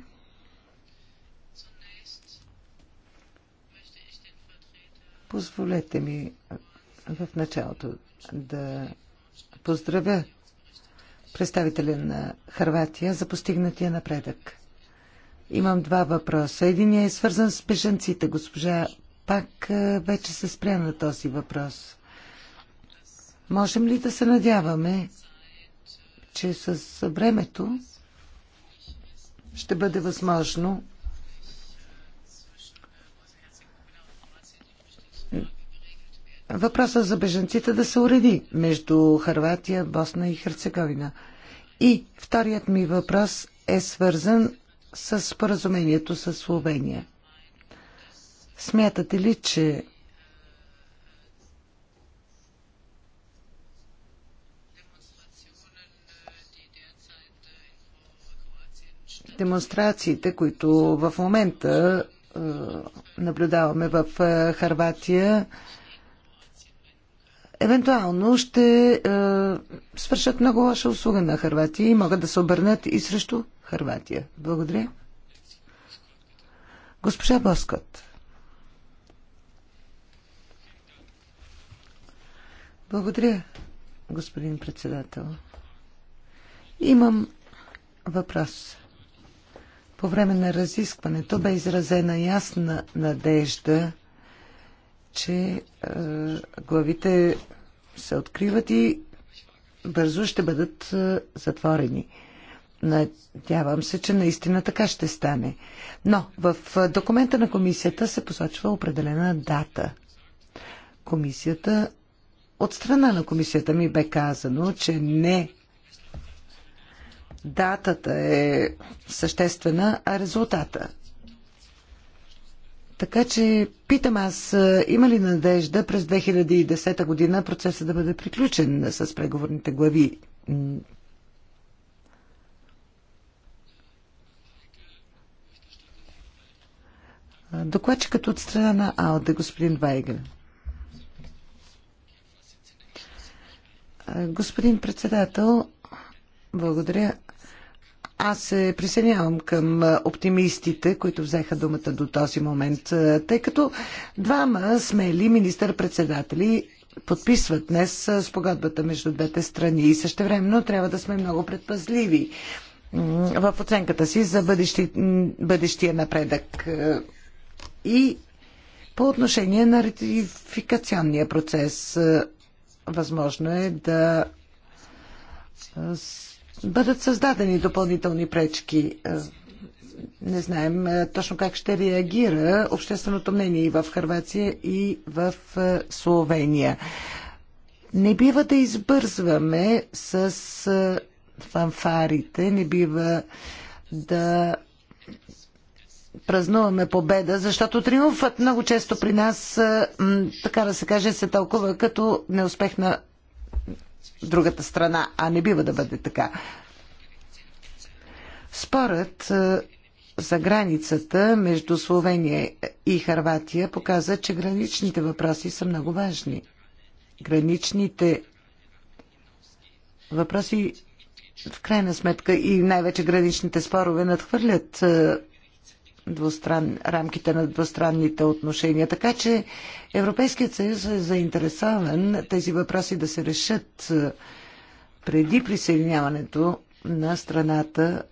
Позволете ми в началото да поздравя представителя на Харватия за постигнатия напредък. Имам два въпроса. Един е свързан с бежанците. Госпожа пак вече се спря на този въпрос. Можем ли да се надяваме, че с времето ще бъде възможно въпроса за беженците да се уреди между Харватия, Босна и Херцеговина. И вторият ми въпрос е свързан с споразумението с Словения. Смятате ли, че демонстрациите, които в момента наблюдаваме в Харватия, евентуално ще е, свършат много лоша услуга на Харватия и могат да се обърнат и срещу Харватия. Благодаря. Госпожа Боскот. Благодаря, господин председател. Имам въпрос. По време на разискването бе изразена ясна надежда, че е, главите се откриват и бързо ще бъдат е, затворени. Надявам се, че наистина така ще стане. Но в е, документа на комисията се посочва определена дата. Комисията от страна на комисията ми бе казано, че не Датата е съществена, а резултата. Така че питам аз, има ли надежда през 2010 година процесът да бъде приключен с преговорните глави? Докладчикът от страна на АОД, господин Вайгел. Господин председател, благодаря. Аз се присъединявам към оптимистите, които взеха думата до този момент, тъй като двама смели министър-председатели подписват днес спогодбата между двете страни и същевременно трябва да сме много предпазливи в оценката си за бъдещи, бъдещия напредък и по отношение на ратификационния процес. Възможно е да бъдат създадени допълнителни пречки. Е, не знаем е, точно как ще реагира общественото мнение и в Харватия, и в е, Словения. Не бива да избързваме с фанфарите, не бива да празнуваме победа, защото триумфът много често при нас, така да се каже, се тълкува като неуспех на другата страна, а не бива да бъде така. Спорът е, за границата между Словения и Харватия показа, че граничните въпроси са много важни. Граничните въпроси в крайна сметка и най-вече граничните спорове надхвърлят е, двустран, рамките на двустранните отношения. Така че Европейският съюз е заинтересован тези въпроси да се решат е, преди присъединяването на страната.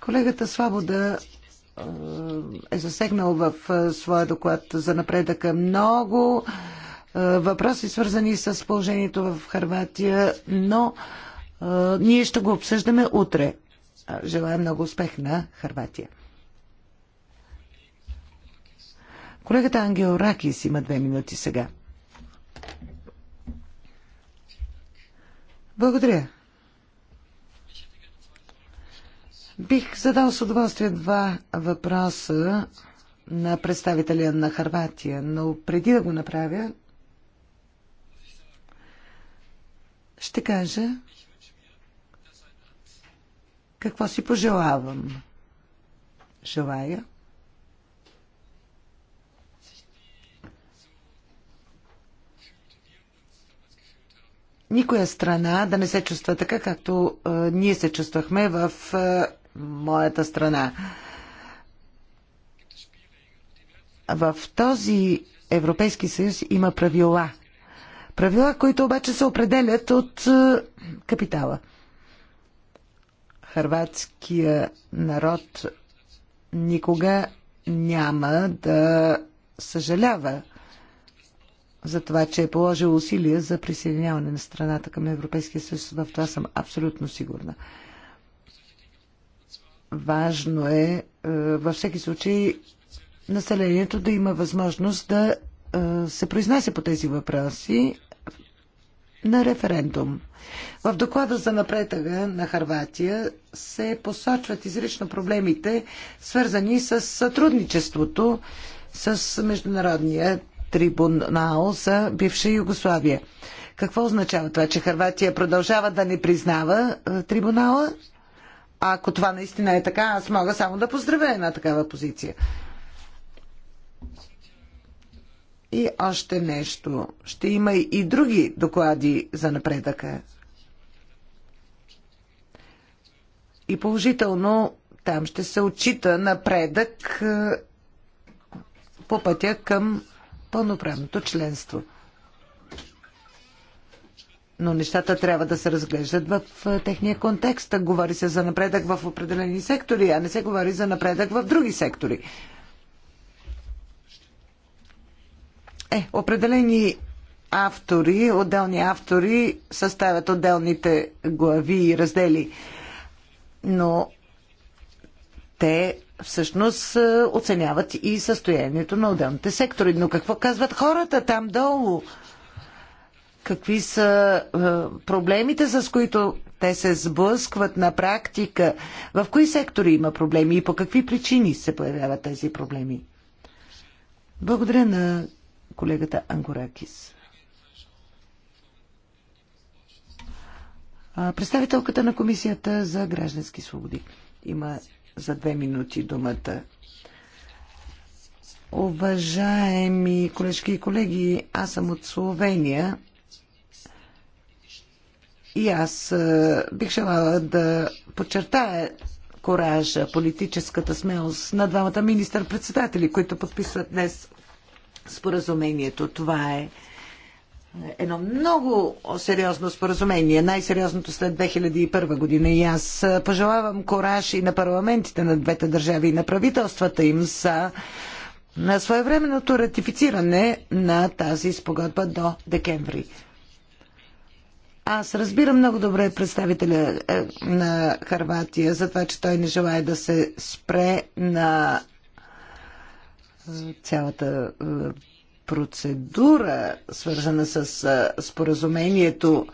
Колегата Свобода е, е засегнал в е, своя доклад за напредъка много въпроси, свързани с положението в Харватия, но ние ще го обсъждаме утре Желая много успех на Харватия. Колегата Ангел Ракис има две минути сега. Благодаря. Бих задал с удоволствие два въпроса на представителя на Харватия, но преди да го направя, ще кажа, какво си пожелавам? Желая. Никоя страна да не се чувства така, както е, ние се чувствахме в е, моята страна. В този Европейски съюз има правила. Правила, които обаче се определят от е, капитала хрватския народ никога няма да съжалява за това, че е положил усилия за присъединяване на страната към Европейския съюз. В това съм абсолютно сигурна. Важно е, е във всеки случай населението да има възможност да е, се произнася по тези въпроси на референдум. В доклада за напредъга на Харватия се посочват изрично проблемите, свързани с сътрудничеството с Международния трибунал за бивша Югославия. Какво означава това, че Харватия продължава да не признава е, трибунала? А ако това наистина е така, аз мога само да поздравя една такава позиция. И още нещо. Ще има и други доклади за напредъка. И положително там ще се отчита напредък е, по пътя към пълноправното членство. Но нещата трябва да се разглеждат в е, техния контекст. Говори се за напредък в определени сектори, а не се говори за напредък в други сектори. Е, определени автори, отделни автори съставят отделните глави и раздели. Но те всъщност е, оценяват и състоянието на отделните сектори. Но какво казват хората там долу? Какви са е, проблемите, с които те се сблъскват на практика? В кои сектори има проблеми и по какви причини се появяват тези проблеми? Благодаря на колегата Ангоракис. Представителката на Комисията за граждански свободи има за две минути думата. Уважаеми колежки и колеги, аз съм от Словения и аз бих желала да подчертая коража, политическата смелост на двамата министър-председатели, които подписват днес споразумението. Това е едно много сериозно споразумение, най-сериозното след 2001 година. И аз пожелавам кораж и на парламентите на двете държави и на правителствата им за на своевременното ратифициране на тази спогодба до декември. Аз разбирам много добре представителя е, на Харватия за това, че той не желая да се спре на цялата е, процедура, свързана с е, споразумението,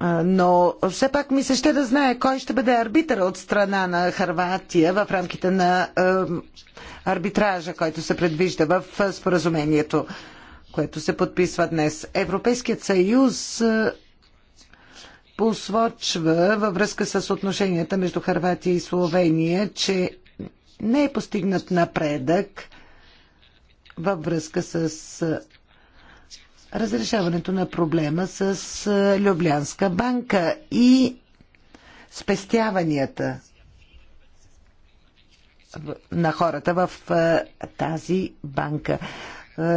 е, но все пак ми се ще да знае кой ще бъде арбитър от страна на Харватия в рамките на арбитража, който се предвижда в споразумението, което се подписва днес. Европейският съюз посочва във връзка с отношенията между Харватия и Словения, че не е постигнат напредък във връзка с разрешаването на проблема с Люблянска банка и спестяванията на хората в тази банка.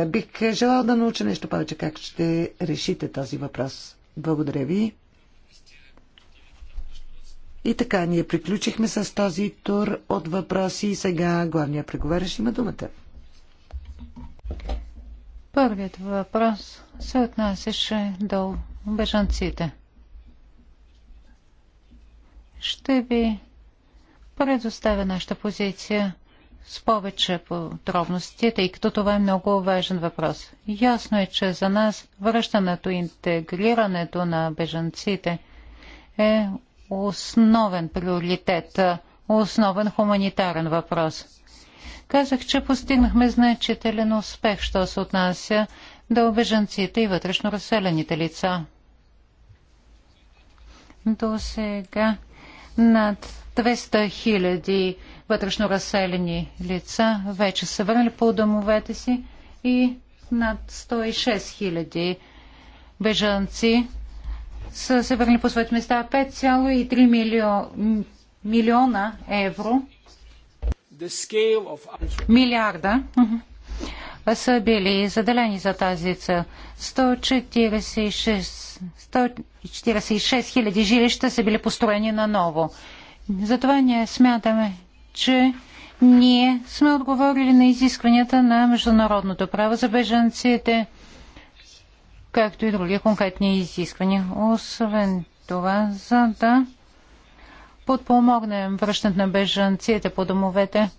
Бих желал да науча нещо повече как ще решите този въпрос. Благодаря ви. И така, ние приключихме с този тур от въпроси и сега главния преговарящ има думата. Първият въпрос се отнасяше до бежанците. Ще ви предоставя нашата позиция с повече подробности, тъй като това е много важен въпрос. Ясно е, че за нас връщането и интегрирането на бежанците е основен приоритет, основен хуманитарен въпрос. Казах, че постигнахме значителен успех, що се отнася до бежанците и вътрешно разселените лица. До сега над 200 хиляди вътрешно разселени лица вече са върнали по домовете си и над 106 хиляди бежанци са се върнали по своите места 5,3 милиона евро. Of... Милиарда са били заделени за тази цел. 146, 146 хиляди жилища са били построени на ново. Затова ние смятаме, че ние сме отговорили на изискванията на международното право за бежанците както и други конкретни изисквания. Освен това, за да подпомогнем връщането на бежанците по домовете,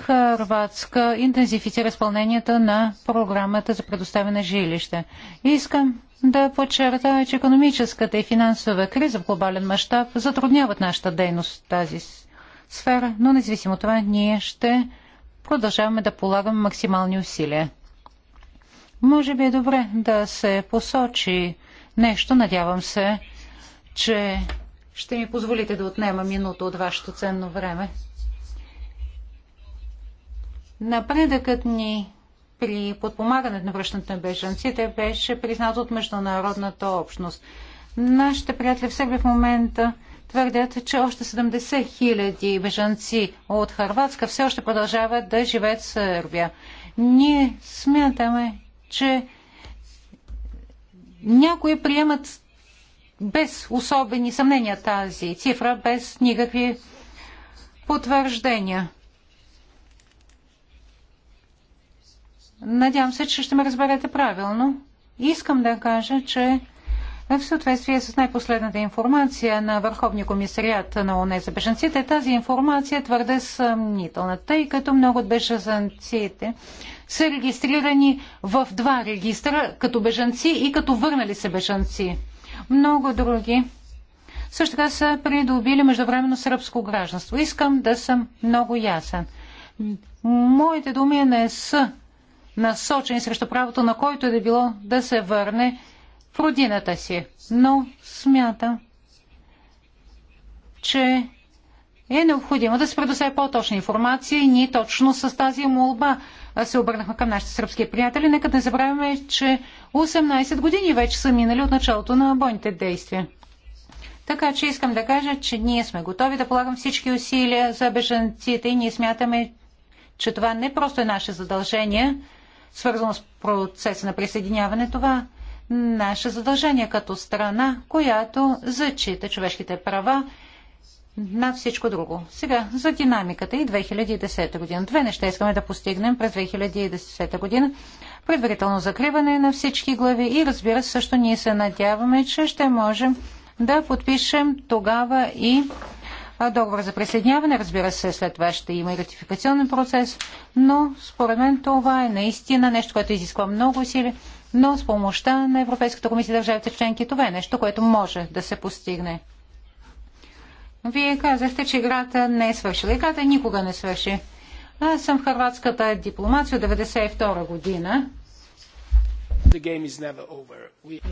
Харватска интензифицира изпълнението на програмата за предоставяне жилище. Искам да подчертая, че економическата и финансова криза в глобален мащаб затрудняват нашата дейност в тази сфера, но независимо от това ние ще продължаваме да полагаме максимални усилия. Може би е добре да се посочи нещо, надявам се, че ще ми позволите да отнема минута от вашето ценно време. Напредъкът ни при подпомагането на връщането на бежанците беше признат от международната общност. Нашите приятели в в момента твърдят, че още 70 хиляди бежанци от Харватска все още продължават да живеят в Сърбия. Ние смятаме, че някои приемат без особени съмнения тази цифра, без никакви потвърждения. Надявам се, че ще ме разберете правилно. Искам да кажа, че в съответствие с най-последната информация на Върховния комисариат на ОНЕ за бежанците, тази информация е твърде съмнителна, тъй като много от бежанците са регистрирани в два регистра, като бежанци и като върнали се бежанци. Много други също така са придобили междувременно сръбско гражданство. Искам да съм много ясен. Моите думи не са насочени срещу правото на който е да било да се върне в родината си, но смятам, че е необходимо да се предоставя по-точна информация и ние точно с тази молба се обърнахме към нашите сръбски приятели. Нека да не забравяме, че 18 години вече са минали от началото на бойните действия. Така че искам да кажа, че ние сме готови да полагам всички усилия за бежанците и ние смятаме, че това не просто е наше задължение, свързано с процеса на присъединяване, това наше задължение като страна, която зачита човешките права над всичко друго. Сега за динамиката и 2010 година. Две неща искаме да постигнем през 2010 година. Предварително закриване на всички глави и разбира се, също ние се надяваме, че ще можем да подпишем тогава и договор за присъединяване. Разбира се, след това ще има и ратификационен процес, но според мен това е наистина нещо, което изисква много усилия но с помощта на Европейската комисия държавите членки това е нещо, което може да се постигне. Вие казахте, че играта не е свършила. Играта никога не свърши. Аз съм в харватската дипломация от 1992 година.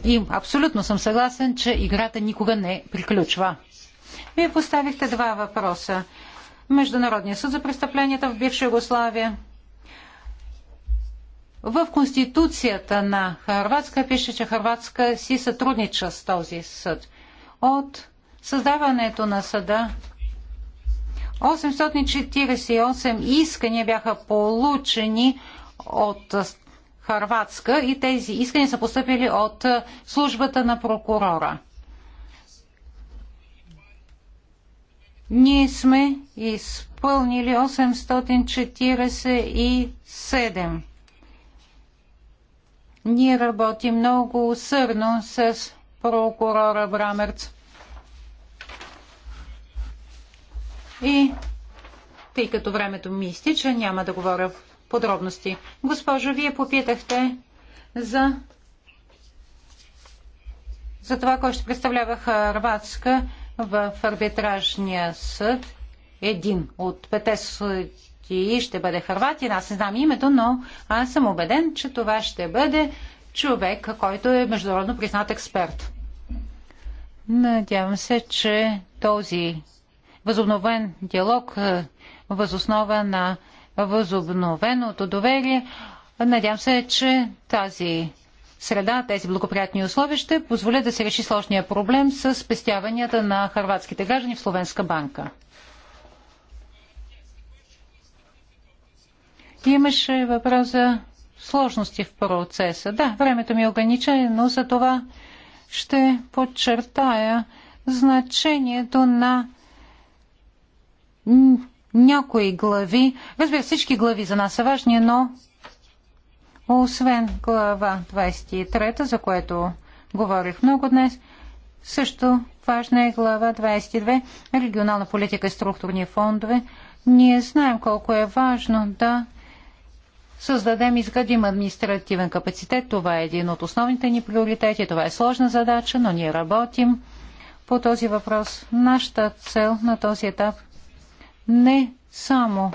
И абсолютно съм съгласен, че играта никога не приключва. Вие поставихте два въпроса. Международния съд за престъпленията в бивша Югославия – в Конституцията на Харватска пише, че Харватска си сътруднича с този съд. От създаването на съда 848 искания бяха получени от Харватска и тези искания са поступили от службата на прокурора. Ние сме изпълнили 847 ние работим много усърдно с прокурора Брамерц. И тъй като времето ми изтича, няма да говоря в подробности. Госпожо, вие попитахте за, за това, кой ще представлява Харватска в арбитражния съд. Един от пете и ще бъде Харватия. Аз не знам името, но аз съм убеден, че това ще бъде човек, който е международно признат експерт. Надявам се, че този възобновен диалог е, възоснова на възобновеното доверие. Надявам се, че тази среда, тези благоприятни условия ще позволят да се реши сложния проблем с спестяванията на харватските граждани в Словенска банка. Имаше въпрос за сложности в процеса. Да, времето ми е ограничено, за това ще подчертая значението на някои глави. Разбира, всички глави за нас са важни, но освен глава 23, за което говорих много днес, също важна е глава 22, регионална политика и структурни фондове. Ние знаем колко е важно да създадем изградим административен капацитет. Това е един от основните ни приоритети. Това е сложна задача, но ние работим по този въпрос. Нашата цел на този етап не само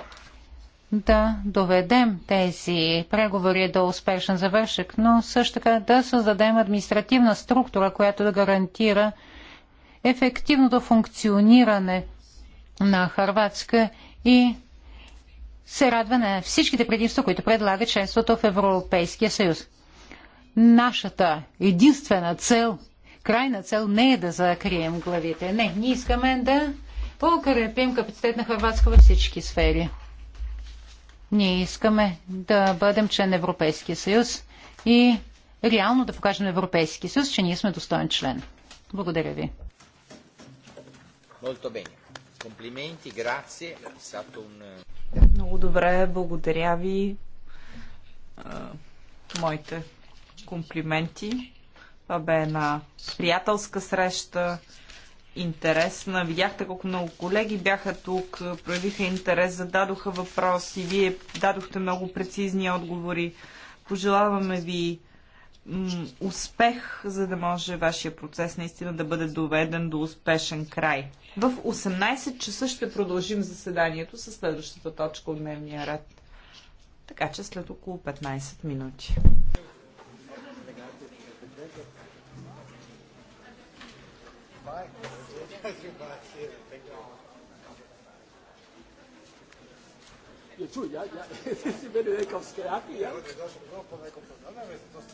да доведем тези преговори до успешен завършек, но също така да създадем административна структура, която да гарантира ефективното функциониране на Харватска и се радва на всичките предимства, които предлага членството в Европейския съюз. Нашата единствена цел, крайна цел не е да закрием главите. Не, ние искаме да покрепим капацитет на Хрватска във всички сфери. Ние искаме да бъдем член на Европейския съюз и реално да покажем на Европейския съюз, че ние сме достоен член. Благодаря ви. Много добре. Комплименти, грация. Много добре, благодаря ви. Моите комплименти. Това бе една приятелска среща, интересна. Видяхте колко много колеги бяха тук, проявиха интерес, зададоха въпроси. Вие дадохте много прецизни отговори. Пожелаваме ви успех, за да може вашия процес наистина да бъде доведен до успешен край. В 18 часа ще продължим заседанието с следващата точка от дневния ред. Така че след около 15 минути. Ja, tu, ja, ja, si meni nekao skrati, ja. Ja, to je došlo, prvo, pa neko poznana, već to ste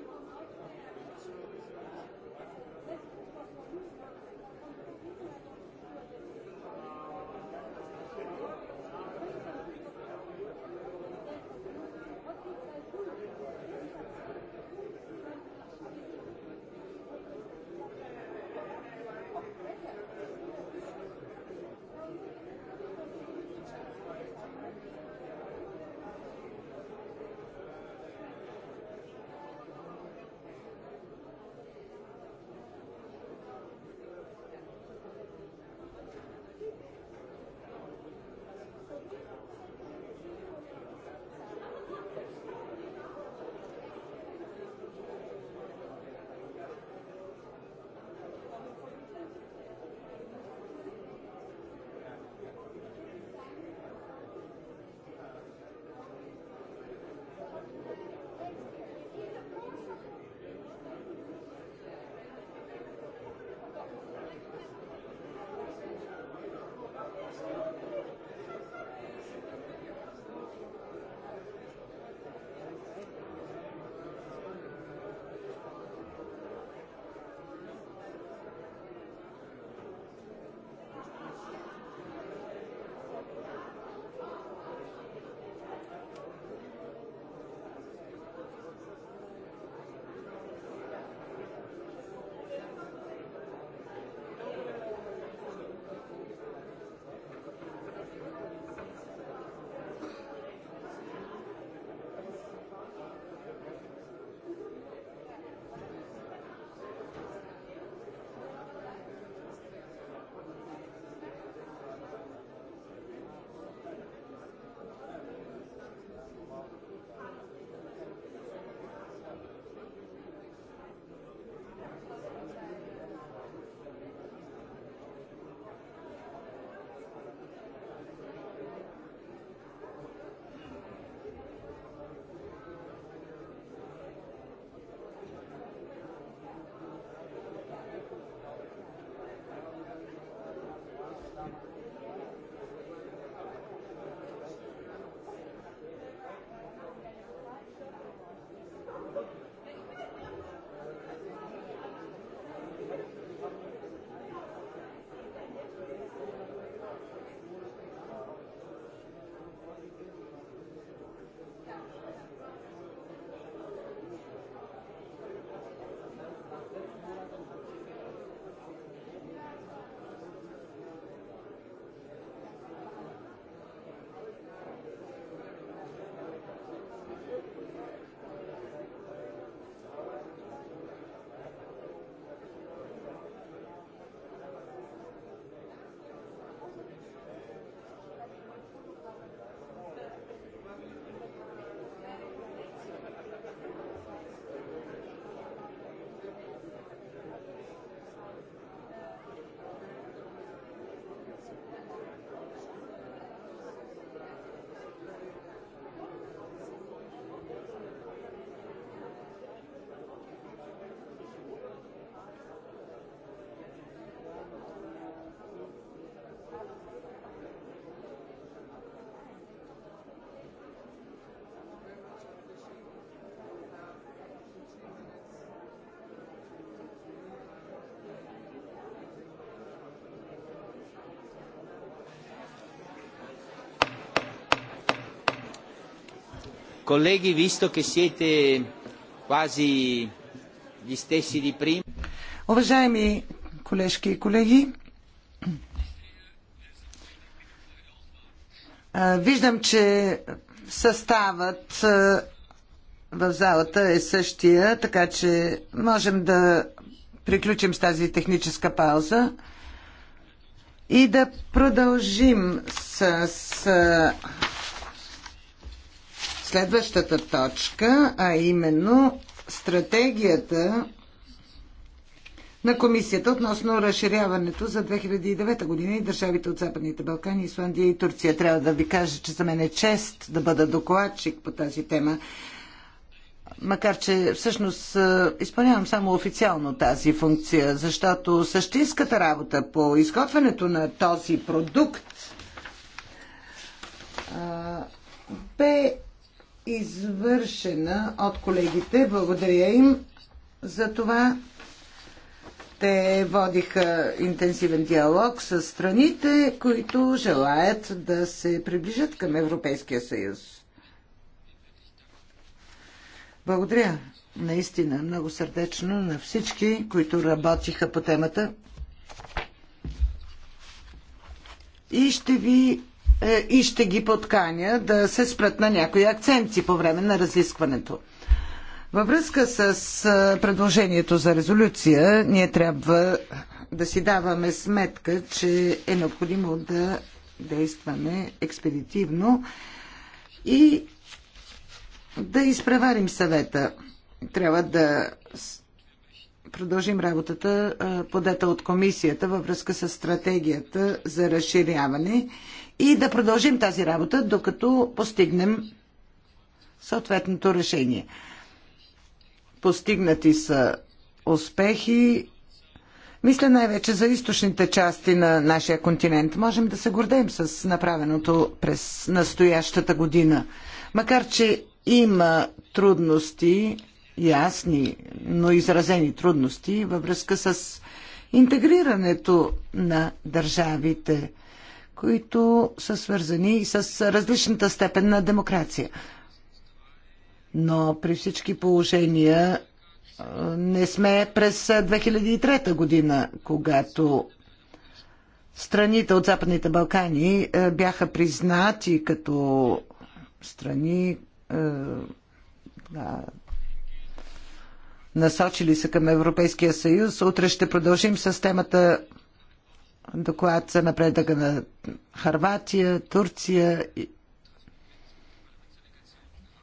Colleghi, visto che siete quasi gli stessi di prima. Уважаеми колежки и колеги, виждам, че съставът в залата е същия, така че можем да приключим с тази техническа пауза и да продължим с следващата точка, а именно стратегията на комисията относно разширяването за 2009 година и държавите от Западните Балкани, Исландия и Турция. Трябва да ви кажа, че за мен е чест да бъда докладчик по тази тема. Макар, че всъщност изпълнявам само официално тази функция, защото същинската работа по изготвянето на този продукт бе извършена от колегите. Благодаря им за това. Те водиха интенсивен диалог с страните, които желаят да се приближат към Европейския съюз. Благодаря наистина много сърдечно на всички, които работиха по темата. И ще ви е, и ще ги подканя да се спрат на някои акценти по време на разискването. Във връзка с е, предложението за резолюция, ние трябва да си даваме сметка, че е необходимо да действаме експедитивно и да изпреварим съвета. Трябва да продължим работата, е, подета от комисията във връзка с стратегията за разширяване и да продължим тази работа, докато постигнем съответното решение. Постигнати са успехи. Мисля най-вече за източните части на нашия континент. Можем да се гордеем с направеното през настоящата година. Макар, че има трудности, ясни, но изразени трудности във връзка с интегрирането на държавите които са свързани и с различната степен на демокрация. Но при всички положения не сме през 2003 година, когато страните от Западните Балкани бяха признати като страни насочили се към Европейския съюз. Утре ще продължим с темата доклад за напредъка на Харватия, Турция,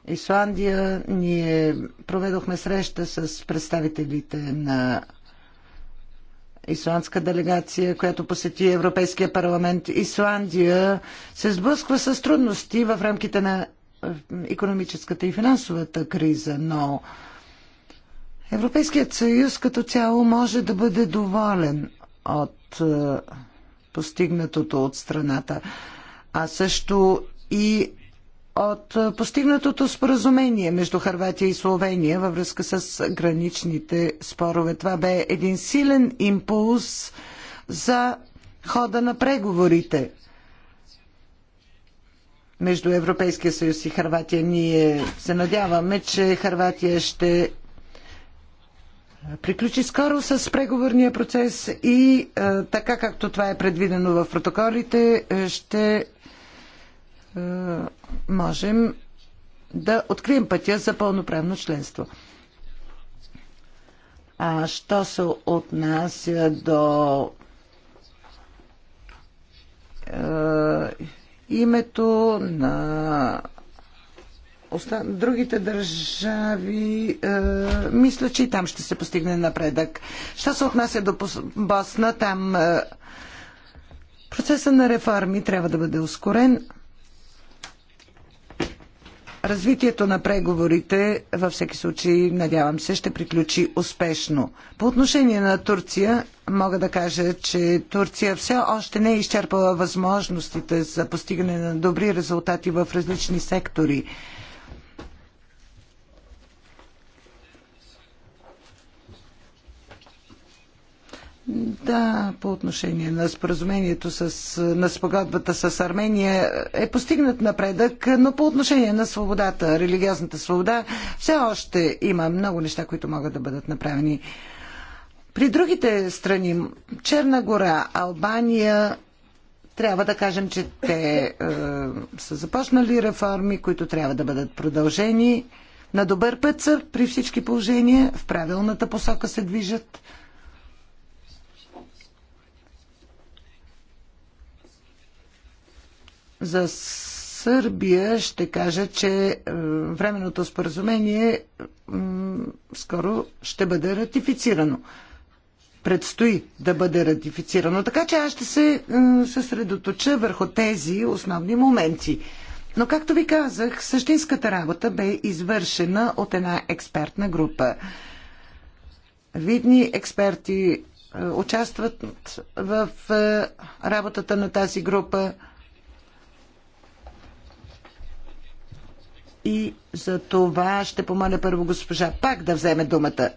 Исландия. Ние проведохме среща с представителите на исландска делегация, която посети Европейския парламент. Исландия се сблъсква с трудности в рамките на економическата и финансовата криза, но Европейският съюз като цяло може да бъде доволен от е, постигнатото от страната, а също и от е, постигнатото споразумение между Харватия и Словения във връзка с граничните спорове. Това бе един силен импулс за хода на преговорите между Европейския съюз и Харватия. Ние се надяваме, че Харватия ще приключи скоро с преговорния процес и е, така както това е предвидено в протоколите, е, ще е, можем да открием пътя за пълноправно членство. А що се отнася до името на Другите държави, е, мисля, че и там ще се постигне напредък. Що се отнася до Босна, там е, процесът на реформи трябва да бъде ускорен. Развитието на преговорите, във всеки случай, надявам се, ще приключи успешно. По отношение на Турция, мога да кажа, че Турция все още не е изчерпала възможностите за постигане на добри резултати в различни сектори Да, по отношение на споразумението с, на спогодбата с Армения е постигнат напредък, но по отношение на свободата, религиозната свобода, все още има много неща, които могат да бъдат направени. При другите страни, Черна гора, Албания, трябва да кажем, че те е, са започнали реформи, които трябва да бъдат продължени. На добър път са при всички положения, в правилната посока се движат. За Сърбия ще кажа, че е, временното споразумение скоро ще бъде ратифицирано. Предстои да бъде ратифицирано. Така че аз ще се е, съсредоточа върху тези основни моменти. Но, както ви казах, същинската работа бе извършена от една експертна група. Видни експерти е, участват в работата на тази група. И за това ще помоля първо госпожа пак да вземе думата.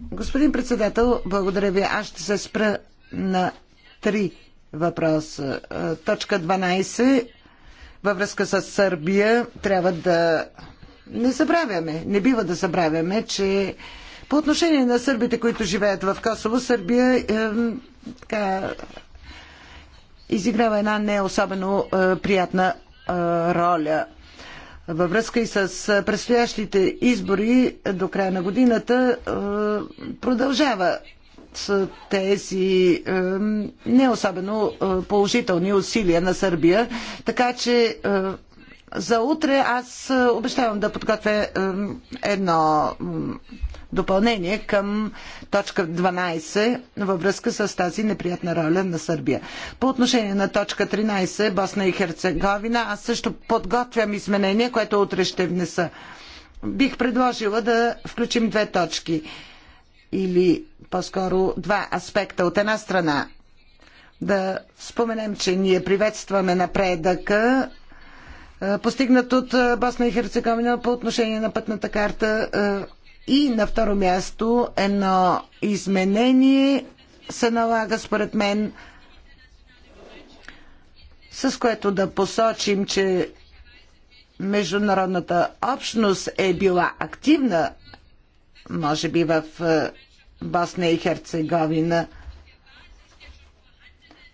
Господин председател, благодаря ви. Аз ще се спра на три въпроса. Точка 12 във връзка с Сърбия трябва да не забравяме, не бива да забравяме, че по отношение на сърбите, които живеят в Косово, Сърбия е, така, изиграва една не особено е, приятна роля. Във връзка и с предстоящите избори до края на годината продължава с тези не особено положителни усилия на Сърбия. Така че за утре аз обещавам да подготвя едно допълнение към точка 12 във връзка с тази неприятна роля на Сърбия. По отношение на точка 13, Босна и Херцеговина, аз също подготвям изменение, което утре ще внеса. Бих предложила да включим две точки или по-скоро два аспекта. От една страна да споменем, че ние приветстваме напредъка е, постигнат от е, Босна и Херцеговина по отношение на пътната карта е, и на второ място едно изменение се налага според мен, с което да посочим, че международната общност е била активна, може би в е, Босна и Херцеговина.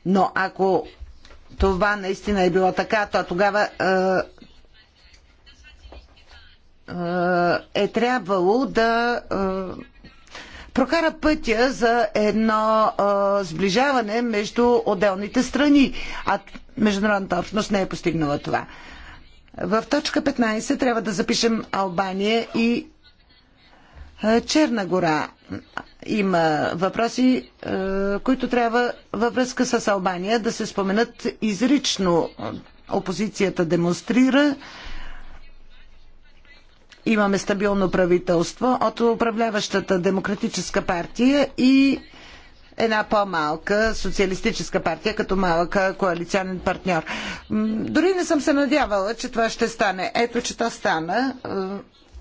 Но ако това наистина е било така, то тогава е, е трябвало да е, прокара пътя за едно е, сближаване между отделните страни, а международната общност не е постигнала това. В точка 15 трябва да запишем Албания и е, Черна гора. Има въпроси, които трябва във връзка с Албания да се споменат изрично. Опозицията демонстрира имаме стабилно правителство от управляващата демократическа партия и една по-малка социалистическа партия като малък коалиционен партньор. Дори не съм се надявала, че това ще стане. Ето, че то стана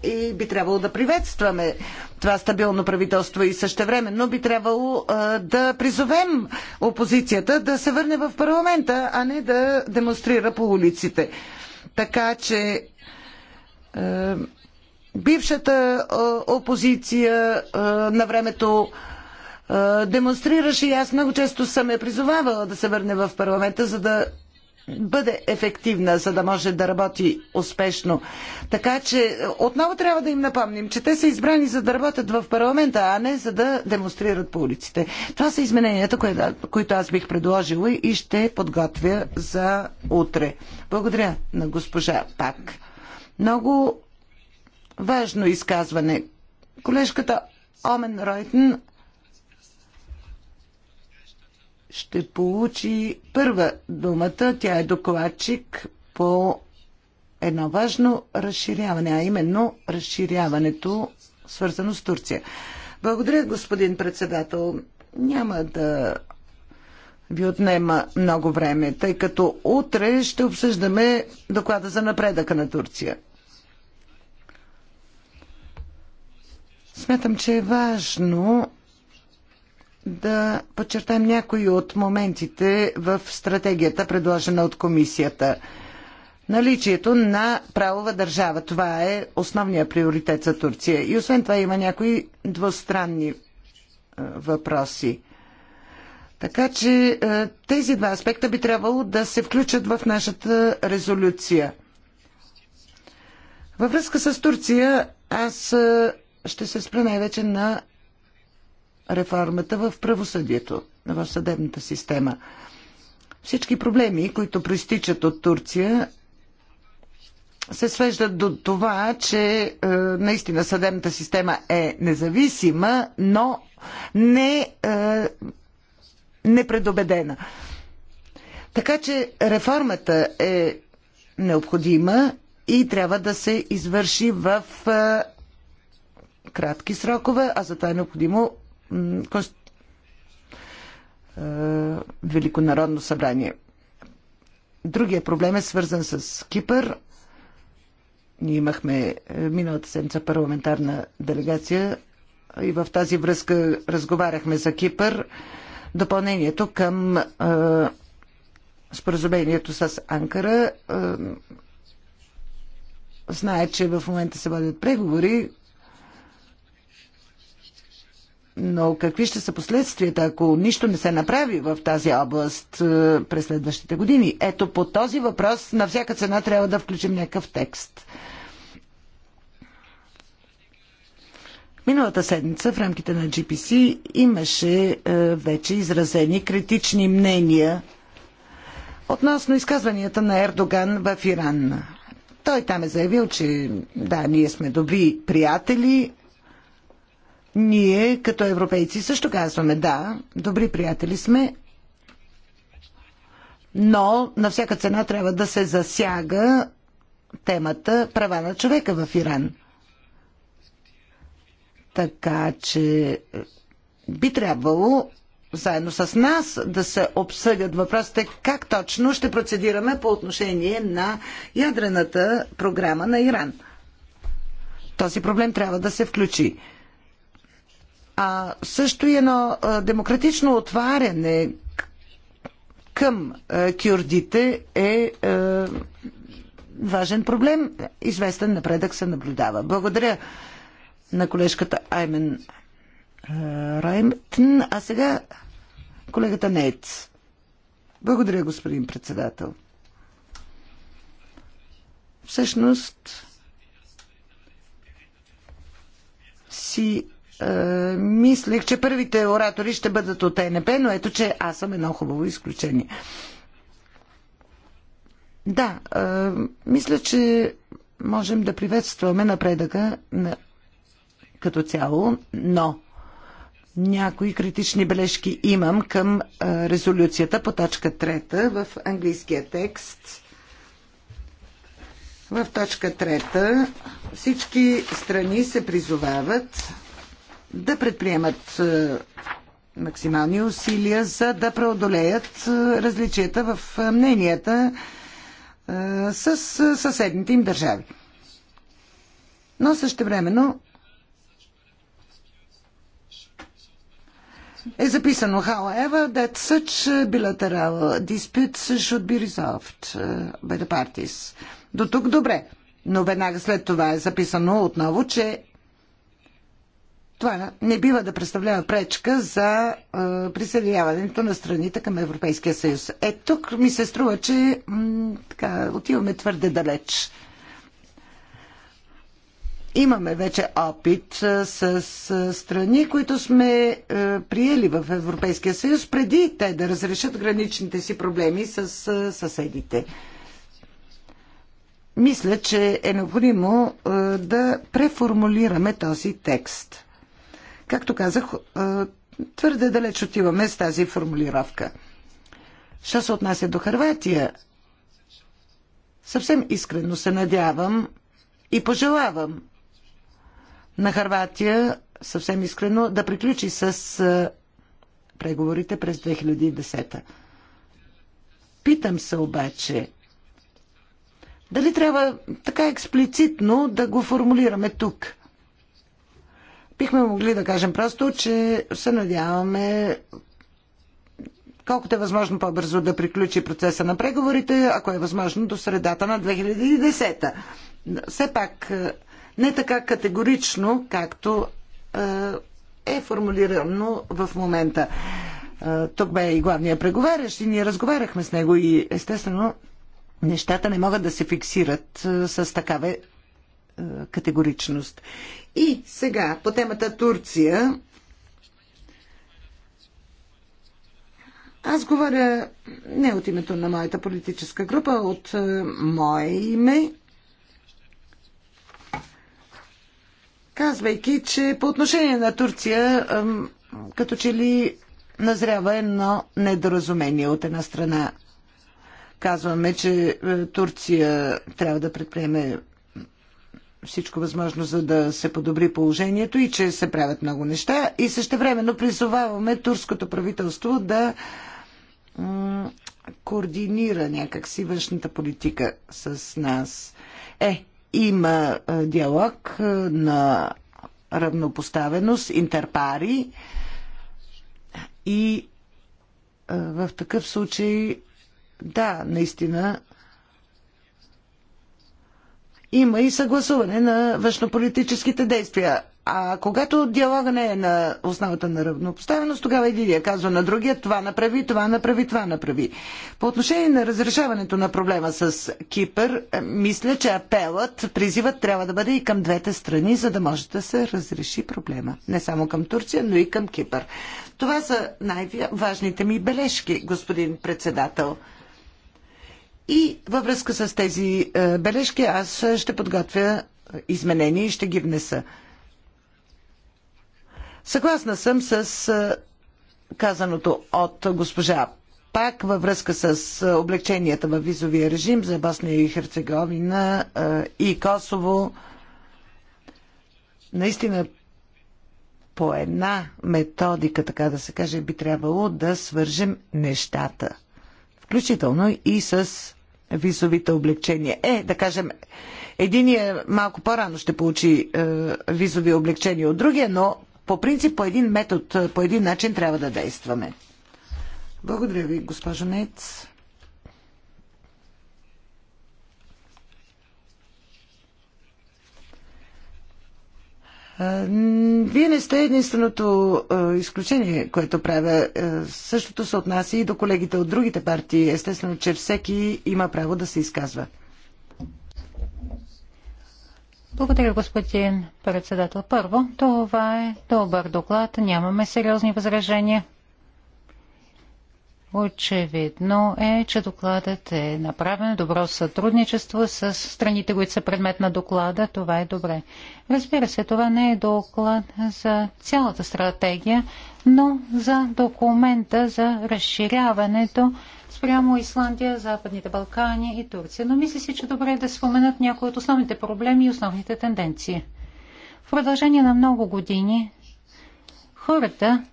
е, и би трябвало да приветстваме това стабилно правителство и същевременно би трябвало е, да призовем опозицията да се върне в парламента, а не да демонстрира по улиците. Така че е, бившата опозиция на времето демонстрираше и аз много често съм я призовавала да се върне в парламента, за да бъде ефективна, за да може да работи успешно. Така че отново трябва да им напомним, че те са избрани за да работят в парламента, а не за да демонстрират по улиците. Това са измененията, които аз бих предложила и ще подготвя за утре. Благодаря на госпожа Пак. Много важно изказване. Колежката Омен Ройтен ще получи първа думата. Тя е докладчик по едно важно разширяване, а именно разширяването свързано с Турция. Благодаря, господин председател. Няма да ви отнема много време, тъй като утре ще обсъждаме доклада за напредъка на Турция. Смятам, че е важно да подчертаем някои от моментите в стратегията, предложена от комисията. Наличието на правова държава. Това е основният приоритет за Турция. И освен това има някои двустранни е, въпроси. Така че е, тези два аспекта би трябвало да се включат в нашата резолюция. Във връзка с Турция аз е, ще се спра най-вече на реформата в правосъдието, в съдебната система. Всички проблеми, които проистичат от Турция, се свеждат до това, че е, наистина съдебната система е независима, но не е, непредобедена. Така че реформата е необходима и трябва да се извърши в е, кратки срокове, а за това е необходимо е, Великонародно събрание. Другия проблем е свързан с Кипър. Ние имахме е, миналата седмица парламентарна делегация и в тази връзка разговаряхме за Кипър. Допълнението към е, споразумението с Анкара е, знае, че в момента се водят преговори, но какви ще са последствията, ако нищо не се направи в тази област е, през следващите години? Ето по този въпрос на всяка цена трябва да включим някакъв текст. Миналата седмица в рамките на GPC имаше е, вече изразени критични мнения относно изказванията на Ердоган в Иран. Той там е заявил, че да, ние сме добри приятели, ние, като европейци, също казваме да, добри приятели сме, но на всяка цена трябва да се засяга темата права на човека в Иран. Така че е, би трябвало заедно с нас да се обсъдят въпросите как точно ще процедираме по отношение на ядрената програма на Иран. Този проблем трябва да се включи а също и едно демократично отваряне към кюрдите е важен проблем. Известен напредък се наблюдава. Благодаря на колежката Аймен Раймтн. А сега колегата Нейт. Благодаря, господин председател. Всъщност си е, мислех, че първите оратори ще бъдат от ЕНП, но ето, че аз съм едно хубаво изключение. Да, е, мисля, че можем да приветстваме напредъка на, като цяло, но някои критични бележки имам към а, е, резолюцията по точка трета в английския текст. В точка трета всички страни се призовават да предприемат е, максимални усилия, за да преодолеят е, различията в е, мненията с съседните им държави. Но същевременно е записано however that such bilateral disputes should be resolved by the parties. До тук добре. Но веднага след това е записано отново, че това не бива да представлява пречка за е, присъединяването на страните към Европейския съюз. Е, тук ми се струва, че така, отиваме твърде далеч. Имаме вече опит с, с страни, които сме е, приели в Европейския съюз преди те да разрешат граничните си проблеми с съседите мисля, че е необходимо да преформулираме този текст. Както казах, е, твърде далеч отиваме с тази формулировка. Що се отнася до Харватия, съвсем искрено се надявам и пожелавам на Харватия съвсем искрено да приключи с е, преговорите през 2010. Питам се обаче, дали трябва така експлицитно да го формулираме тук – Бихме могли да кажем просто, че се надяваме колкото е възможно по-бързо да приключи процеса на преговорите, ако е възможно до средата на 2010. Все пак е, не така категорично, както е, е формулирано в момента. Е, тук бе и главният преговарящ и ние разговаряхме с него и естествено нещата не могат да се фиксират с такава категоричност. И сега по темата Турция. Аз говоря не от името на моята политическа група, от е, мое име. Казвайки, че по отношение на Турция, като че ли назрява едно недоразумение от една страна. Казваме, че е, Турция трябва да предприеме всичко възможно, за да се подобри положението и че се правят много неща. И също времено призоваваме турското правителство да координира някакси външната политика с нас. Е, има диалог на равнопоставеност, интерпари и в такъв случай, да, наистина има и съгласуване на външнополитическите действия. А когато диалога не е на основата на равнопоставеност, тогава един я казва на другия това направи, това направи, това направи. По отношение на разрешаването на проблема с Кипър, е, мисля, че апелът, призивът трябва да бъде и към двете страни, за да може да се разреши проблема. Не само към Турция, но и към Кипър. Това са най-важните ми бележки, господин председател. И във връзка с тези е, бележки аз ще подготвя изменения и ще ги внеса. Съгласна съм с е, казаното от госпожа Пак във връзка с е, облегченията във визовия режим за Босния и Херцеговина и Косово. Наистина по една методика, така да се каже, би трябвало да свържем нещата. Включително и с визовите облегчения. Е, да кажем, единия малко по-рано ще получи е, визови облегчения от другия, но по принцип по един метод, е, по един начин трябва да действаме. Благодаря ви, госпожо Нец. Вие не сте единственото изключение, което правя. Същото се отнася и до колегите от другите партии. Естествено, че всеки има право да се изказва. Благодаря, господин председател. Първо, това е добър доклад. Нямаме сериозни възражения. Очевидно е, че докладът е направен добро сътрудничество с страните, които са предмет на доклада. Това е добре. Разбира се, това не е доклад за цялата стратегия, но за документа за разширяването спрямо Исландия, Западните Балкани и Турция. Но мисля си, че добре е да споменат някои от основните проблеми и основните тенденции. В продължение на много години хората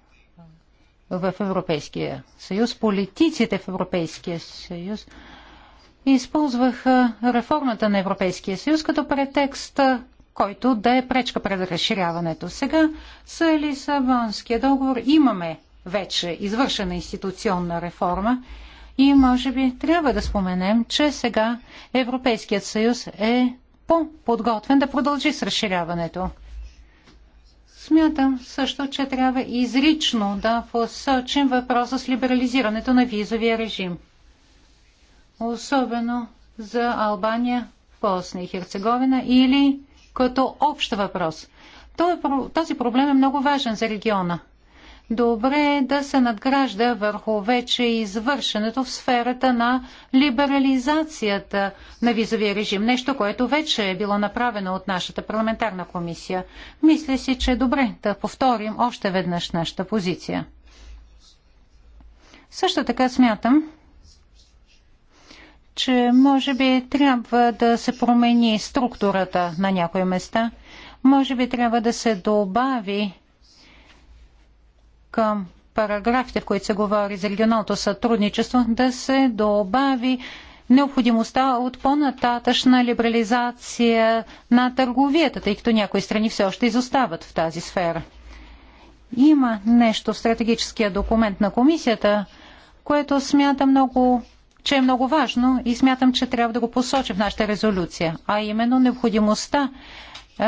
в Европейския съюз, политиците в Европейския съюз използваха реформата на Европейския съюз като претекст, който да е пречка пред разширяването. Сега с Лисабонския договор имаме вече извършена институционна реформа и може би трябва да споменем, че сега Европейският съюз е по-подготвен да продължи с разширяването. Смятам също, че трябва изрично да посочим въпроса с либерализирането на визовия режим. Особено за Албания, Босна и Херцеговина или като общ въпрос. Е Този проблем е много важен за региона – добре е да се надгражда върху вече извършенето в сферата на либерализацията на визовия режим. Нещо, което вече е било направено от нашата парламентарна комисия. Мисля си, че е добре да повторим още веднъж нашата позиция. Също така смятам, че може би трябва да се промени структурата на някои места. Може би трябва да се добави към параграфите, в които се говори за регионалното сътрудничество, да се добави необходимостта от по-нататъчна либерализация на търговията, тъй като някои страни все още изостават в тази сфера. Има нещо в стратегическия документ на комисията, което смятам много, че е много важно и смятам, че трябва да го посочи в нашата резолюция, а именно необходимостта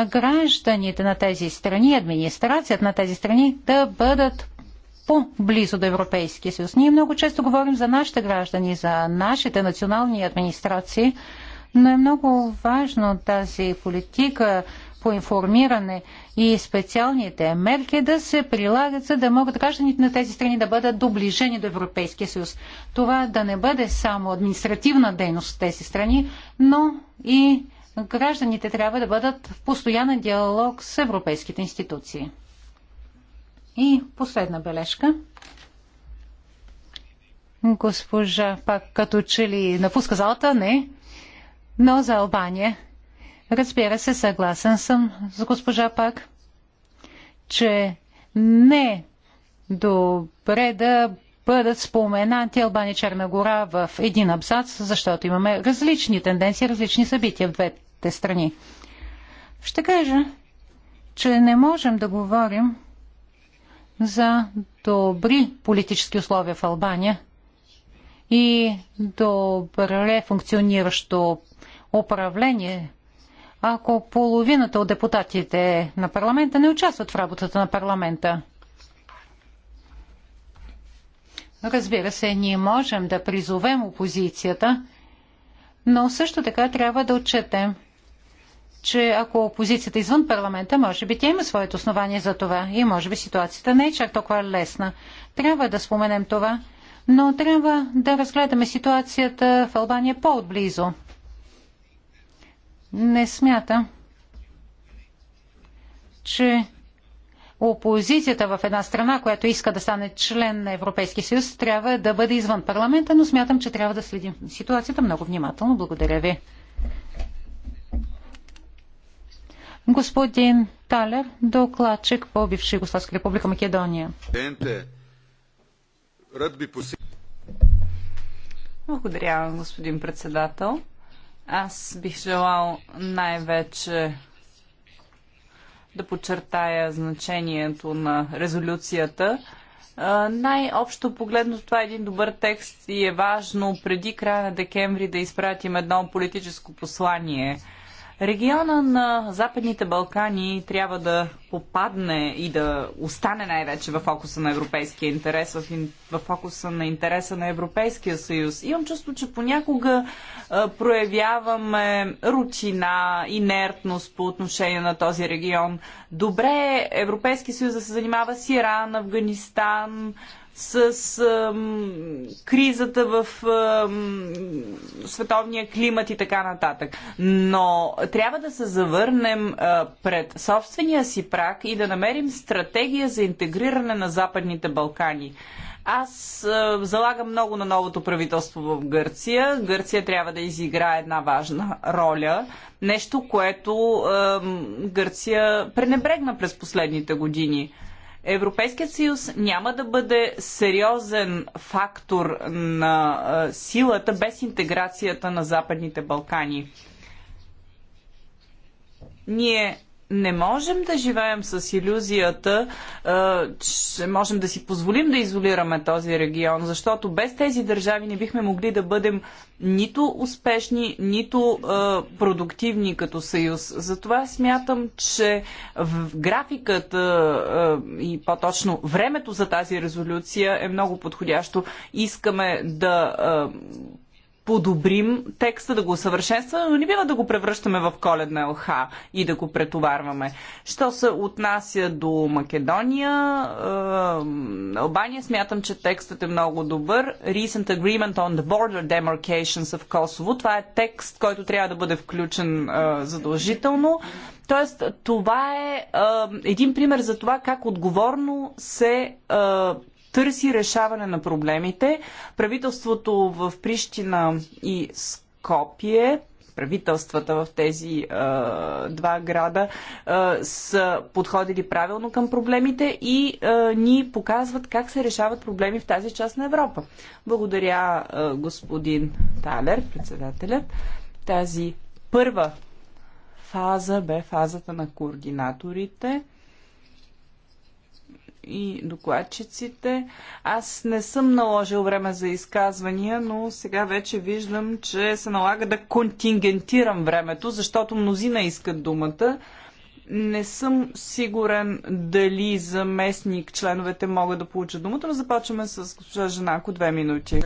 гражданите на тези страни, администрацията на тези страни да бъдат по-близо до Европейския съюз. Ние много често говорим за нашите граждани, за нашите национални администрации, но е много важно тази политика по информиране и специалните мерки да се прилагат, за да могат гражданите на тези страни да бъдат доближени до Европейския съюз. Това да не бъде само административна дейност в тези страни, но и гражданите трябва да бъдат в постоянен диалог с европейските институции. И последна бележка. Госпожа пак като че ли напуска залата? Не. Но за Албания. Разбира се, съгласен съм с госпожа пак, че не е добре да бъдат споменати Албания Черна гора в един абзац, защото имаме различни тенденции, различни събития в двете страни. Ще кажа, че не можем да говорим за добри политически условия в Албания и добре функциониращо управление, ако половината от депутатите на парламента не участват в работата на парламента. Разбира се, ние можем да призовем опозицията, но също така трябва да отчетем, че ако опозицията е извън парламента, може би тя има своето основание за това и може би ситуацията не е чак толкова лесна. Трябва да споменем това, но трябва да разгледаме ситуацията в Албания по-отблизо. Не смятам, че опозицията в една страна, която иска да стане член на Европейския съюз, трябва да бъде извън парламента, но смятам, че трябва да следим ситуацията много внимателно. Благодаря ви. Господин Талер, докладчик по бивша Югославска република Македония. Благодаря, господин председател. Аз бих желал най-вече да подчертая значението на резолюцията. Най-общо погледното това е един добър текст и е важно преди края на декември да изпратим едно политическо послание – Региона на Западните Балкани трябва да попадне и да остане най-вече в фокуса на европейския интерес, в, фокуса на интереса на Европейския съюз. Имам чувство, че понякога проявяваме рутина, инертност по отношение на този регион. Добре Европейския съюз да се занимава с Иран, Афганистан, с ам, кризата в ам, световния климат и така нататък. Но трябва да се завърнем а, пред собствения си прак и да намерим стратегия за интегриране на Западните Балкани. Аз а, залагам много на новото правителство в Гърция. Гърция трябва да изиграе една важна роля. Нещо, което а, Гърция пренебрегна през последните години. Европейският съюз няма да бъде сериозен фактор на силата без интеграцията на Западните Балкани. Ние не можем да живеем с иллюзията, че можем да си позволим да изолираме този регион, защото без тези държави не бихме могли да бъдем нито успешни, нито продуктивни като съюз. Затова смятам, че в графиката и по-точно времето за тази резолюция е много подходящо. Искаме да подобрим текста, да го усъвършенстваме, но не бива да го превръщаме в коледна ЛХ и да го претоварваме. Що се отнася до Македония, е, Албания, смятам, че текстът е много добър. Recent Agreement on the Border Demarcations of Kosovo. Това е текст, който трябва да бъде включен е, задължително. Тоест, това е, е един пример за това как отговорно се е, търси решаване на проблемите. Правителството в Прищина и Скопие правителствата в тези а, е, два града а, е, са подходили правилно към проблемите и а, е, ни показват как се решават проблеми в тази част на Европа. Благодаря а, господин Талер, председателят. Тази първа фаза бе фазата на координаторите и докладчиците. Аз не съм наложил време за изказвания, но сега вече виждам, че се налага да контингентирам времето, защото мнозина искат думата. Не съм сигурен дали заместник членовете могат да получат думата, но започваме с госпожа Женако две минути.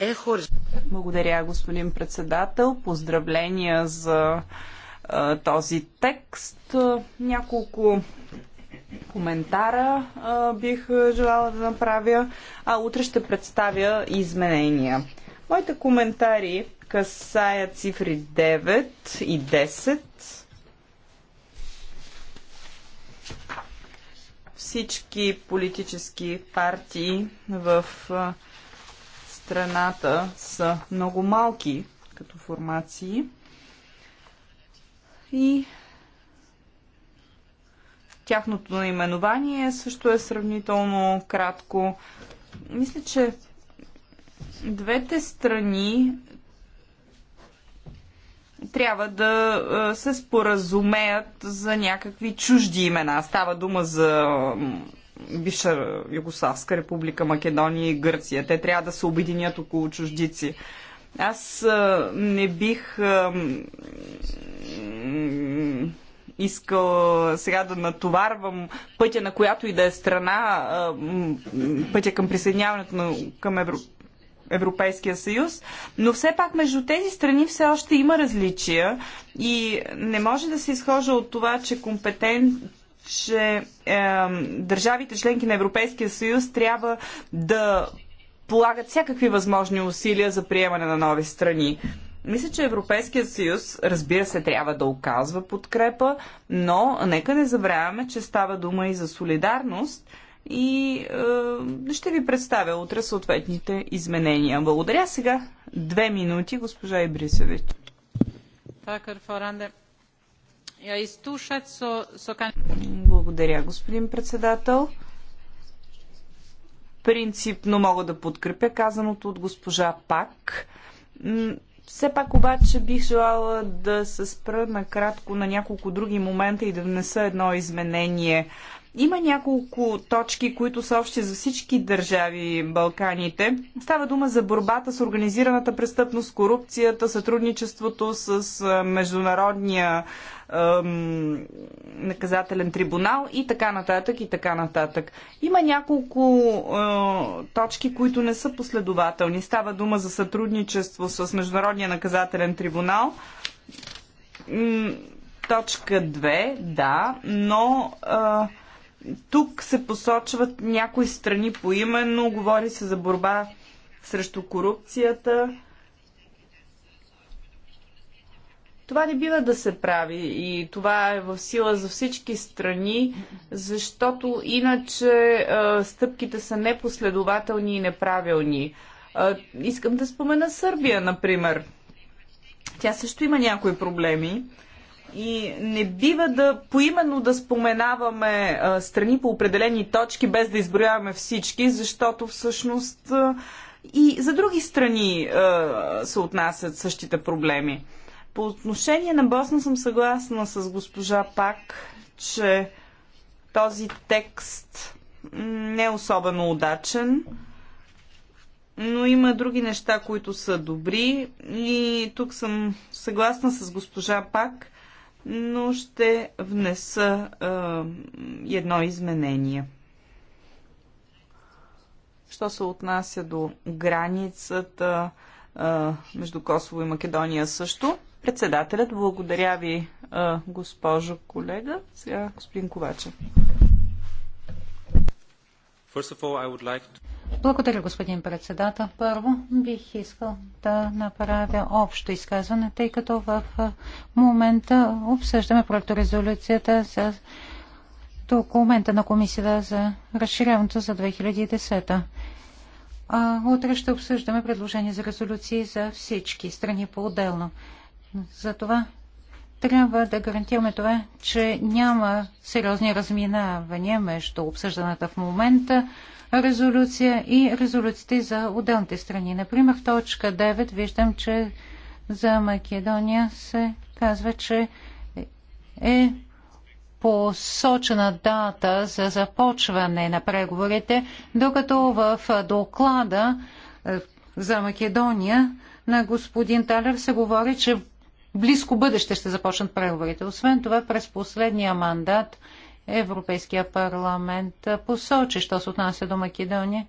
Е, Благодаря, господин председател. Поздравления за този текст. Няколко коментара бих желала да направя, а утре ще представя изменения. Моите коментари касаят цифри 9 и 10. Всички политически партии в страната са много малки като формации и тяхното наименование също е сравнително кратко. Мисля, че двете страни трябва да се споразумеят за някакви чужди имена. Става дума за бивша Югославска република Македония и Гърция. Те трябва да се обединят около чуждици. Аз не бих искал сега да натоварвам пътя на която и да е страна, пътя към присъединяването на, към Евро, Европейския съюз, но все пак между тези страни все още има различия и не може да се изхожа от това, че компетент че е, държавите членки на Европейския съюз трябва да полагат всякакви възможни усилия за приемане на нови страни. Мисля, че Европейският съюз, разбира се, трябва да оказва подкрепа, но нека не забравяме, че става дума и за солидарност и е, ще ви представя утре съответните изменения. Благодаря сега. Две минути, госпожа Ибрисевич. Благодаря, господин председател принципно мога да подкрепя казаното от госпожа Пак. Все пак обаче бих желала да се спра накратко на няколко други момента и да внеса едно изменение. Има няколко точки, които са общи за всички държави Балканите. Става дума за борбата с организираната престъпност, корупцията, сътрудничеството с Международния ем, наказателен трибунал и така нататък и така нататък. Има няколко е, точки, които не са последователни. Става дума за сътрудничество с Международния наказателен трибунал точка 2, да, но Е, тук се посочват някои страни по именно, говори се за борба срещу корупцията. Това не бива да се прави и това е в сила за всички страни, защото иначе а, стъпките са непоследователни и неправилни. А, искам да спомена Сърбия, например. Тя също има някои проблеми. И не бива да поименно да споменаваме а, страни по определени точки, без да изброяваме всички, защото всъщност а, и за други страни а, се отнасят същите проблеми. По отношение на Босна съм съгласна с госпожа Пак, че този текст не е особено удачен, но има други неща, които са добри и тук съм съгласна с госпожа Пак, но ще внеса а, едно изменение. Що се отнася до границата а, между Косово и Македония също, председателят, благодаря ви, а, госпожо колега. Сега господин Ковачев. Благодаря, господин председател. Първо бих искал да направя общо изказване, тъй като в момента обсъждаме проекторезолюцията за документа на комисията за разширяването за 2010. А утре ще обсъждаме предложение за резолюции за всички страни по-отделно. Затова трябва да гарантираме това, че няма сериозни разминавания между обсъжданата в момента резолюция и резолюциите за отделните страни. Например, в точка 9 виждам, че за Македония се казва, че е посочена дата за започване на преговорите, докато в доклада е, за Македония на господин Талер се говори, че близко бъдеще ще започнат преговорите. Освен това, през последния мандат Европейския парламент посочи, що се отнася до Македония,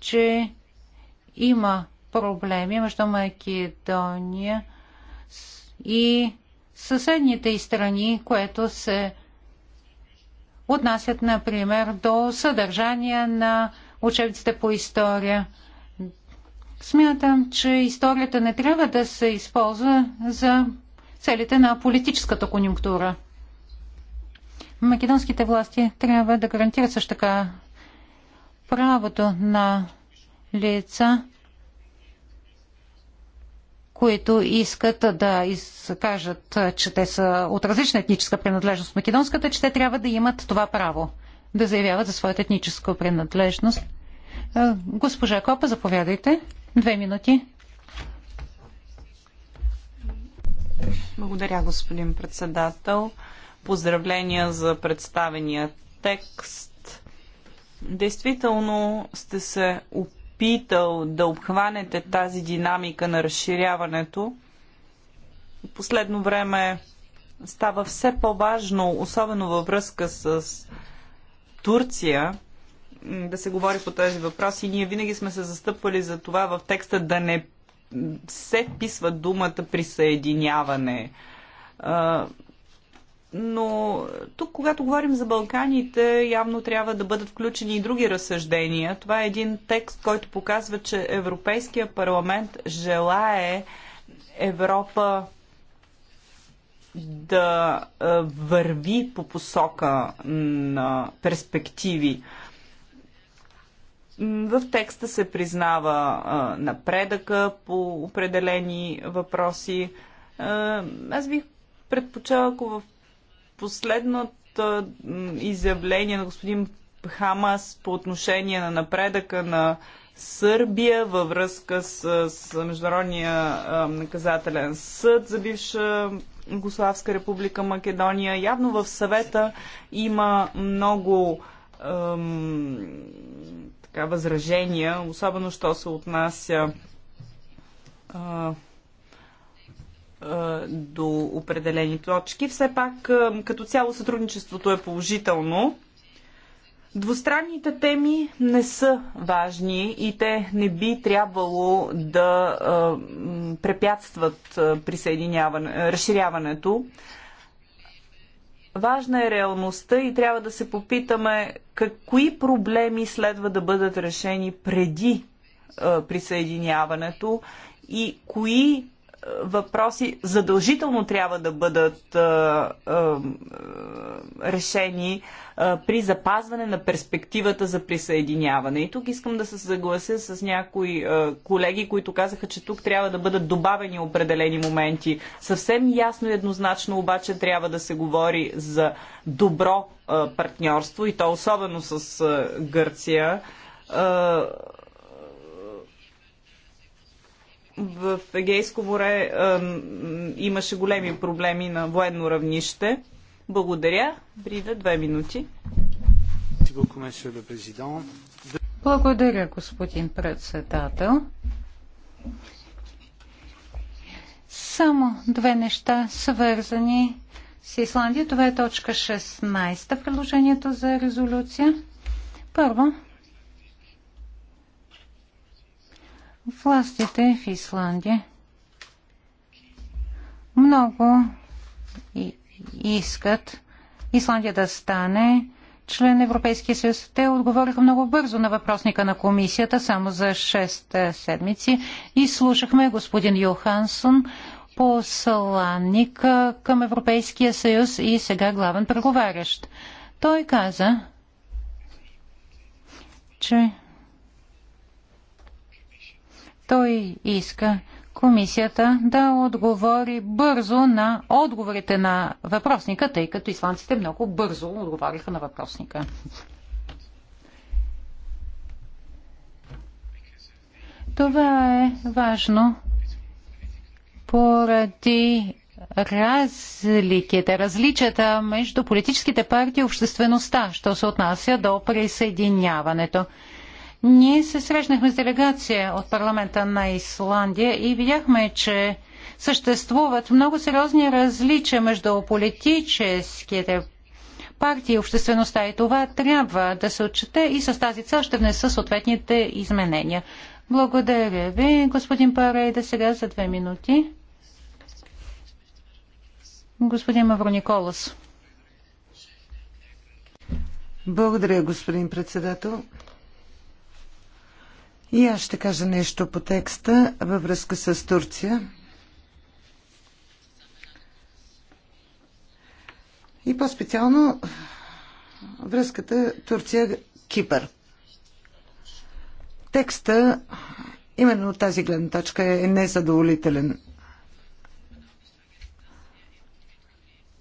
че има проблеми между Македония и съседните и страни, което се отнасят, например, до съдържание на учебниците по история – Смятам, че историята не трябва да се използва за целите на политическата конюнктура. Македонските власти трябва да гарантират също така правото на лица, които искат да изкажат, че те са от различна етническа принадлежност в македонската, че те трябва да имат това право да заявяват за своята етническа принадлежност. Госпожа Копа, заповядайте. Две минути. Благодаря, господин председател. Поздравления за представения текст. Действително сте се опитал да обхванете тази динамика на разширяването. В последно време става все по-важно, особено във връзка с Турция, да се говори по този въпрос и ние винаги сме се застъпвали за това в текста да не се вписва думата присъединяване. Но тук, когато говорим за Балканите, явно трябва да бъдат включени и други разсъждения. Това е един текст, който показва, че Европейския парламент желае Европа да върви по посока на перспективи. В текста се признава а, напредъка по определени въпроси. А, аз бих предпочел, ако в последното изявление на господин Хамас по отношение на напредъка на Сърбия във връзка с, с Международния а, наказателен съд за бивша Гославска република Македония. Явно в съвета има много ам, така, възражения, особено що се отнася а, а, до определени точки. Все пак, а, като цяло, сътрудничеството е положително. Двустранните теми не са важни и те не би трябвало да а, препятстват присъединяване, разширяването. Важна е реалността и трябва да се попитаме как, кои проблеми следва да бъдат решени преди е, присъединяването и кои въпроси задължително трябва да бъдат а, а, решени а, при запазване на перспективата за присъединяване. И тук искам да се съглася с някои а, колеги, които казаха, че тук трябва да бъдат добавени определени моменти. Съвсем ясно и еднозначно обаче трябва да се говори за добро а, партньорство и то особено с а, Гърция. А, в Егейско море имаше големи проблеми на военно равнище. Благодаря. Брида, две минути. Благодаря, господин председател. Само две неща свързани с Исландия. Това е точка 16 в предложението за резолюция. Първо, Властите в Исландия много искат Исландия да стане член Европейския съюз. Те отговориха много бързо на въпросника на комисията, само за 6 е, седмици. И слушахме господин Йохансон, посланник е, към Европейския съюз и сега главен преговарящ. Той каза, че той иска комисията да отговори бързо на отговорите на въпросника, тъй като исландците много бързо отговориха на въпросника. Това е важно поради разликите, различията между политическите партии и обществеността, що се отнася до присъединяването. Ние се срещнахме с делегация от парламента на Исландия и видяхме, че съществуват много сериозни различия между политическите партии и обществеността и това трябва да се отчете и с тази цел ще внеса съответните изменения. Благодаря ви, господин Парейда, сега за две минути. Господин Маврониколас. Благодаря, господин председател. И аз ще кажа нещо по текста във връзка с Турция. И по-специално връзката Турция-Кипър. Текста именно от тази гледна точка е незадоволителен.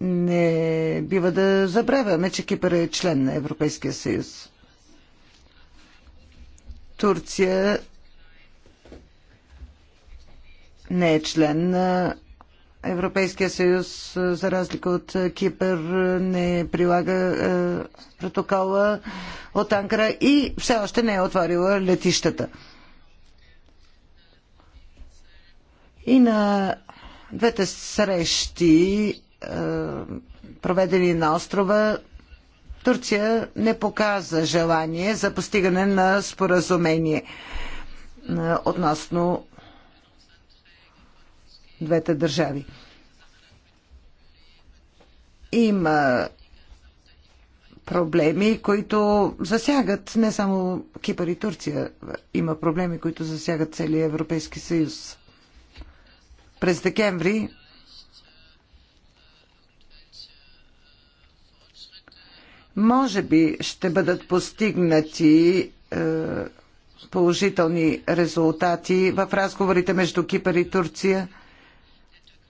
Не бива да забравяме, че Кипър е член на Европейския съюз. Турция не е член на Европейския съюз, за разлика от Кипър, не прилага е, протокола от Анкара и все още не е отворила летищата. И на двете срещи, е, проведени на острова, Турция не показа желание за постигане на споразумение относно двете държави. Има проблеми, които засягат не само Кипър и Турция. Има проблеми, които засягат целия Европейски съюз. През декември Може би ще бъдат постигнати е, положителни резултати в разговорите между Кипър и Турция,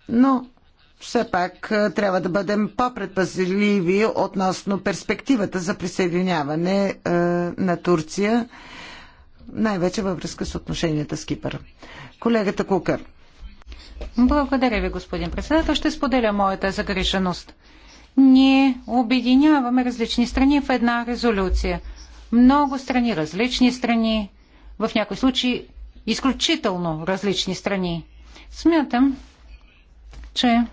но все пак е, трябва да бъдем по-предпазливи относно перспективата за присъединяване е, на Турция, най-вече във връзка с отношенията с Кипър. Колегата Кукър. Благодаря ви, господин председател. Ще споделя моята загриженост ние обединяваме различни страни в една резолюция. Много страни, различни страни, в някои случаи изключително различни страни. Смятам, че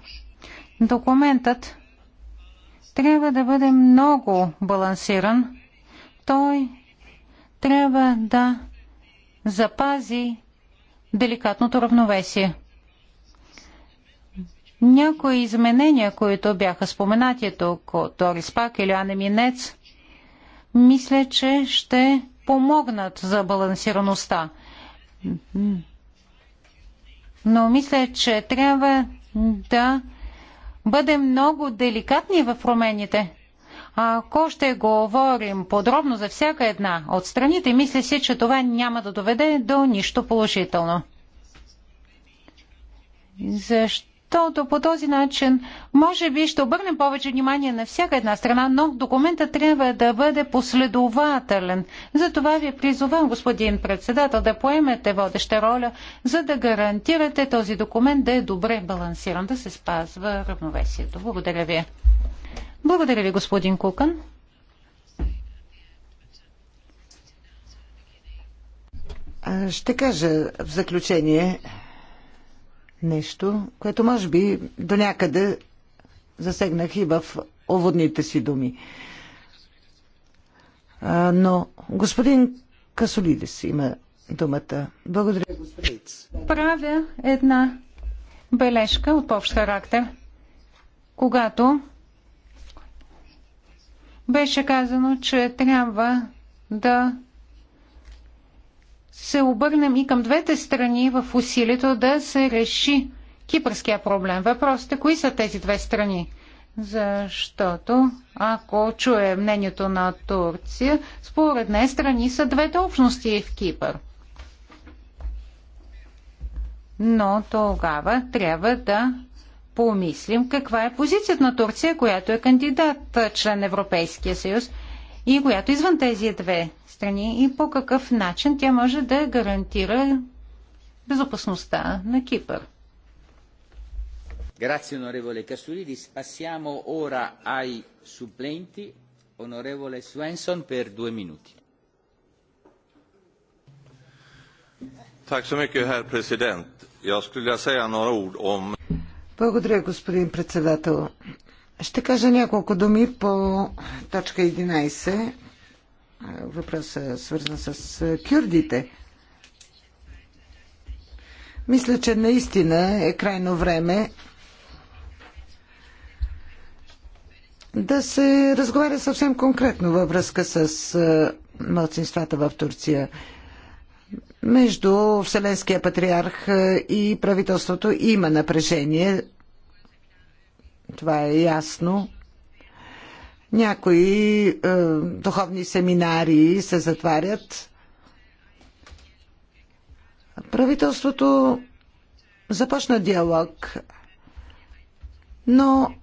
документът трябва да бъде много балансиран. Той трябва да запази деликатното равновесие. Някои изменения, които бяха споменати тук от Торис Пак или Ане Минец, мисля, че ще помогнат за балансираността. Но мисля, че трябва да бъдем много деликатни в промените. Ако ще говорим подробно за всяка една от страните, мисля си, че това няма да доведе до нищо положително. Защо? защото по този начин може би ще обърнем повече внимание на всяка една страна, но документът трябва да бъде последователен. Затова ви призовам, господин председател, да поемете водеща роля, за да гарантирате този документ да е добре балансиран, да се спазва равновесието. Благодаря ви. Благодаря ви, господин Кукан. Ще кажа в заключение нещо, което може би до някъде засегнах и в оводните си думи. А, но господин Касолидис има думата. Благодаря, господин. Правя една бележка от общ характер. Когато беше казано, че трябва да се обърнем и към двете страни в усилието да се реши кипърския проблем. Въпросът е кои са тези две страни? Защото ако чуе мнението на Турция, според не страни са двете общности в Кипър. Но тогава трябва да помислим каква е позицията на Турция, която е кандидат член Европейския съюз и която извън тези две страни и по какъв начин тя може да гарантира безопасността на Кипър. Grazie onorevole Casulidis. Passiamo ora ai supplenti. Onorevole Svensson per due minuti. Tack så mycket herr president. Jag skulle vilja säga några ord om... Благодаря, господин председател. Ще кажа няколко думи по точка 11 въпроса, свързан с кюрдите. Мисля, че наистина е крайно време да се разговаря съвсем конкретно във връзка с младсинствата в Турция между Вселенския патриарх и правителството има напрежение. Това е ясно. Някои е, духовни семинари се затварят. Правителството започна диалог, но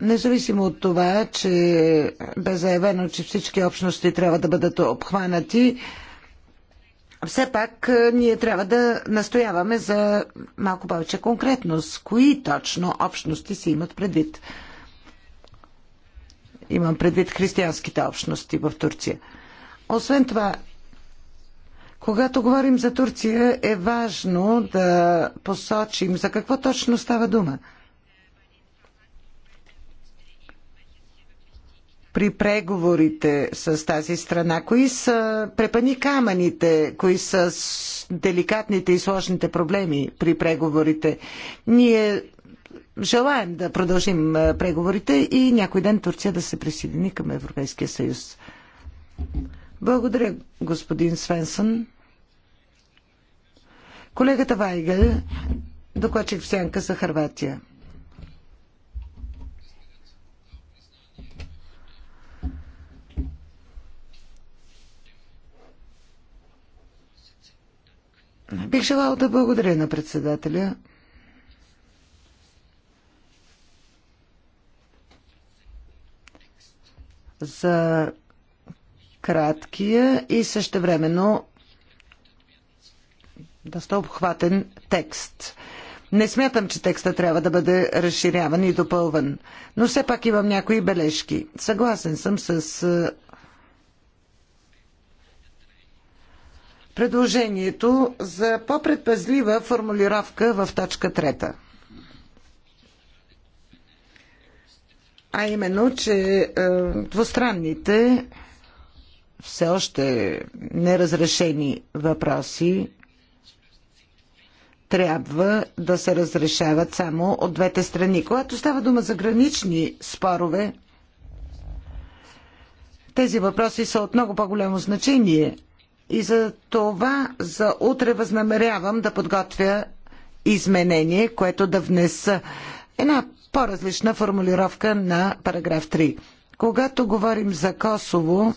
независимо от това, че бе заявено, че всички общности трябва да бъдат обхванати, все пак е, ние трябва да настояваме за малко повече конкретност. Кои точно общности се имат предвид? Имам предвид християнските общности в Турция. Освен това, когато говорим за Турция, е важно да посочим за какво точно става дума. При преговорите с тази страна, кои са препани камъните, кои са деликатните и сложните проблеми при преговорите? Ние желаем да продължим е, преговорите и някой ден Турция да се присъедини към Европейския съюз. Благодаря, господин Свенсън. Колегата Вайгъл, докладчик в сянка за Харватия. Бих желал да благодаря на председателя за краткия и същевременно доста обхватен текст. Не смятам, че текста трябва да бъде разширяван и допълван, но все пак имам някои бележки. Съгласен съм с е, предложението за по-предпазлива формулировка в точка трета. а именно, че е, двустранните все още неразрешени въпроси трябва да се разрешават само от двете страни. Когато става дума за гранични спорове, тези въпроси са от много по-голямо значение и за това за утре възнамерявам да подготвя изменение, което да внеса една по-различна формулировка на параграф 3. Когато говорим за Косово,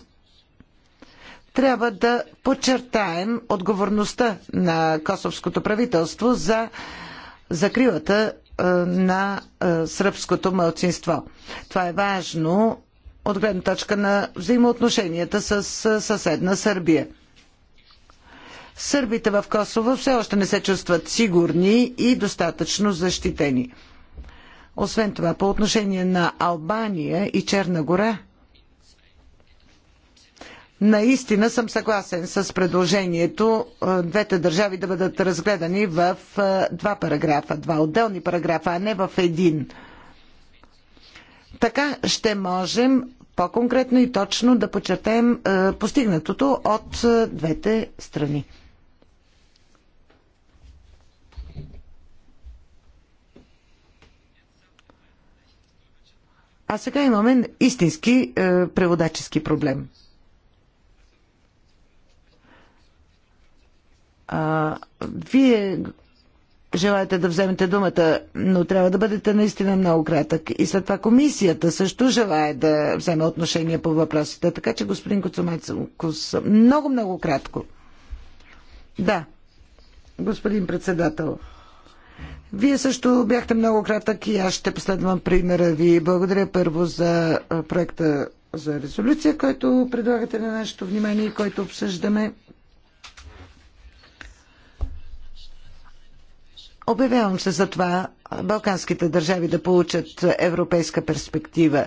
трябва да подчертаем отговорността на косовското правителство за закрилата е, на е, сръбското мълцинство. Това е важно от гледна точка на взаимоотношенията с съседна Сърбия. Сърбите в Косово все още не се чувстват сигурни и достатъчно защитени. Освен това, по отношение на Албания и Черна гора, наистина съм съгласен с предложението е, двете държави да бъдат разгледани в е, два параграфа, два отделни параграфа, а не в един. Така ще можем по-конкретно и точно да подчертаем е, постигнатото от двете страни. А сега имаме истински е, преводачески проблем. А, вие желаете да вземете думата, но трябва да бъдете наистина много кратък. И след това комисията също желая да вземе отношение по въпросите. Така че, господин Коцумайцкус, много-много кратко. Да, господин председател. Вие също бяхте много кратък и аз ще последвам примера ви. Благодаря първо за проекта за резолюция, който предлагате на нашето внимание и който обсъждаме. Обявявам се за това балканските държави да получат европейска перспектива.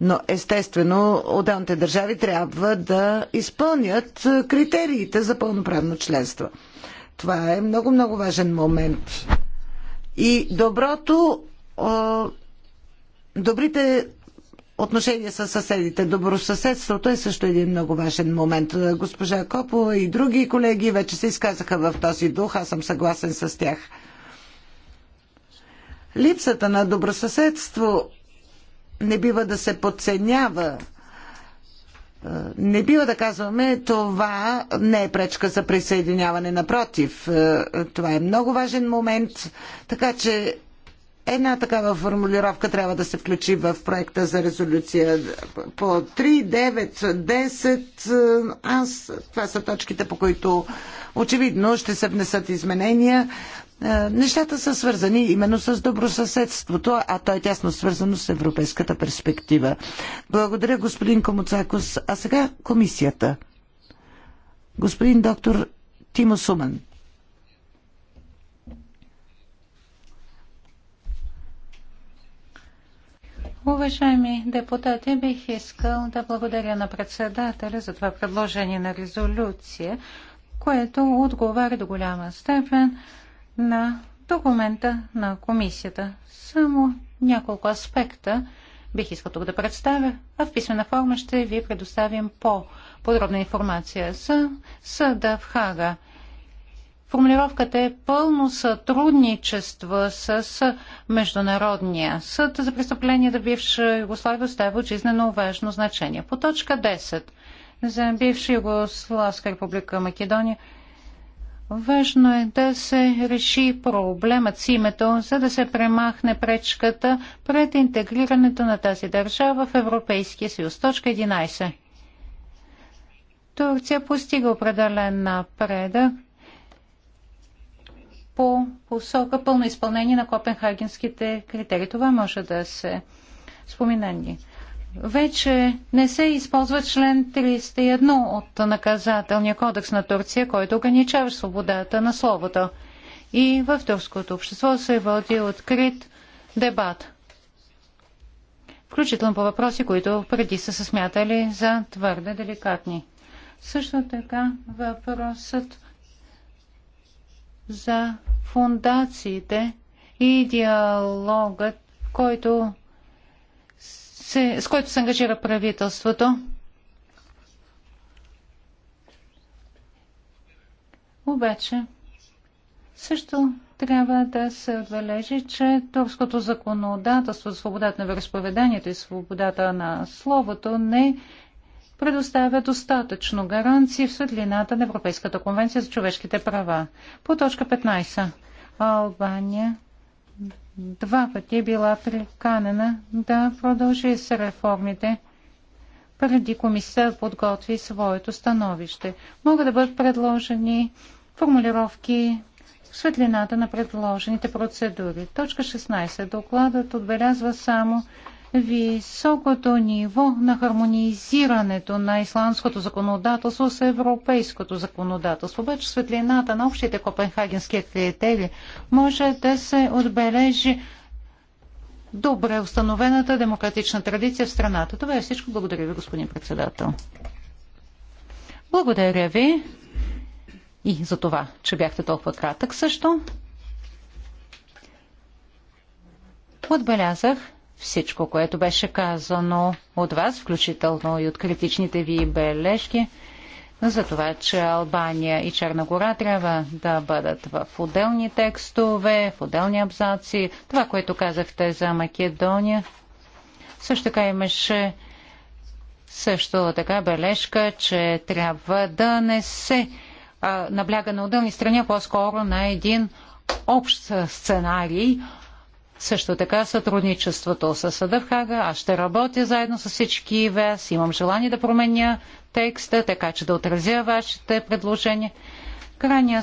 Но естествено, отделните държави трябва да изпълнят критериите за пълноправно членство. Това е много-много важен момент. И доброто, добрите отношения с съседите, добросъседството е също един много важен момент. Госпожа Копова и други колеги вече се изказаха в този дух, аз съм съгласен с тях. Липсата на добросъседство не бива да се подценява е, не бива да казваме, това не е пречка за присъединяване. Напротив, е, това е много важен момент, така че една такава формулировка трябва да се включи в проекта за резолюция. По 3, 9, 10, аз, това са точките, по които очевидно ще се внесат изменения. Е, нещата са свързани именно с добросъседството, а то е тясно свързано с европейската перспектива. Благодаря, господин Комуцакос. А сега комисията. Господин доктор Тимо Суман. Уважаеми депутати, бих искал да благодаря на председателя за това предложение на резолюция, което отговаря до голяма степен на документа на комисията. Само няколко аспекта бих искал тук да представя, а в писмена форма ще ви предоставим по-подробна информация за съда в Хага. Формулировката е пълно сътрудничество с Международния съд за престъпление да бивша Югославия остава от жизнено важно значение. По точка 10 за бивша Югославска република Македония – Важно е да се реши проблемът с името, за да се премахне пречката пред интегрирането на тази държава в Европейския съюз. Точка 11. Турция постига определен напредък по посока пълно изпълнение на копенхагенските критерии. Това може да се спомена ни вече не се използва член 301 от наказателния кодекс на Турция, който ограничава свободата на словото. И в турското общество се води открит дебат, включително по въпроси, които преди са се смятали за твърде деликатни. Също така въпросът за фундациите и диалогът, който се, с който се ангажира правителството. Обаче, също трябва да се отбележи, че турското законодателство, свободата на вероисповеданието и свободата на словото не предоставя достатъчно гаранции в светлината на Европейската конвенция за човешките права. По точка 15. Албания два пъти е била приканена да продължи с реформите, преди комисията подготви своето становище. Могат да бъдат предложени формулировки в светлината на предложените процедури. Точка 16. Докладът отбелязва само, високото ниво на хармонизирането на исландското законодателство с европейското законодателство. Обаче светлината на общите копенхагенски критерии може да се отбележи добре установената демократична традиция в страната. Това е всичко. Благодаря ви, господин председател. Благодаря ви и за това, че бяхте толкова кратък също. Отбелязах, всичко, което беше казано от вас, включително и от критичните ви бележки, за това, че Албания и Черна гора трябва да бъдат в отделни текстове, в отделни абзаци. Това, което казахте за Македония, също така имаше също така бележка, че трябва да не се а, набляга на отделни страни, по-скоро на един общ сценарий, също така сътрудничеството с съда в Хага. Аз ще работя заедно с всички вас. Имам желание да променя текста, така че да отразя вашите предложения. Крайния